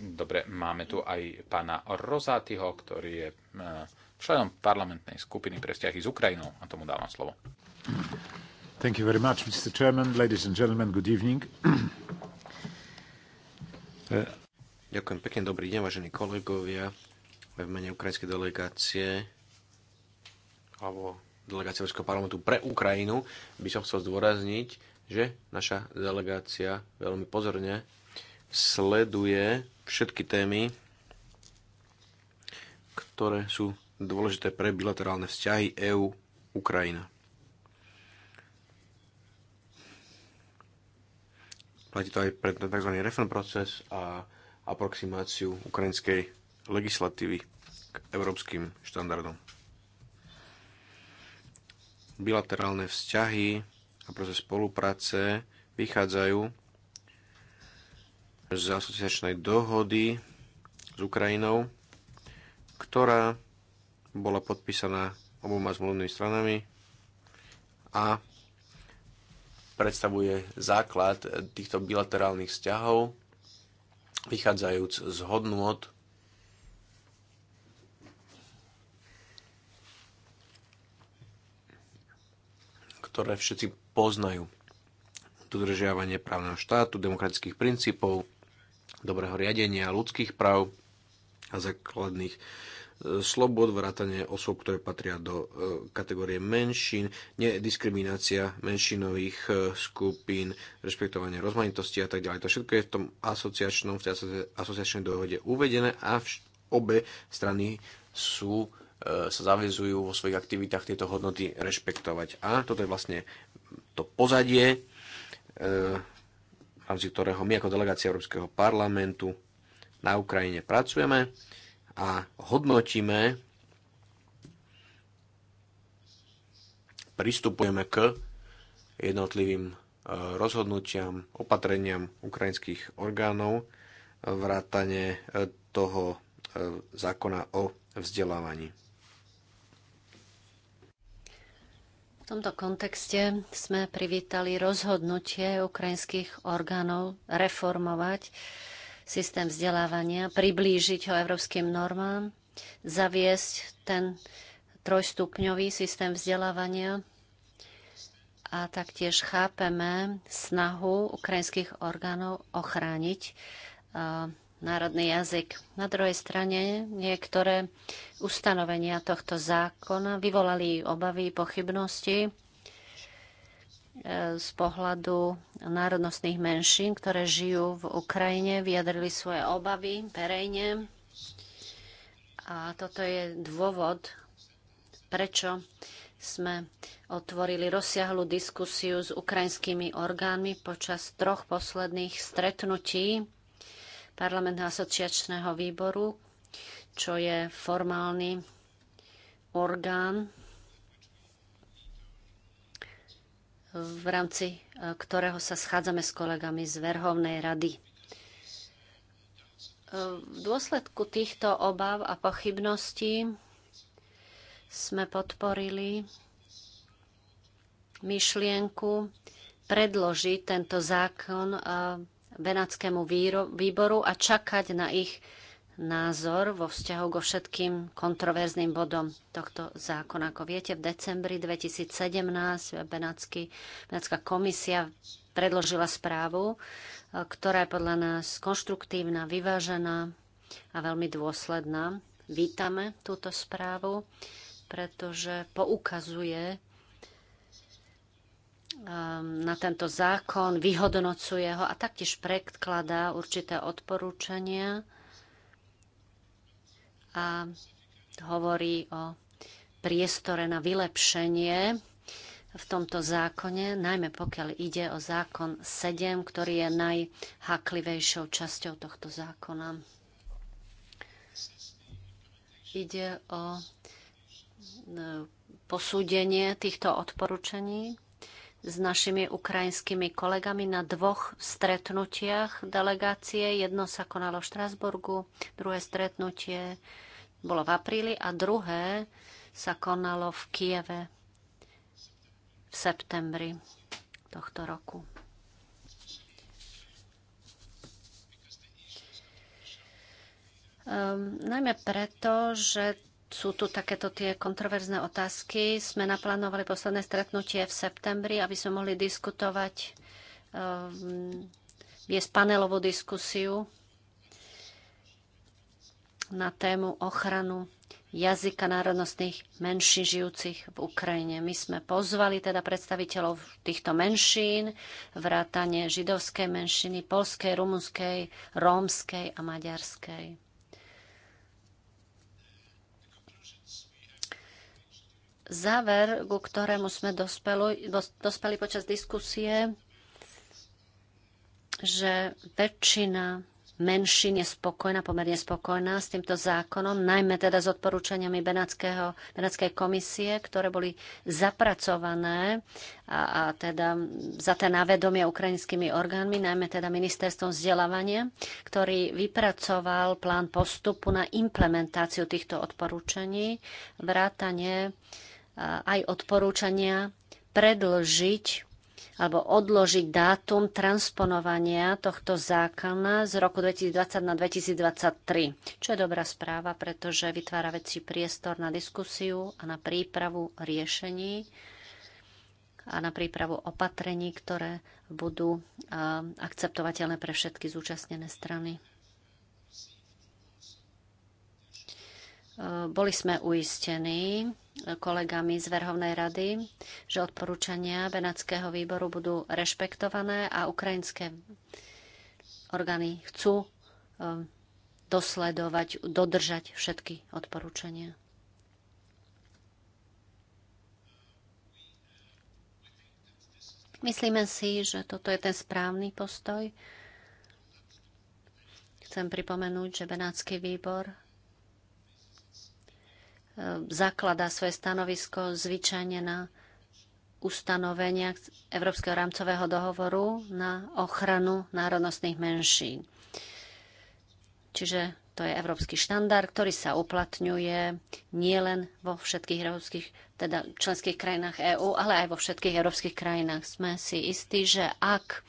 Dobre, máme tu aj pána Rozátyho, ktorý je e, členom parlamentnej skupiny pre vzťahy s Ukrajinou a tomu dávam slovo. Thank you very much, Mr. Chairman, ladies and gentlemen, good evening. Ďakujem pekne, dobrý deň, vážení kolegovia. V mene ukrajinskej delegácie alebo delegácie Európskeho parlamentu pre Ukrajinu by som chcel zdôrazniť, že naša delegácia veľmi pozorne sleduje všetky témy, ktoré sú dôležité pre bilaterálne vzťahy EÚ-Ukrajina. Platí to aj pre ten tzv. reform proces a aproximáciu ukrajinskej legislatívy k európskym štandardom. Bilaterálne vzťahy a proces spolupráce vychádzajú z asociačnej dohody s Ukrajinou, ktorá bola podpísaná oboma zmluvnými stranami a predstavuje základ týchto bilaterálnych vzťahov, vychádzajúc z hodnôt ktoré všetci poznajú. Dodržiavanie právneho štátu, demokratických princípov, dobrého riadenia, ľudských práv a základných slobod, vrátanie osôb, ktoré patria do e, kategórie menšín, nediskriminácia menšinových e, skupín, rešpektovanie rozmanitosti a tak ďalej. To všetko je v tom asociačnom, v tej asociačnej dohode uvedené a obe strany sú e, sa zavezujú vo svojich aktivitách tieto hodnoty rešpektovať. A toto je vlastne to pozadie, v rámci ktorého my ako delegácia Európskeho parlamentu na Ukrajine pracujeme a hodnotíme, pristupujeme k jednotlivým e, rozhodnutiam, opatreniam ukrajinských orgánov, vrátane e, toho e, zákona o vzdelávaní. V tomto kontexte sme privítali rozhodnutie ukrajinských orgánov reformovať systém vzdelávania, priblížiť ho európskym normám, zaviesť ten trojstupňový systém vzdelávania a taktiež chápeme snahu ukrajinských orgánov ochrániť národný jazyk. Na druhej strane niektoré ustanovenia tohto zákona vyvolali obavy, pochybnosti E, z pohľadu národnostných menšín, ktoré žijú v Ukrajine, vyjadrili svoje obavy verejne. A toto je dôvod, prečo sme otvorili rozsiahlu diskusiu s ukrajinskými orgánmi počas troch posledných stretnutí parlamentného asociačného výboru, čo je formálny orgán v rámci e, ktorého sa schádzame s kolegami z Verhovnej rady. E, v dôsledku týchto obav a pochybností sme podporili myšlienku predložiť tento zákon e, Benátskému výboru a čakať na ich názor vo vzťahu ko všetkým kontroverzným bodom tohto zákona. Ako viete, v decembri 2017 Benátska komisia predložila správu, e, ktorá je podľa nás konštruktívna, vyvážená a veľmi dôsledná. Vítame túto správu, pretože poukazuje e, na tento zákon, vyhodnocuje ho a taktiež predkladá určité odporúčania a hovorí o priestore na vylepšenie v tomto zákone, najmä pokiaľ ide o zákon 7, ktorý je najhaklivejšou časťou tohto zákona. Ide o e, posúdenie týchto odporúčaní s našimi ukrajinskými kolegami na dvoch stretnutiach delegácie. Jedno sa konalo v Štrasburgu, druhé stretnutie bolo v apríli a druhé sa konalo v Kieve v septembri tohto roku. Um, najmä preto, že sú tu takéto tie kontroverzné otázky. Sme naplánovali posledné stretnutie v septembri, aby sme mohli diskutovať, ehm, viesť panelovú diskusiu na tému ochranu jazyka národnostných menší žijúcich v Ukrajine. My sme pozvali teda predstaviteľov týchto menšín, vrátane židovskej menšiny, polskej, rumunskej, rómskej a maďarskej. záver, ku ktorému sme dospeli, dospeli počas diskusie, že väčšina menšín je spokojná, pomerne spokojná s týmto zákonom, najmä teda s odporúčaniami Benátskej komisie, ktoré boli zapracované a, a teda za ten návedomie ukrajinskými orgánmi, najmä teda ministerstvom vzdelávania, ktorý vypracoval plán postupu na implementáciu týchto odporúčaní, vrátanie aj odporúčania predlžiť alebo odložiť dátum transponovania tohto zákona z roku 2020 na 2023, čo je dobrá správa, pretože vytvára väčší priestor na diskusiu a na prípravu riešení a na prípravu opatrení, ktoré budú akceptovateľné pre všetky zúčastnené strany. Boli sme uistení kolegami z Verhovnej rady, že odporúčania Benátskeho výboru budú rešpektované a ukrajinské orgány chcú um, dosledovať, dodržať všetky odporúčania. Myslíme si, že toto je ten správny postoj. Chcem pripomenúť, že Benátsky výbor zakladá svoje stanovisko zvyčajne na ustanovenia Európskeho rámcového dohovoru na ochranu národnostných menší. Čiže to je európsky štandard, ktorý sa uplatňuje nielen vo všetkých európskych, teda členských krajinách EÚ, ale aj vo všetkých európskych krajinách. Sme si istí, že ak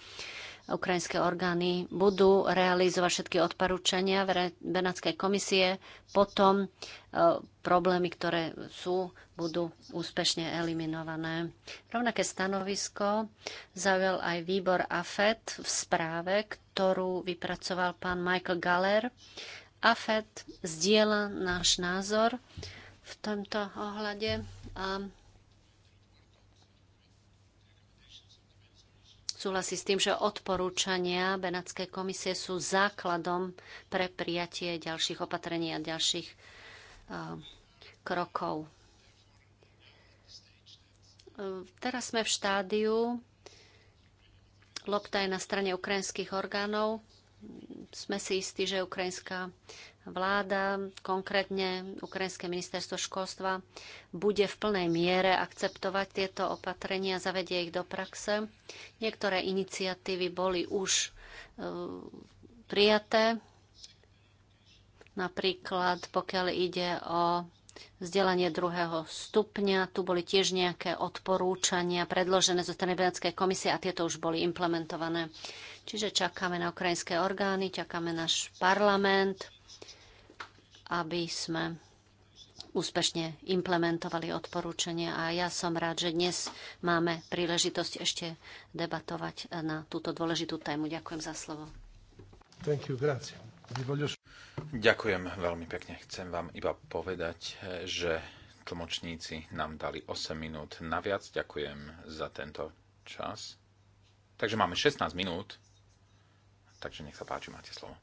ukrajinské orgány budú realizovať všetky odporúčania Benátskej komisie, potom e, problémy, ktoré sú, budú úspešne eliminované. Rovnaké stanovisko zaujal aj výbor AFET v správe, ktorú vypracoval pán Michael Galler. AFET zdieľa náš názor v tomto ohľade a súhlasí s tým, že odporúčania Benátskej komisie sú základom pre prijatie ďalších opatrení a ďalších eh, krokov. Eh, teraz sme v štádiu, lopta je na strane ukrajinských orgánov. Sme si istí, že ukrajinská vláda, konkrétne Ukrajinské ministerstvo školstva, bude v plnej miere akceptovať tieto opatrenia, a zavedie ich do praxe. Niektoré iniciatívy boli už e, prijaté, napríklad pokiaľ ide o vzdelanie druhého stupňa. Tu boli tiež nejaké odporúčania predložené zo strany Benátskej komisie a tieto už boli implementované. Čiže čakáme na ukrajinské orgány, čakáme náš parlament aby sme úspešne implementovali odporúčania a ja som rád, že dnes máme príležitosť ešte debatovať na túto dôležitú tému. Ďakujem za slovo. Thank you, Ďakujem veľmi pekne. Chcem vám iba povedať, že tlmočníci nám dali 8 minút naviac. Ďakujem za tento čas. Takže máme 16 minút. Takže nech sa páči, máte slovo.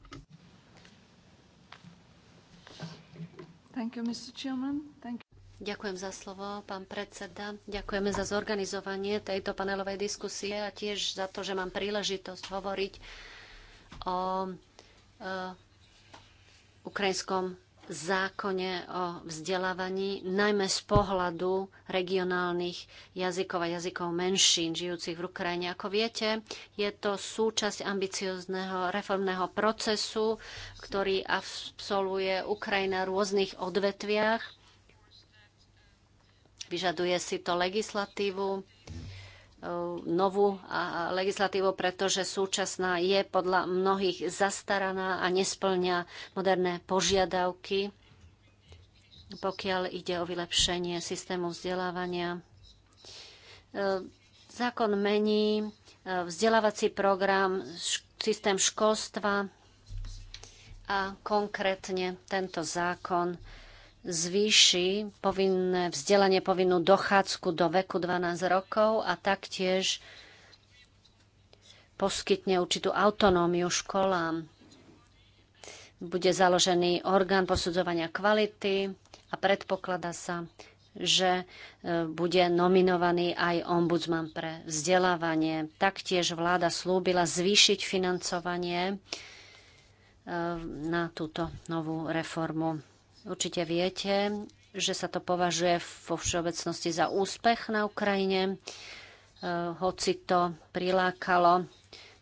Thank you, Mr. Chairman. Thank you. Ďakujem za slovo, pán predseda. Ďakujeme za zorganizovanie tejto panelovej diskusie a tiež za to, že mám príležitosť hovoriť o e, ukrajinskom zákone o vzdelávaní, najmä z pohľadu regionálnych jazykov a jazykov menšín žijúcich v Ukrajine. Ako viete, je to súčasť ambiciozného reformného procesu, ktorý absolvuje Ukrajina v rôznych odvetviach. Vyžaduje si to legislatívu, Eh, novú legislatívu, pretože súčasná je podľa mnohých zastaraná a nesplňa moderné požiadavky, pokiaľ ide o vylepšenie systému vzdelávania. Eh, zákon mení eh, vzdelávací program, systém školstva a konkrétne tento zákon zvýši povinné vzdelanie, povinnú dochádzku do veku 12 rokov a taktiež poskytne určitú autonómiu školám. Bude založený orgán posudzovania kvality a predpoklada sa, že e, bude nominovaný aj ombudsman pre vzdelávanie. Taktiež vláda slúbila zvýšiť financovanie e, na túto novú reformu Určite viete, že sa to považuje vo všeobecnosti za úspech na Ukrajine, eh, hoci to prilákalo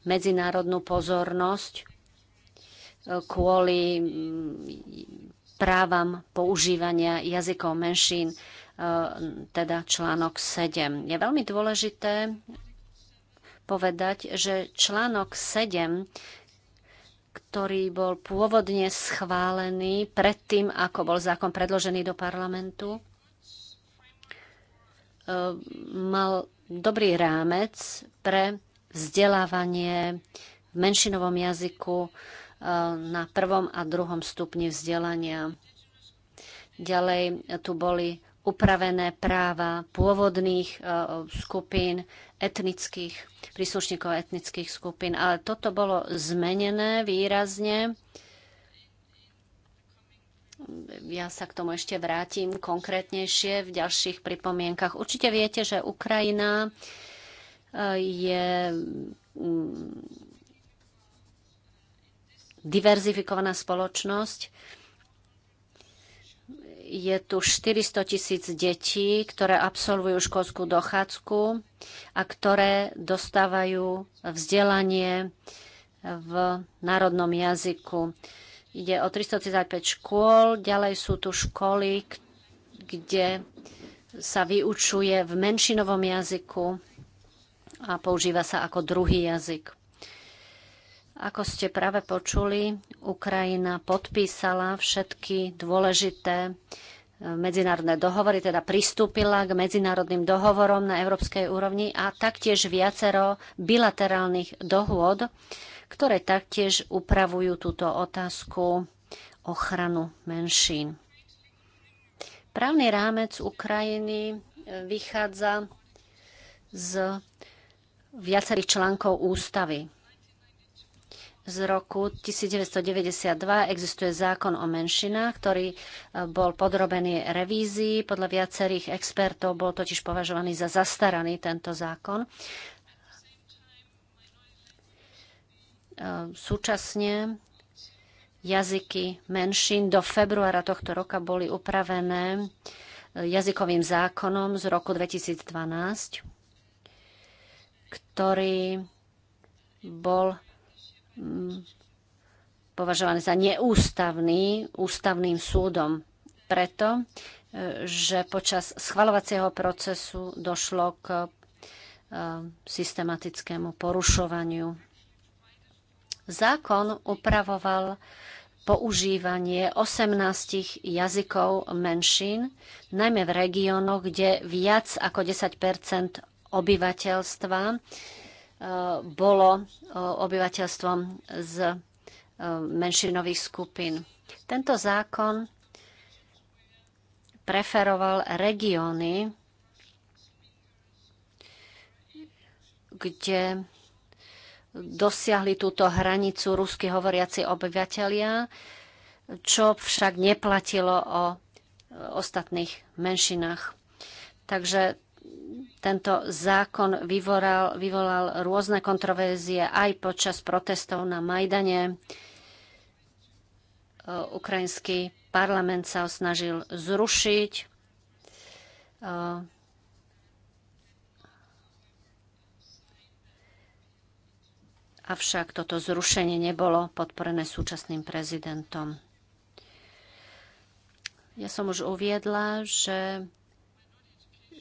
medzinárodnú pozornosť eh, kvôli mm, právam používania jazykov menšín, eh, teda článok 7. Je veľmi dôležité povedať, že článok 7, ktorý bol pôvodne schválený predtým, ako bol zákon predložený do parlamentu, e, mal dobrý rámec pre vzdelávanie v menšinovom jazyku e, na prvom a druhom stupni vzdelania. Ďalej tu boli upravené práva pôvodných e, skupín, etnických, príslušníkov etnických skupín. Ale toto bolo zmenené výrazne. Ja sa k tomu ešte vrátim konkrétnejšie v ďalších pripomienkach. Určite viete, že Ukrajina e, je mm, diverzifikovaná spoločnosť je tu 400 tisíc detí, ktoré absolvujú školskú dochádzku a ktoré dostávajú vzdelanie v národnom jazyku. Ide o 335 škôl, ďalej sú tu školy, kde sa vyučuje v menšinovom jazyku a používa sa ako druhý jazyk. Ako ste práve počuli, Ukrajina podpísala všetky dôležité e, medzinárodné dohovory, teda pristúpila k medzinárodným dohovorom na európskej úrovni a taktiež viacero bilaterálnych dohôd, ktoré taktiež upravujú túto otázku ochranu menšín. Právny rámec Ukrajiny e, vychádza z viacerých článkov ústavy z roku 1992 existuje zákon o menšinách, ktorý e, bol podrobený revízii. Podľa viacerých expertov bol totiž považovaný za zastaraný tento zákon. E, súčasne jazyky menšín do februára tohto roka boli upravené e, jazykovým zákonom z roku 2012, ktorý bol Mm. považovaný za neústavný ústavným súdom. Preto, e, že počas schvalovacieho procesu došlo k e, systematickému porušovaniu. Zákon upravoval používanie 18 jazykov menšín, najmä v regiónoch, kde viac ako 10 obyvateľstva bolo obyvateľstvom z menšinových skupín. Tento zákon preferoval regióny, kde dosiahli túto hranicu rusky hovoriaci obyvateľia, čo však neplatilo o ostatných menšinách. Takže tento zákon vyvolal, vyvolal rôzne kontroverzie aj počas protestov na Majdane. E, ukrajinský parlament sa snažil zrušiť. E, avšak toto zrušenie nebolo podporené súčasným prezidentom. Ja som už uviedla, že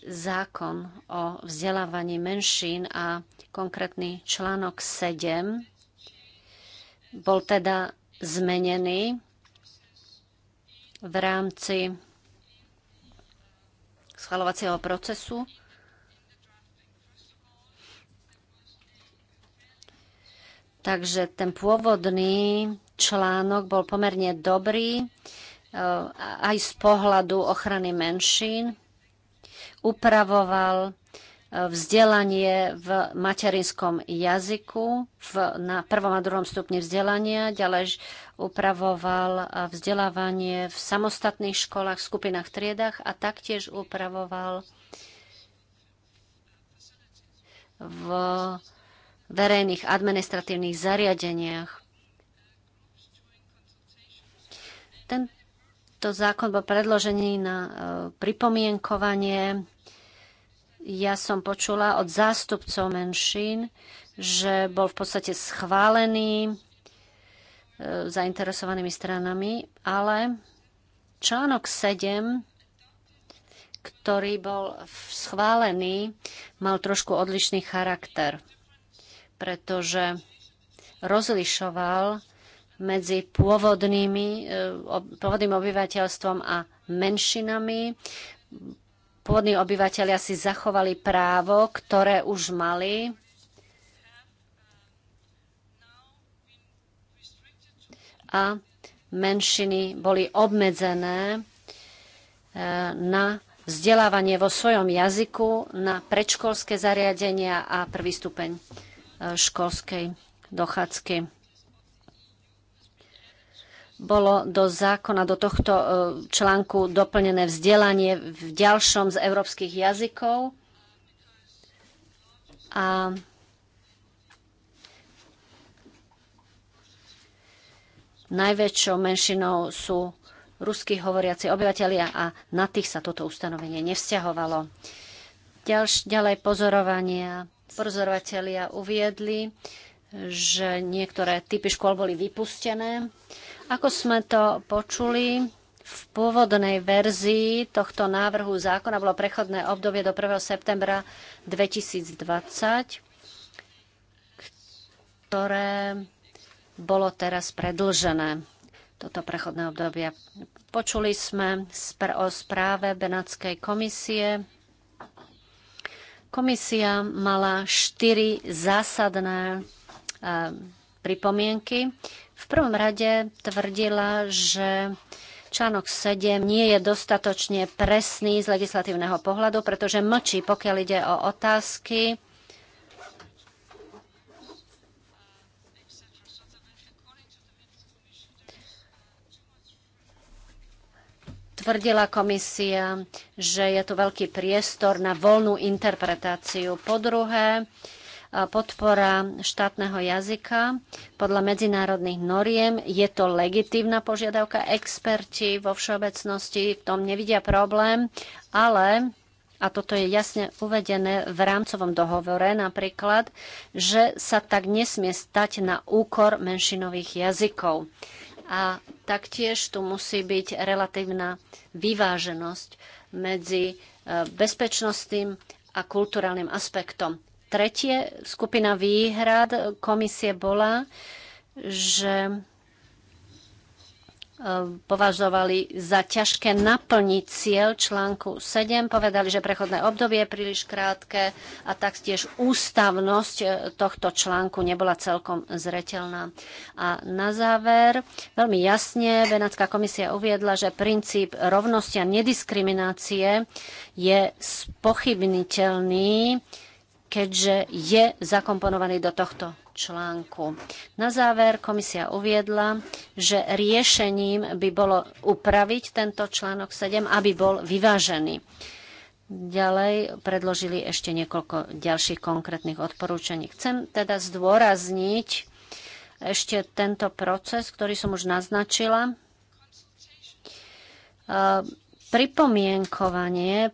zákon o vzdelávaní menšín a konkrétny článok 7 bol teda zmenený v rámci schvalovacieho procesu. Takže ten pôvodný článok bol pomerne dobrý eh, aj z pohľadu ochrany menšín upravoval e, vzdelanie v materinskom jazyku v, na prvom a druhom stupni vzdelania, ďalej upravoval e, vzdelávanie v samostatných školách, skupinách, triedach a taktiež upravoval v verejných administratívnych zariadeniach. Tento zákon bol predložený na e, pripomienkovanie ja som počula od zástupcov menšín, že bol v podstate schválený e, zainteresovanými stranami, ale článok 7, ktorý bol schválený, mal trošku odlišný charakter, pretože rozlišoval medzi pôvodnými, e, pôvodným obyvateľstvom a menšinami pôvodní obyvateľia si zachovali právo, ktoré už mali. A menšiny boli obmedzené eh, na vzdelávanie vo svojom jazyku, na predškolské zariadenia a prvý stupeň eh, školskej dochádzky bolo do zákona, do tohto e, článku doplnené vzdelanie v ďalšom z európskych jazykov. A najväčšou menšinou sú ruskí hovoriaci obyvateľia a na tých sa toto ustanovenie nevzťahovalo. Ďalš, ďalej pozorovania, pozorovatelia uviedli, že niektoré typy škôl boli vypustené ako sme to počuli, v pôvodnej verzii tohto návrhu zákona bolo prechodné obdobie do 1. septembra 2020, ktoré bolo teraz predlžené toto prechodné obdobie. Počuli sme o správe Benátskej komisie. Komisia mala štyri zásadné eh, pripomienky. V prvom rade tvrdila, že Článok 7 nie je dostatočne presný z legislatívneho pohľadu, pretože mlčí, pokiaľ ide o otázky, tvrdila komisia, že je tu veľký priestor na voľnú interpretáciu. Po druhé, podpora štátneho jazyka podľa medzinárodných noriem. Je to legitívna požiadavka. Experti vo všeobecnosti v tom nevidia problém, ale a toto je jasne uvedené v rámcovom dohovore napríklad, že sa tak nesmie stať na úkor menšinových jazykov. A taktiež tu musí byť relatívna vyváženosť medzi e, bezpečnostným a kulturálnym aspektom tretie skupina výhrad komisie bola, že e, považovali za ťažké naplniť cieľ článku 7. Povedali, že prechodné obdobie je príliš krátke a taktiež ústavnosť e, tohto článku nebola celkom zretelná. A na záver, veľmi jasne, Benátska komisia uviedla, že princíp rovnosti a nediskriminácie je spochybniteľný keďže je zakomponovaný do tohto článku. Na záver komisia uviedla, že riešením by bolo upraviť tento článok 7, aby bol vyvážený. Ďalej predložili ešte niekoľko ďalších konkrétnych odporúčaní. Chcem teda zdôrazniť ešte tento proces, ktorý som už naznačila. Pripomienkovanie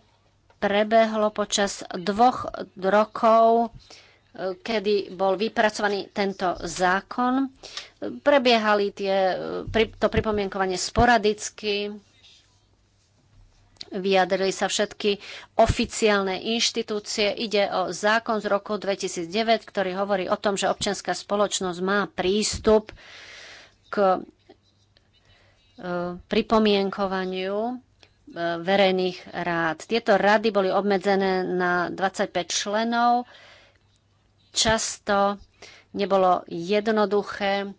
prebehlo počas dvoch rokov, e, kedy bol vypracovaný tento zákon. Prebiehali tie, e, to pripomienkovanie sporadicky, vyjadrili sa všetky oficiálne inštitúcie. Ide o zákon z roku 2009, ktorý hovorí o tom, že občianská spoločnosť má prístup k e, pripomienkovaniu verejných rád. Tieto rady boli obmedzené na 25 členov. Často nebolo jednoduché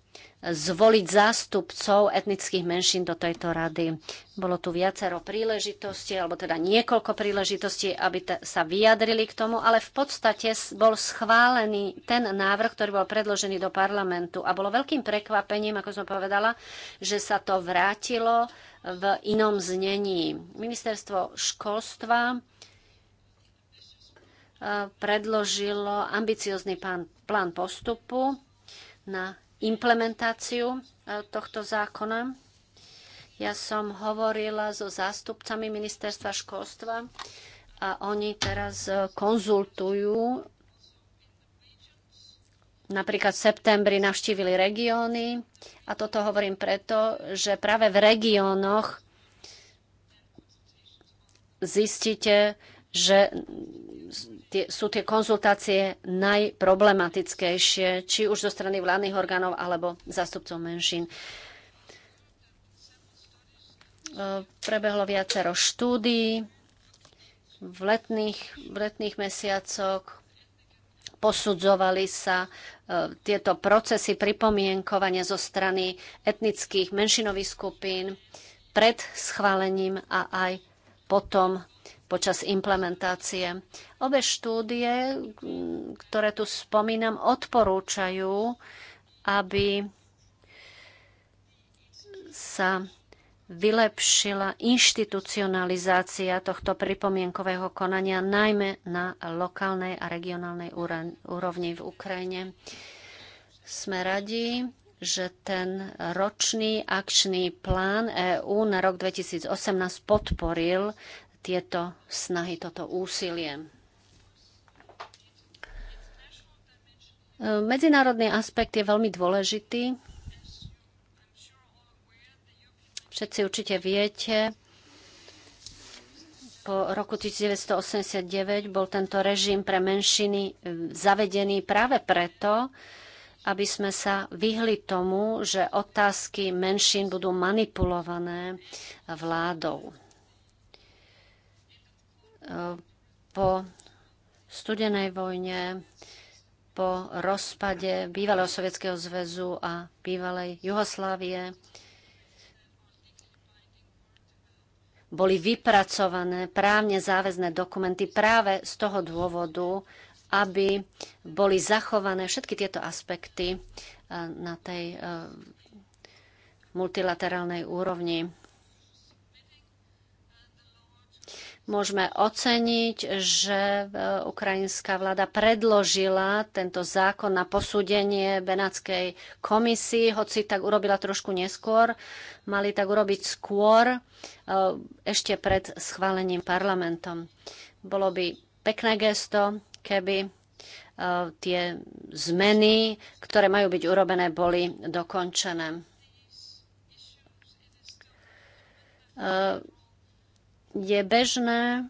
zvoliť zástupcov etnických menšín do tejto rady. Bolo tu viacero príležitostí, alebo teda niekoľko príležitostí, aby sa vyjadrili k tomu, ale v podstate bol schválený ten návrh, ktorý bol predložený do parlamentu. A bolo veľkým prekvapením, ako som povedala, že sa to vrátilo v inom znení. Ministerstvo školstva eh, predložilo ambiciózny plán postupu na implementáciu eh, tohto zákona. Ja som hovorila so zástupcami ministerstva školstva a oni teraz eh, konzultujú napríklad v septembri navštívili regióny. A toto hovorím preto, že práve v regiónoch zistíte, že tie, sú tie konzultácie najproblematickejšie, či už zo strany vládnych orgánov alebo zástupcov menšín. E, prebehlo viacero štúdí v letných, v letných mesiacoch posudzovali sa e, tieto procesy pripomienkovania zo strany etnických menšinových skupín pred schválením a aj potom počas implementácie. Obe štúdie, ktoré tu spomínam, odporúčajú, aby sa vylepšila inštitucionalizácia tohto pripomienkového konania, najmä na lokálnej a regionálnej úrovni v Ukrajine. Sme radi, že ten ročný akčný plán EÚ na rok 2018 podporil tieto snahy, toto úsilie. Medzinárodný aspekt je veľmi dôležitý Všetci určite viete, po roku 1989 bol tento režim pre menšiny e, zavedený práve preto, aby sme sa vyhli tomu, že otázky menšín budú manipulované vládou. E, po studenej vojne, po rozpade bývalého Sovietskeho zväzu a bývalej Juhoslávie boli vypracované právne záväzné dokumenty práve z toho dôvodu, aby boli zachované všetky tieto aspekty eh, na tej eh, multilaterálnej úrovni. môžeme oceniť, že e, ukrajinská vláda predložila tento zákon na posúdenie Benátskej komisii, hoci tak urobila trošku neskôr. Mali tak urobiť skôr, e, ešte pred schválením parlamentom. Bolo by pekné gesto, keby e, tie zmeny, ktoré majú byť urobené, boli dokončené je bežné,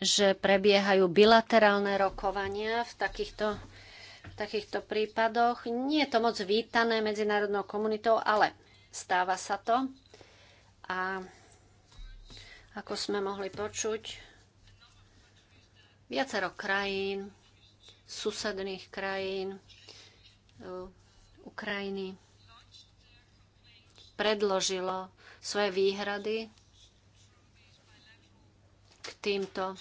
že prebiehajú bilaterálne rokovania v takýchto, v takýchto prípadoch. Nie je to moc vítané medzinárodnou komunitou, ale stáva sa to. A ako sme mohli počuť, viacero krajín, susedných krajín, eh, Ukrajiny predložilo svoje výhrady k týmto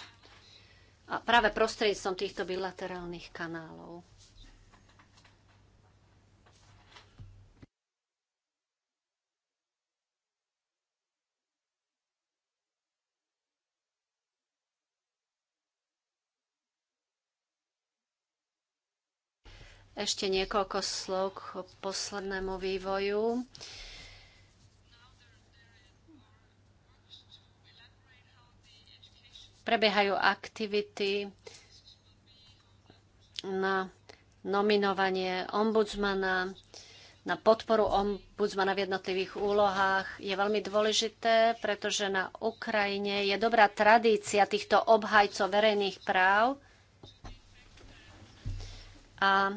a práve prostredníctvom týchto bilaterálnych kanálov. Ešte niekoľko slov k poslednému vývoju. prebiehajú aktivity na nominovanie ombudsmana, na podporu ombudsmana v jednotlivých úlohách je veľmi dôležité, pretože na Ukrajine je dobrá tradícia týchto obhajcov verejných práv. A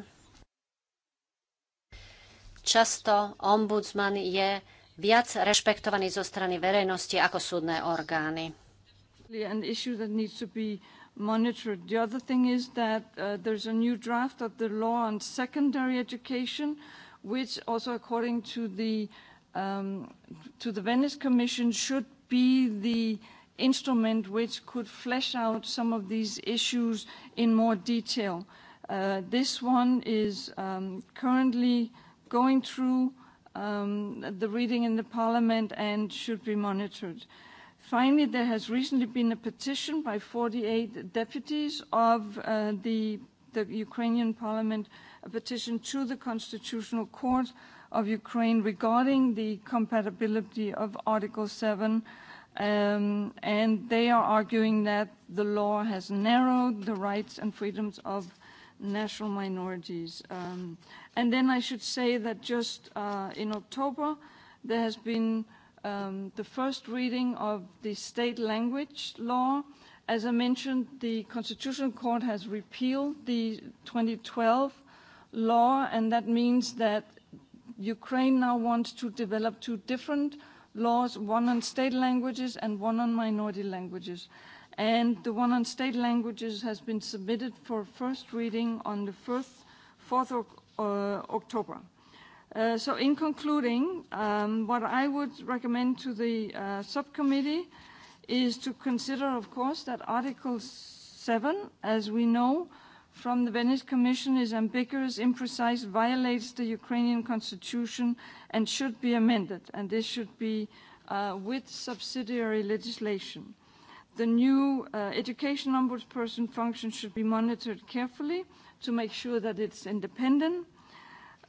často ombudsman je viac rešpektovaný zo strany verejnosti ako súdne orgány. An issue that needs to be monitored. The other thing is that uh, there's a new draft of the law on secondary education, which also according to the, um, to the Venice Commission should be the instrument which could flesh out some of these issues in more detail. Uh, this one is um, currently going through um, the reading in the parliament and should be monitored. Uh, Finally, there has recently been a petition by 48 deputies of uh, the, the Ukrainian parliament, a petition to the Constitutional Court of Ukraine regarding the compatibility of Article 7 um, and they are arguing that the law has narrowed the rights and freedoms of national minorities. Um, and then I should say that just uh, in October, there has been um, the first reading of the state language law. As I mentioned, the Constitutional Court has repealed the 2012 law, and that means that Ukraine now wants to develop two different laws, one on state languages and one on minority languages. And the one on state languages has been submitted for first reading on the 1st, 4th of uh, October. Uh, so in concluding, um, what I would recommend to the uh, subcommittee is to consider, of course, that Article 7, as we know from the Venice Commission, is ambiguous, imprecise, violates the Ukrainian constitution, and should be amended. And this should be uh, with subsidiary legislation. The new uh, education ombudsperson function should be monitored carefully to make sure that it's independent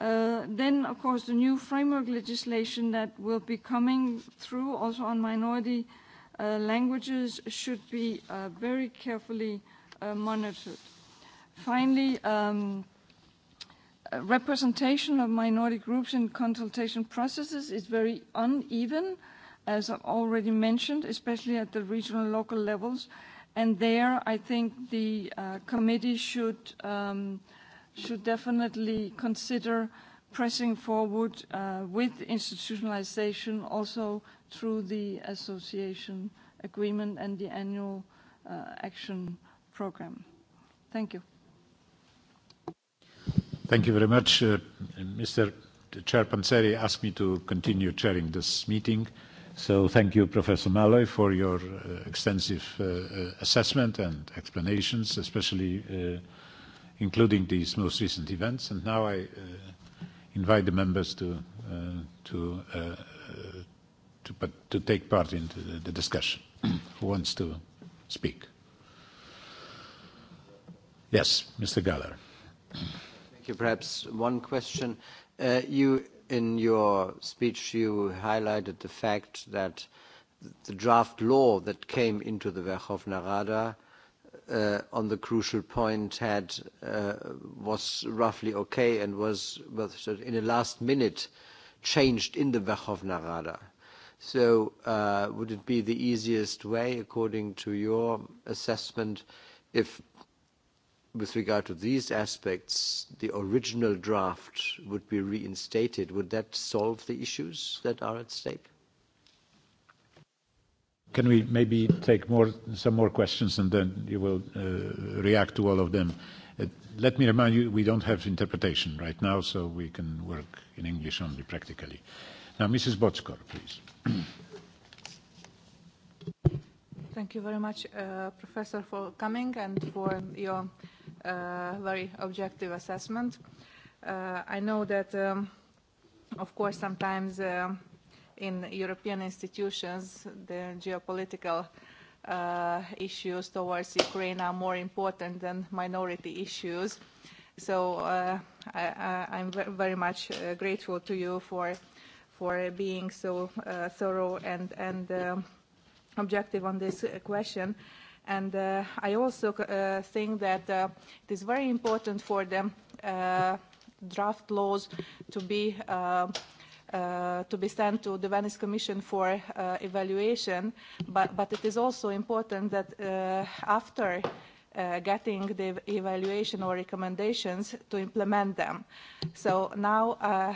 Uh, then, of course, the new framework legislation that will be coming through also on minority uh, languages should be uh, very carefully uh, monitored. Finally, um, uh, representation of minority groups in consultation processes is very uneven, as I've already mentioned, especially at the regional and local levels. And there, I think the uh, committee should um, – should definitely consider pressing forward uh, with institutionalization also through the association agreement and the annual uh, action program. Thank you. Thank you very much. Uh, Mr. Chair Panseri asked me to continue chairing this meeting. So thank you, Professor Malloy, for your uh, extensive uh, uh assessment and explanations, especially uh, including these most recent events. And now I uh, invite the members to, uh, to, uh, uh to, but to take part in the, the discussion. Who wants to speak? Yes, Mr. Galler. Thank you. Perhaps one question. Uh, you, in your speech, you highlighted the fact that the draft law that came into the Verkhovna Rada uh, on the crucial point had uh, was roughly okay and was, was in the last minute changed in the Verkhovna Rada. So uh, would it be the easiest way, according to your assessment, if with regard to these aspects, the original draft would be reinstated? Would that solve the issues that are at stake? Can we maybe take more, some more questions and then you will uh, react to all of them? Uh, let me remind you, we don't have interpretation right now, so we can work in English only practically. Now, Mrs. Botskor, please. Thank you very much, uh, Professor, for coming and for your uh, very objective assessment. Uh, I know that, um, of course, sometimes uh, in European institutions, the geopolitical uh, issues towards Ukraine are more important than minority issues. So uh, I, I, I'm very much uh, grateful to you for, for being so uh, thorough and, and um, objective on this uh, question. And uh, I also uh, think that uh, it is very important for the uh, draft laws to be uh, uh, to be sent to the Venice Commission for uh, evaluation, but, but it is also important that uh, after uh, getting the evaluation or recommendations to implement them. So now uh,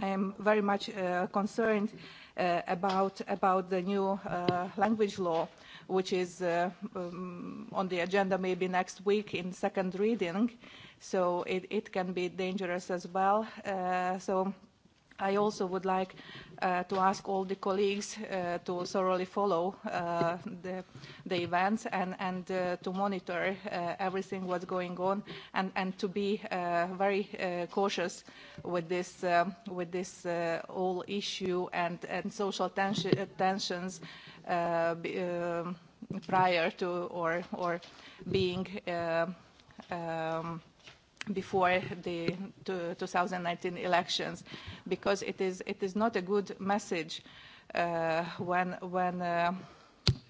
I am very much uh, concerned uh, about, about the new uh, language law, which is uh, um, on the agenda maybe next week in second reading. So it, it can be dangerous as well. Uh, so i also would like uh, to ask all the colleagues uh, to thoroughly follow uh, the, the events and, and uh, to monitor uh, everything what's going on and, and to be uh, very uh, cautious with this, um, with this uh, whole issue and, and social tens uh, tensions uh, b um, prior to or, or being uh, um, before the 2019 elections because it is it is not a good message uh, when when uh,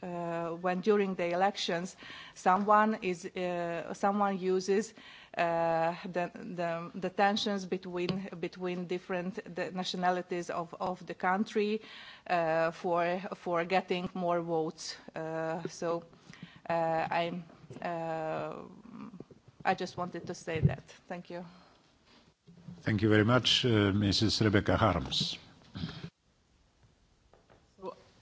uh, when during the elections someone is uh, someone uses uh, the, the the tensions between between different the nationalities of of the country uh, for for getting more votes uh, so uh, i'm uh, i just wanted to say that. Thank you. Thank you very much, uh, Mrs. Rebecca Harms.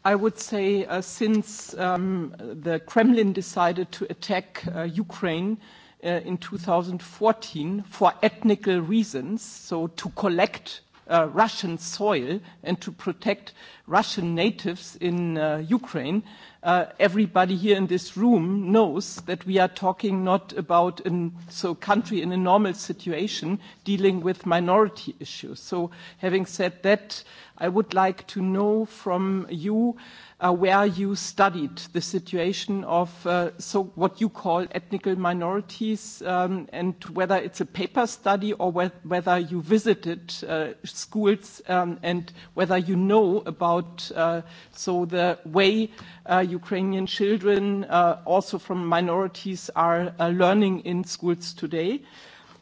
I would say uh, since um, the Kremlin decided to attack uh, Ukraine uh, in 2014 for ethnical reasons, so to collect uh, Russian soil and to protect Russian natives in uh, Ukraine, uh, everybody here in this room knows that we are talking not about a so country in a normal situation dealing with minority issues. So having said that, I would like to know from you uh, where you studied the situation of uh, so what you call ethnical minorities um, and whether it's a paper study or wh whether you visited uh, schools um, and whether you know about about uh, so the way uh, Ukrainian children, uh, also from minorities, are uh, learning in schools today.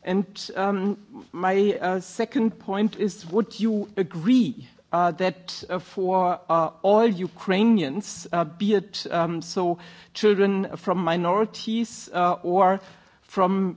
And um, my uh, second point is, would you agree uh, that uh, for uh, all Ukrainians, uh, be it um, so children from minorities uh, or from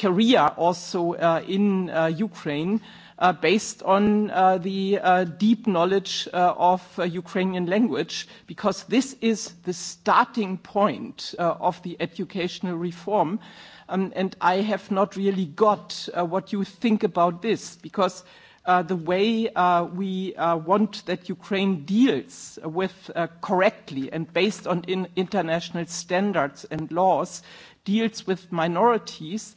career also uh, in uh, Ukraine uh, based on uh, the uh, deep knowledge uh, of uh, Ukrainian language because this is the starting point uh, of the educational reform. Um, and I have not really got uh, what you think about this because uh, the way uh, we uh, want that Ukraine deals with uh, correctly and based on in international standards and laws deals with minorities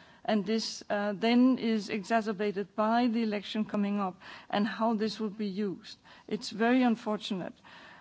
and this uh, then is exacerbated by the election coming up and how this will be used. It's very unfortunate.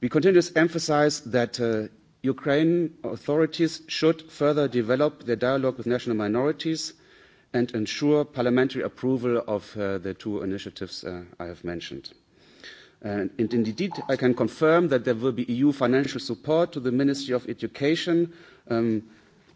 We continue to emphasise that uh, Ukrainian authorities should further develop their dialogue with national minorities and ensure parliamentary approval of uh, the two initiatives uh, I have mentioned. And indeed, I can confirm that there will be EU financial support to the Ministry of Education um,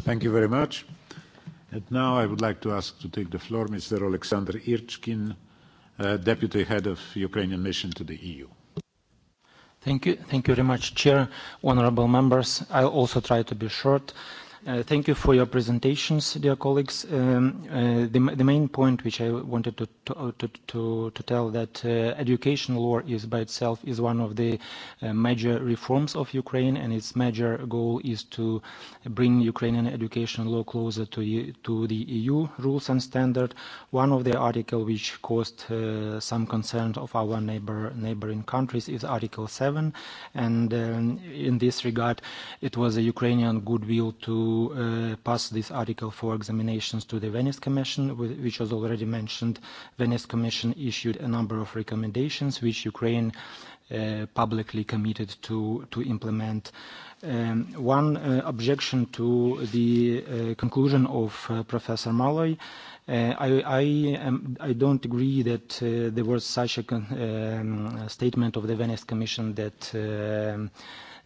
Thank you very much. And now I would like to ask to take the floor Mr. Oleksandr Irchkin, uh, Deputy Head of Ukrainian Mission to the EU. Thank you. Thank you very much, Chair, honorable members. I'll also try to be short. Uh, Uh, thank you for your presentations, dear colleagues. Um, uh, the, main point which I wanted to, uh, tell that education law is by itself is one of the major reforms of Ukraine, and its major goal is to bring Ukrainian education law closer to, the EU rules and standard. One of the article which caused some concern of our neighboring countries is Article 7, um, in this regard, it was a Ukrainian goodwill to uh, pass this article for examinations to the Venice Commission, which was already mentioned. Venice Commission issued a number of recommendations which Ukraine uh, publicly committed to, to implement. Um, one uh, objection to the uh, conclusion of uh, Professor Malloy Uh, I, I, um, I don't agree that uh, there was such a con um, a statement of the Venice Commission that uh,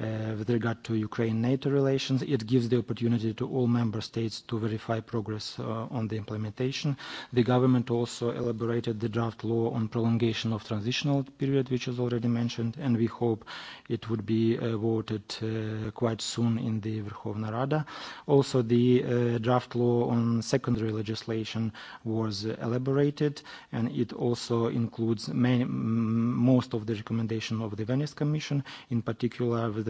Uh, with regard to Ukraine-NATO relations. It gives the opportunity to all member states to verify progress uh, on the implementation. The government also elaborated the draft law on prolongation of transitional period, which is already mentioned, and we hope it would be uh, voted uh, quite soon in the Verkhovna Rada. Also, the uh, draft law on secondary legislation was elaborated, and it also includes many, most of the recommendation of the Venice Commission, in particular with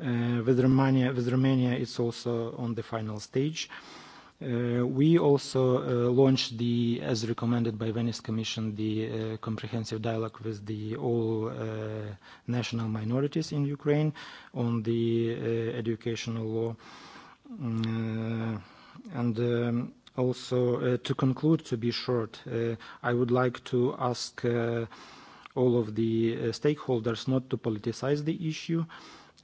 Uh, with Romania, with Romania, it's also on the final stage. Uh, we also uh, launched the, as recommended by Venice Commission, the uh, comprehensive dialogue with the all uh, national minorities in Ukraine on the uh, educational law. Uh, and um, also, uh, to conclude, to be short, uh, I would like to ask uh, all of the uh, stakeholders not to politicize the issue. Uh,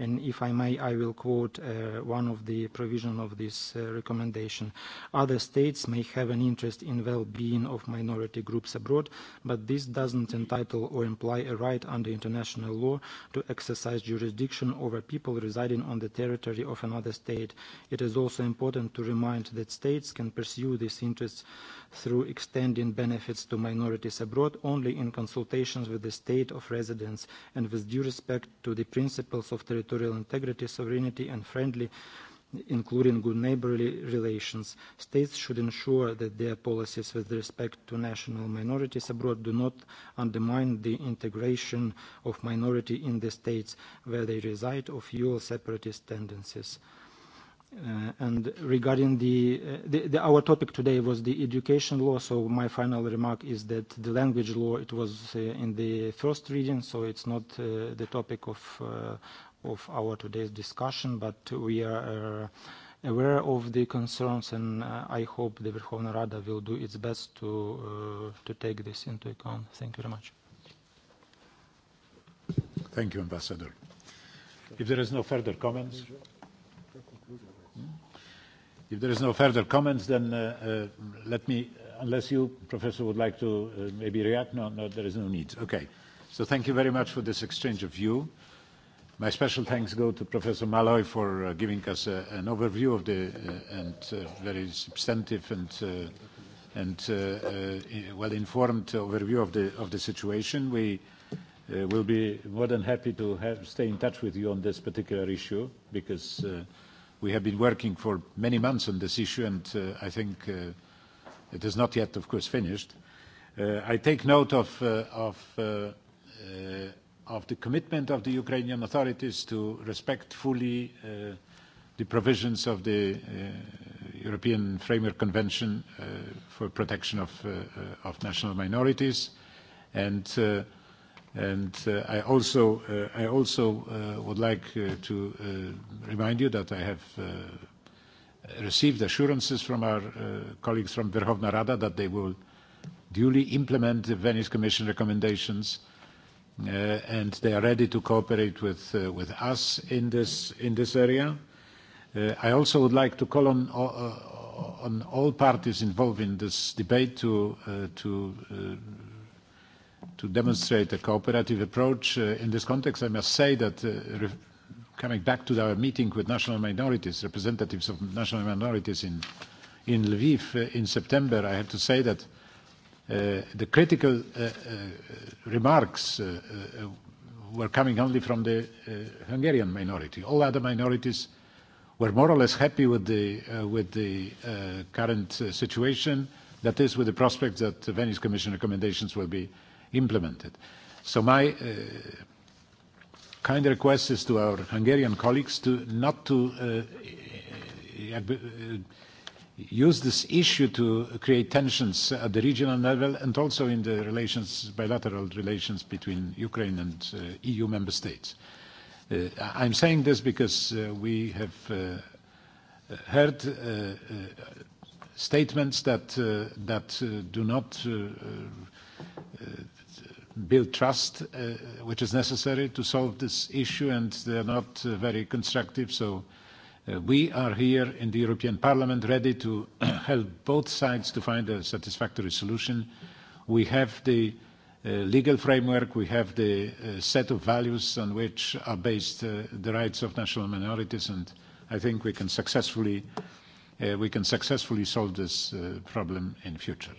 And if I may, I will quote uh, one of the provision of this uh, recommendation. Other states may have an interest in well-being of minority groups abroad, but this doesn't entitle or imply a right under international law to exercise jurisdiction over people residing on the territory of another state. It is also important to remind that states can pursue these interests through extending benefits to minorities abroad only in consultations with the state of residence and with due respect to the principles of territory territorial integrity, sovereignty and friendly including good neighborly relations. States should ensure that their policies with respect to national minorities abroad do not undermine the integration of minority in the states where they reside or fuel separatist tendencies. Uh, and regarding the, uh, the, the, our topic today was the education law, so my final remark is that the language law, it was uh, in the first reading, so it's not uh, the topic of uh, of our today's discussion, but we are uh, aware of the concerns, and uh, I hope the Verkhovna Rada will do its best to, uh, to take this into account. Thank you very much. Thank you, Ambassador. If there is no further comments, if there is no further comments, then uh, uh, let me, unless you, Professor, would like to uh, maybe react. No, no, there is no need. Okay. So thank you very much for this exchange of view. My special thanks go to Professor Malloy for uh, giving us uh, an overview of the uh, and uh, very substantive and uh, and uh, uh, well-informed overview of the of the situation. We uh, will be more than happy to have, stay in touch with you on this particular issue because uh, we have been working for many months on this issue, and uh, I think uh, it is not yet, of course, finished. Uh, I take note of, uh, of uh, uh, of the commitment of the Ukrainian authorities to respect fully uh, the provisions of the uh, European Framework Convention uh, for Protection of, uh, uh, of National Minorities. And, uh, and uh, I also, uh, I also uh, would like uh, to uh, remind you that I have uh, received assurances from our uh, colleagues from Verkhovna Rada that they will duly implement the Venice Commission recommendations uh, and they are ready to cooperate with, uh, with us in this, in this area. Uh, I also would like to call on, uh, uh, on all parties involved in this debate to, uh, to, uh, to demonstrate a cooperative approach. Uh, in this context, I must say that uh, re coming back to our meeting with national minorities, representatives of national minorities in, in Lviv uh, in September, I have to say that Uh, the critical uh, uh, remarks uh, uh, were coming only from the uh, Hungarian minority. All other minorities were more or less happy with the, uh, with the uh, current uh, situation, that is, with the prospect that the Venice Commission recommendations will be implemented. So my uh, kind request is to our Hungarian colleagues to not to uh, uh, use this issue to create tensions at the regional level and also in the relations, bilateral relations between Ukraine and uh, EU member states. Uh, I'm saying this because uh, we have uh, heard uh, uh, statements that, uh, that uh, do not uh, uh, build trust, uh, which is necessary to solve this issue, and they are not uh, very constructive. So Uh, we are here in the European Parliament ready to help both sides to find a satisfactory solution. We have the uh, legal framework, we have the uh, set of values on which are based uh, the rights of national minorities, and I think we can successfully, uh, we can successfully solve this uh, problem in future.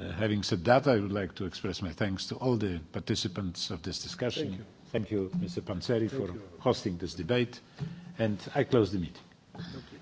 Uh, having said that, I would like to express my thanks to all the participants of this discussion. Thank you Thank you, Mr. Panzeri, for hosting this debate, and I close the meeting. Thank you.